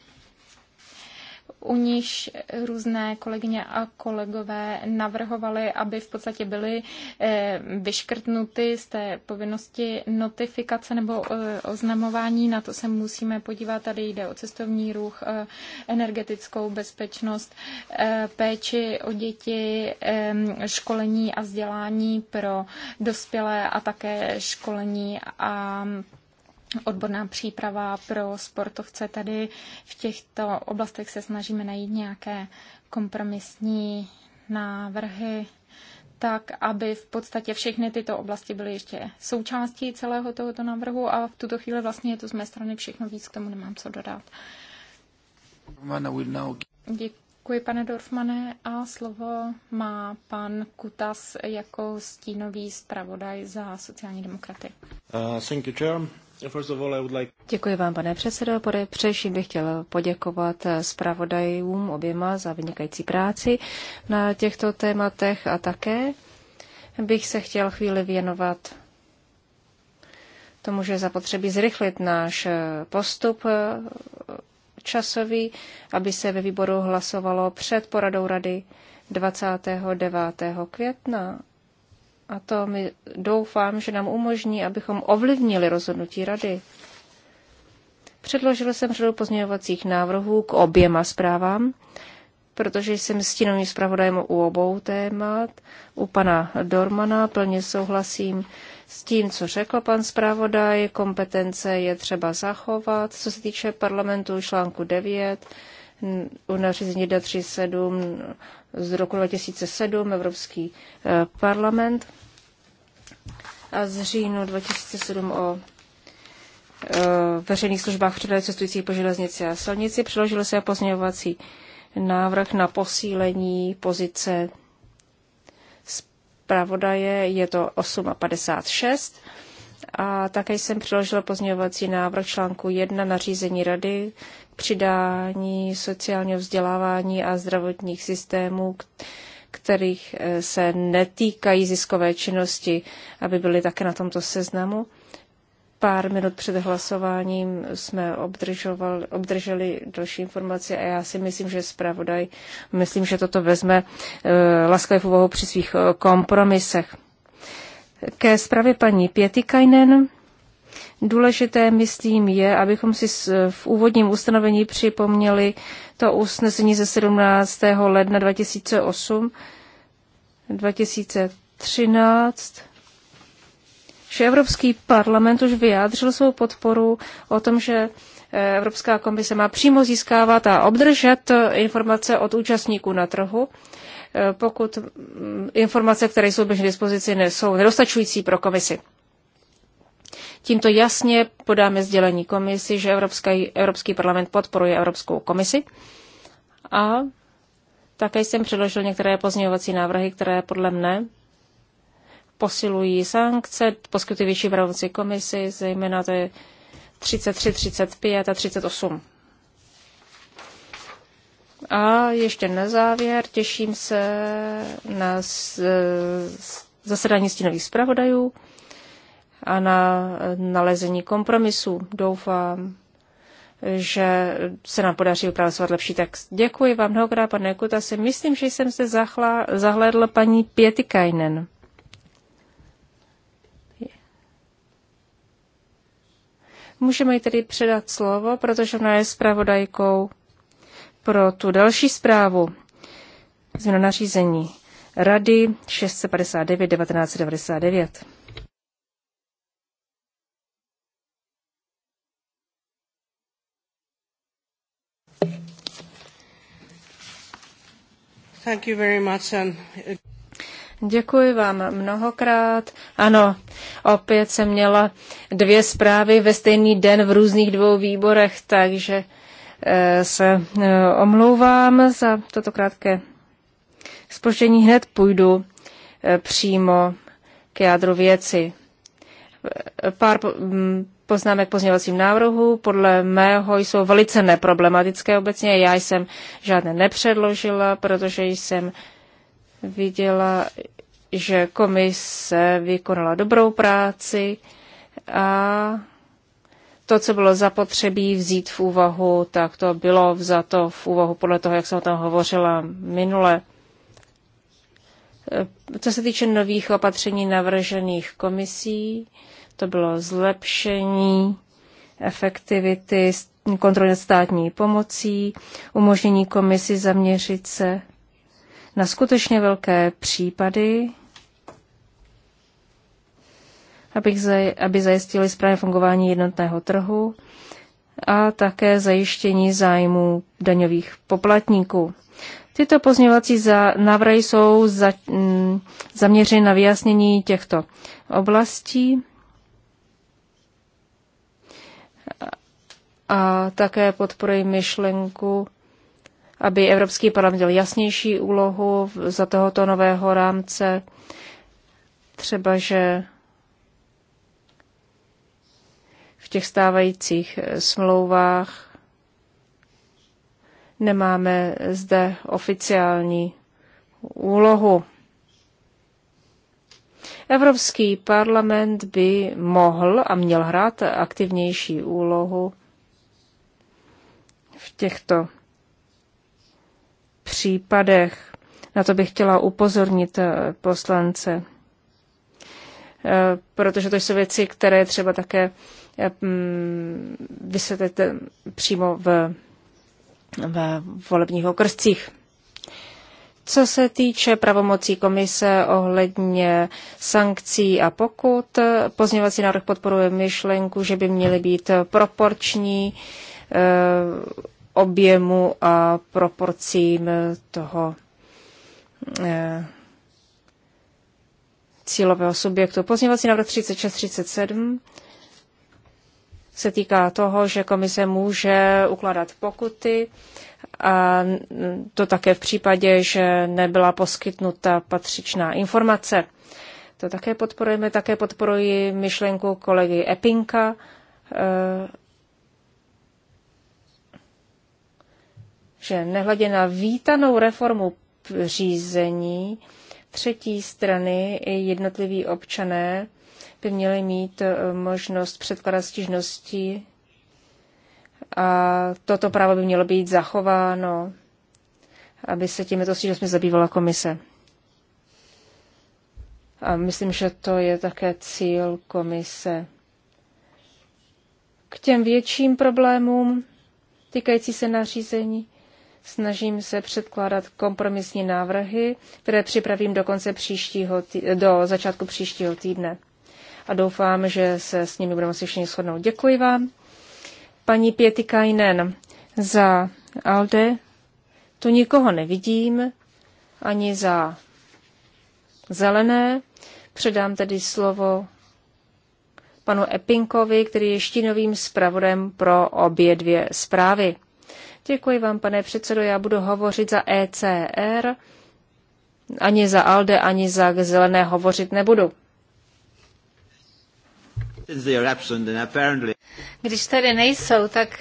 u níž různé kolegyně a kolegové navrhovali, aby v podstatě byly eh, vyškrtnuty z té povinnosti notifikace nebo eh, oznamování. Na to se musíme podívat. Tady jde o cestovní ruch, eh, energetickou bezpečnost, péči o děti, školení a vzdělání pro dospělé a také školení a odborná příprava pro sportovce. Tady v těchto oblastech se snažíme najít nějaké kompromisní návrhy, tak aby v podstatě všechny tyto oblasti byly ještě součástí celého tohoto návrhu a v tuto chvíli vlastně je to z mé strany všechno víc, k tomu nemám co dodat. Děkuji, pane Dorfmane, a slovo má pan Kutas jako stínový zpravodaj za sociální demokraty. Uh, thank you, Chair. Děkuji vám, pane předsedo. Především bych chtěl poděkovat zpravodajům oběma za vynikající práci na těchto tématech a také bych se chtěl chvíli věnovat tomu, že zapotřebí zrychlit náš eh, postup eh, časový, aby se ve výboru hlasovalo před poradou rady 29. května a to mi doufám, že nám umožní, abychom ovlivnili rozhodnutí rady. Předložil jsem řadu pozměňovacích návrhů k oběma zprávám, protože jsem stínovým zpravodajem u obou témat. U pana Dormana plně souhlasím s tím, co řekl pan zpravodaj. Kompetence je třeba zachovat. Co se týče parlamentu článku 9, u nařízení D37 z roku 2007 Evropský eh, parlament a z říjnu 2007 o eh, veřejných službách předaje cestujících po železnici a silnici. Přiložil se pozměňovací návrh na posílení pozice zpravodaje, je to 8,56 a také jsem přiložila pozměňovací návrh článku 1 řízení rady k přidání sociálního vzdělávání a zdravotních systémů, kterých eh, se netýkají ziskové činnosti, aby byly také na tomto seznamu. Pár minut před hlasováním jsme obdrželi další informace a já si myslím, že zpravodaj, myslím, že toto vezme eh, laskavě v úvahu při svých eh, kompromisech. Ke zprávě paní Pietikainen důležité, myslím, je, abychom si v úvodním ustanovení připomněli to usnesení ze 17. ledna 2008, 2013, že Evropský parlament už vyjádřil svou podporu o tom, že eh, Evropská komise má přímo získávat a obdržet eh, informace od účastníků na trhu Eh, pokud mm, informace, které jsou běžně dispozici, nejsou nedostačující pro komisi. Tímto jasně podáme sdělení komisi, že Evropský, Evropský parlament podporuje Evropskou komisi a také jsem předložil některé pozměňovací návrhy, které podle mne posilují sankce, poskytují větší pravomoci komisi, zejména to je 33, 35 a 38. A ještě na závěr těším se na zasedání stínových zpravodajů a na nalezení kompromisu. Doufám, že se nám podaří upravovat lepší text. Děkuji vám mnohokrát, pane Si Myslím, že jsem se zahla, zahledl paní Pietikainen. Můžeme jí tedy předat slovo, protože ona je zpravodajkou pro tu další zprávu změna nařízení Rady 659 1999. Thank you very much and... Děkuji vám mnohokrát. Ano, opět jsem měla dvě zprávy ve stejný den v různých dvou výborech, takže Eh, se eh, omlouvám za toto krátké spoždění. Hned půjdu eh, přímo k jádru věci. Pár mm, poznámek pozněvacím návrhu. Podle mého jsou velice neproblematické obecně. Já jsem žádné nepředložila, protože jsem viděla, že komise vykonala dobrou práci a to, co bylo zapotřebí vzít v úvahu, tak to bylo vzato v úvahu podle toho, jak jsem o tom hovořila minule. E, co se týče nových opatření navržených komisí, to bylo zlepšení efektivity kontroly státní pomocí, umožnění komisi zaměřit se na skutečně velké případy, abych, aby zajistili správné fungování jednotného trhu a také zajištění zájmů daňových poplatníků. Tyto pozměňovací návrhy jsou za, m, mm, zaměřeny na vyjasnění těchto oblastí a také podporují myšlenku, aby Evropský parlament měl jasnější úlohu za tohoto nového rámce, třeba že v těch stávajících eh, smlouvách. Nemáme zde oficiální úlohu. Evropský parlament by mohl a měl hrát aktivnější úlohu v těchto případech. Na to bych chtěla upozornit eh, poslance, eh, protože to jsou věci, které třeba také Ehm, vysvětlit přímo v, v volebních okrscích. Co se týče pravomocí komise ohledně sankcí a pokut, pozněvací návrh podporuje myšlenku, že by měly být proporční eh, objemu a proporcím toho eh, cílového subjektu. Pozněvací návrh 3637 se týká toho, že komise může ukládat pokuty a to také v případě, že nebyla poskytnuta patřičná informace. To také podporujeme, také podporuji myšlenku kolegy Epinka, eh, že nehledě na vítanou reformu řízení třetí strany i jednotliví občané by měli mít eh, možnost předkladat stížnosti a toto právo by mělo být zachováno, aby se těmito stížnostmi zabývala komise. A myslím, že to je také cíl komise. K těm větším problémům týkající se nařízení snažím se předkládat kompromisní návrhy, které připravím do, konce příštího týdne, do začátku příštího týdne a doufám, že se s nimi budeme si všichni shodnout. Děkuji vám. Paní Pietikainen za Alde. Tu nikoho nevidím, ani za zelené. Předám tedy slovo panu Epinkovi, který je štínovým zpravodem pro obě dvě zprávy. Děkuji vám, pane předsedo, já budu hovořit za ECR. Ani za ALDE, ani za zelené hovořit nebudu. Když tady nejsou, tak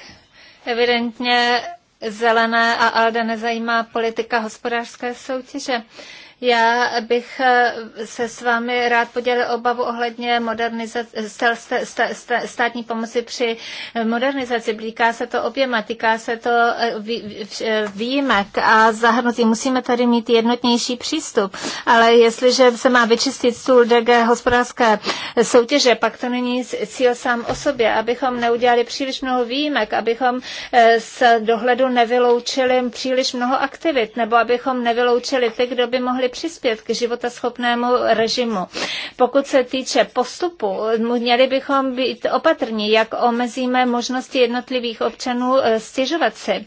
evidentně zelené a ALDE nezajímá politika hospodářské soutěže. Já bych eh, se s vámi rád podělil obavu ohledně státní pomoci při eh, modernizaci. Blíká se to oběma, týká se to eh, výjimek a zahrnutí. Musíme tady mít jednotnější přístup, ale jestliže se má vyčistit stůl DG hospodářské soutěže, pak to není cíl sám o sobě, abychom neudělali příliš mnoho výjimek, abychom z dohledu nevyloučili příliš mnoho aktivit, nebo abychom nevyloučili ty, kdo by mohli měli přispět k životaschopnému režimu. Pokud se týče postupu, měli bychom být opatrní, jak omezíme možnosti jednotlivých občanů eh, stěžovat si.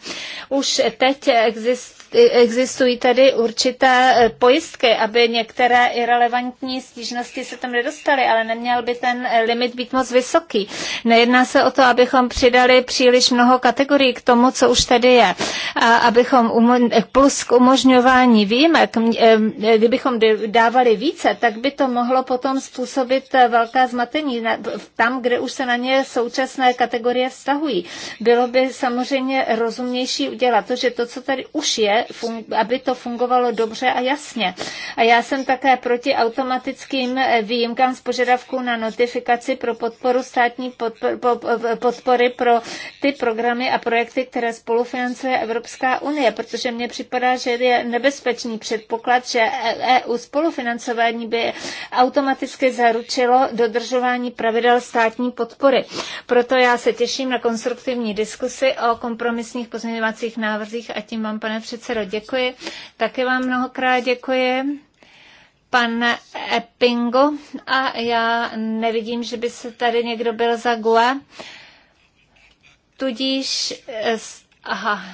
Už teď existuje existují tady určité eh, pojistky, aby některé irrelevantní stížnosti se tam nedostaly, ale neměl by ten eh, limit být moc vysoký. Nejedná se o to, abychom přidali příliš mnoho kategorií k tomu, co už tady je. A abychom eh, plus k umožňování výjimek, kdybychom dávali více, tak by to mohlo potom způsobit velká zmatení tam, kde už se na ně současné kategorie vztahují. Bylo by samozřejmě rozumnější udělat to, že to, co tady už je, dobře, aby to fungovalo dobře a jasně. A já jsem také proti automatickým eh, výjimkám z požadavků na notifikaci pro podporu státní eh, podpory pro ty programy a projekty, které spolufinancuje Evropská unie, protože mně připadá, že je nebezpečný předpoklad, že EU e spolufinancování by automaticky zaručilo dodržování pravidel státní podpory. Proto já se těším na konstruktivní diskusy o kompromisních pozměňovacích návrzích a tím vám, pane předsedo, předsedo, děkuji. Taky vám mnohokrát děkuji pan Epingo, a já nevidím, že by se tady někdo byl za GUE. Tudíž, eh, aha,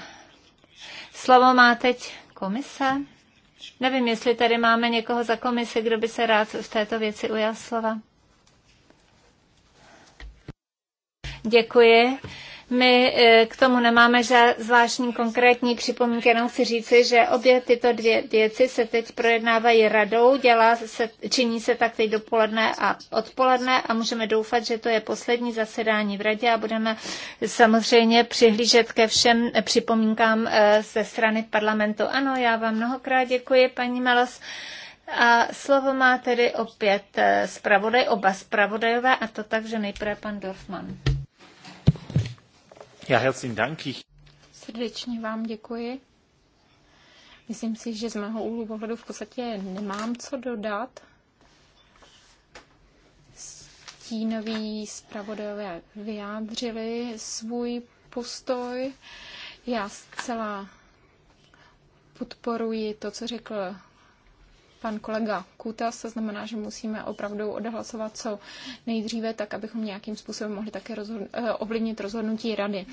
slovo má teď komise. Nevím, jestli tady máme někoho za komisi, kdo by se rád v této věci ujal slova. Děkuji. My eh, k tomu nemáme zvláštní konkrétní připomínky, jenom chci říci, že obě tyto dvě věci se teď projednávají radou, dělá se, činí se tak teď dopoledne a odpoledne a můžeme doufat, že to je poslední zasedání v radě a budeme samozřejmě přihlížet ke všem připomínkám eh, ze strany parlamentu. Ano, já vám mnohokrát děkuji, paní Melos. A slovo má tedy opět eh, zpravodaj, oba zpravodajové, a to tak, že nejprve pan Dorfman. Já herzlichen Dank. Srdečně vám děkuji. Myslím si, že z mého úhlu pohledu v podstatě nemám co dodat. Stínoví zpravodajové vyjádřili svůj postoj. Já zcela podporuji to, co řekl pan kolega Kutas, to znamená, že musíme opravdu odhlasovat co nejdříve, tak abychom nějakým způsobem mohli také rozhod- eh, ovlivnit rozhodnutí rady.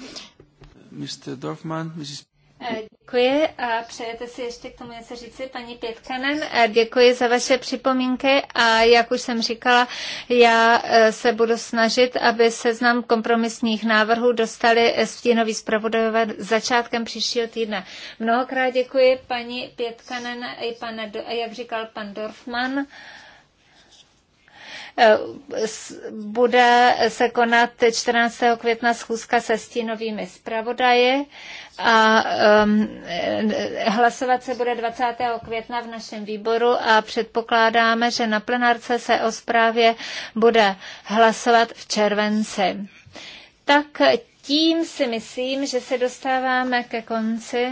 Mr. Dorfman, Mrs. Eh, děkuji a přejete si ještě k tomu něco říci, paní Pětkanen. Eh, děkuji za vaše připomínky a jak už jsem říkala, já eh, se budu snažit, aby seznam kompromisních návrhů dostali stínový zpravodajové začátkem příštího týdne. Mnohokrát děkuji paní Pětkanen i pane, jak říkal pan Dorfman. Eh, bude se konat 14. května schůzka se stínovými zpravodaji a um, hlasovat se bude 20. května v našem výboru a předpokládáme, že na plenárce se o zprávě bude hlasovat v červenci. Tak tím si myslím, že se dostáváme ke konci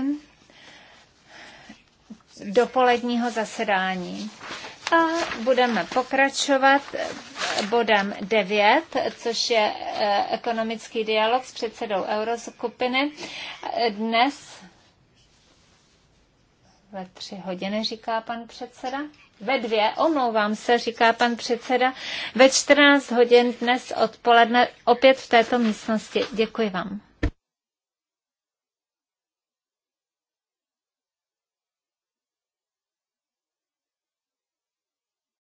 dopoledního zasedání. A budeme pokračovat bodem 9, což je e, ekonomický dialog s předsedou Euroskupiny. Dnes ve tři hodiny, říká pan předseda. Ve dvě, omlouvám se, říká pan předseda. Ve 14 hodin dnes odpoledne opět v této místnosti. Děkuji vám.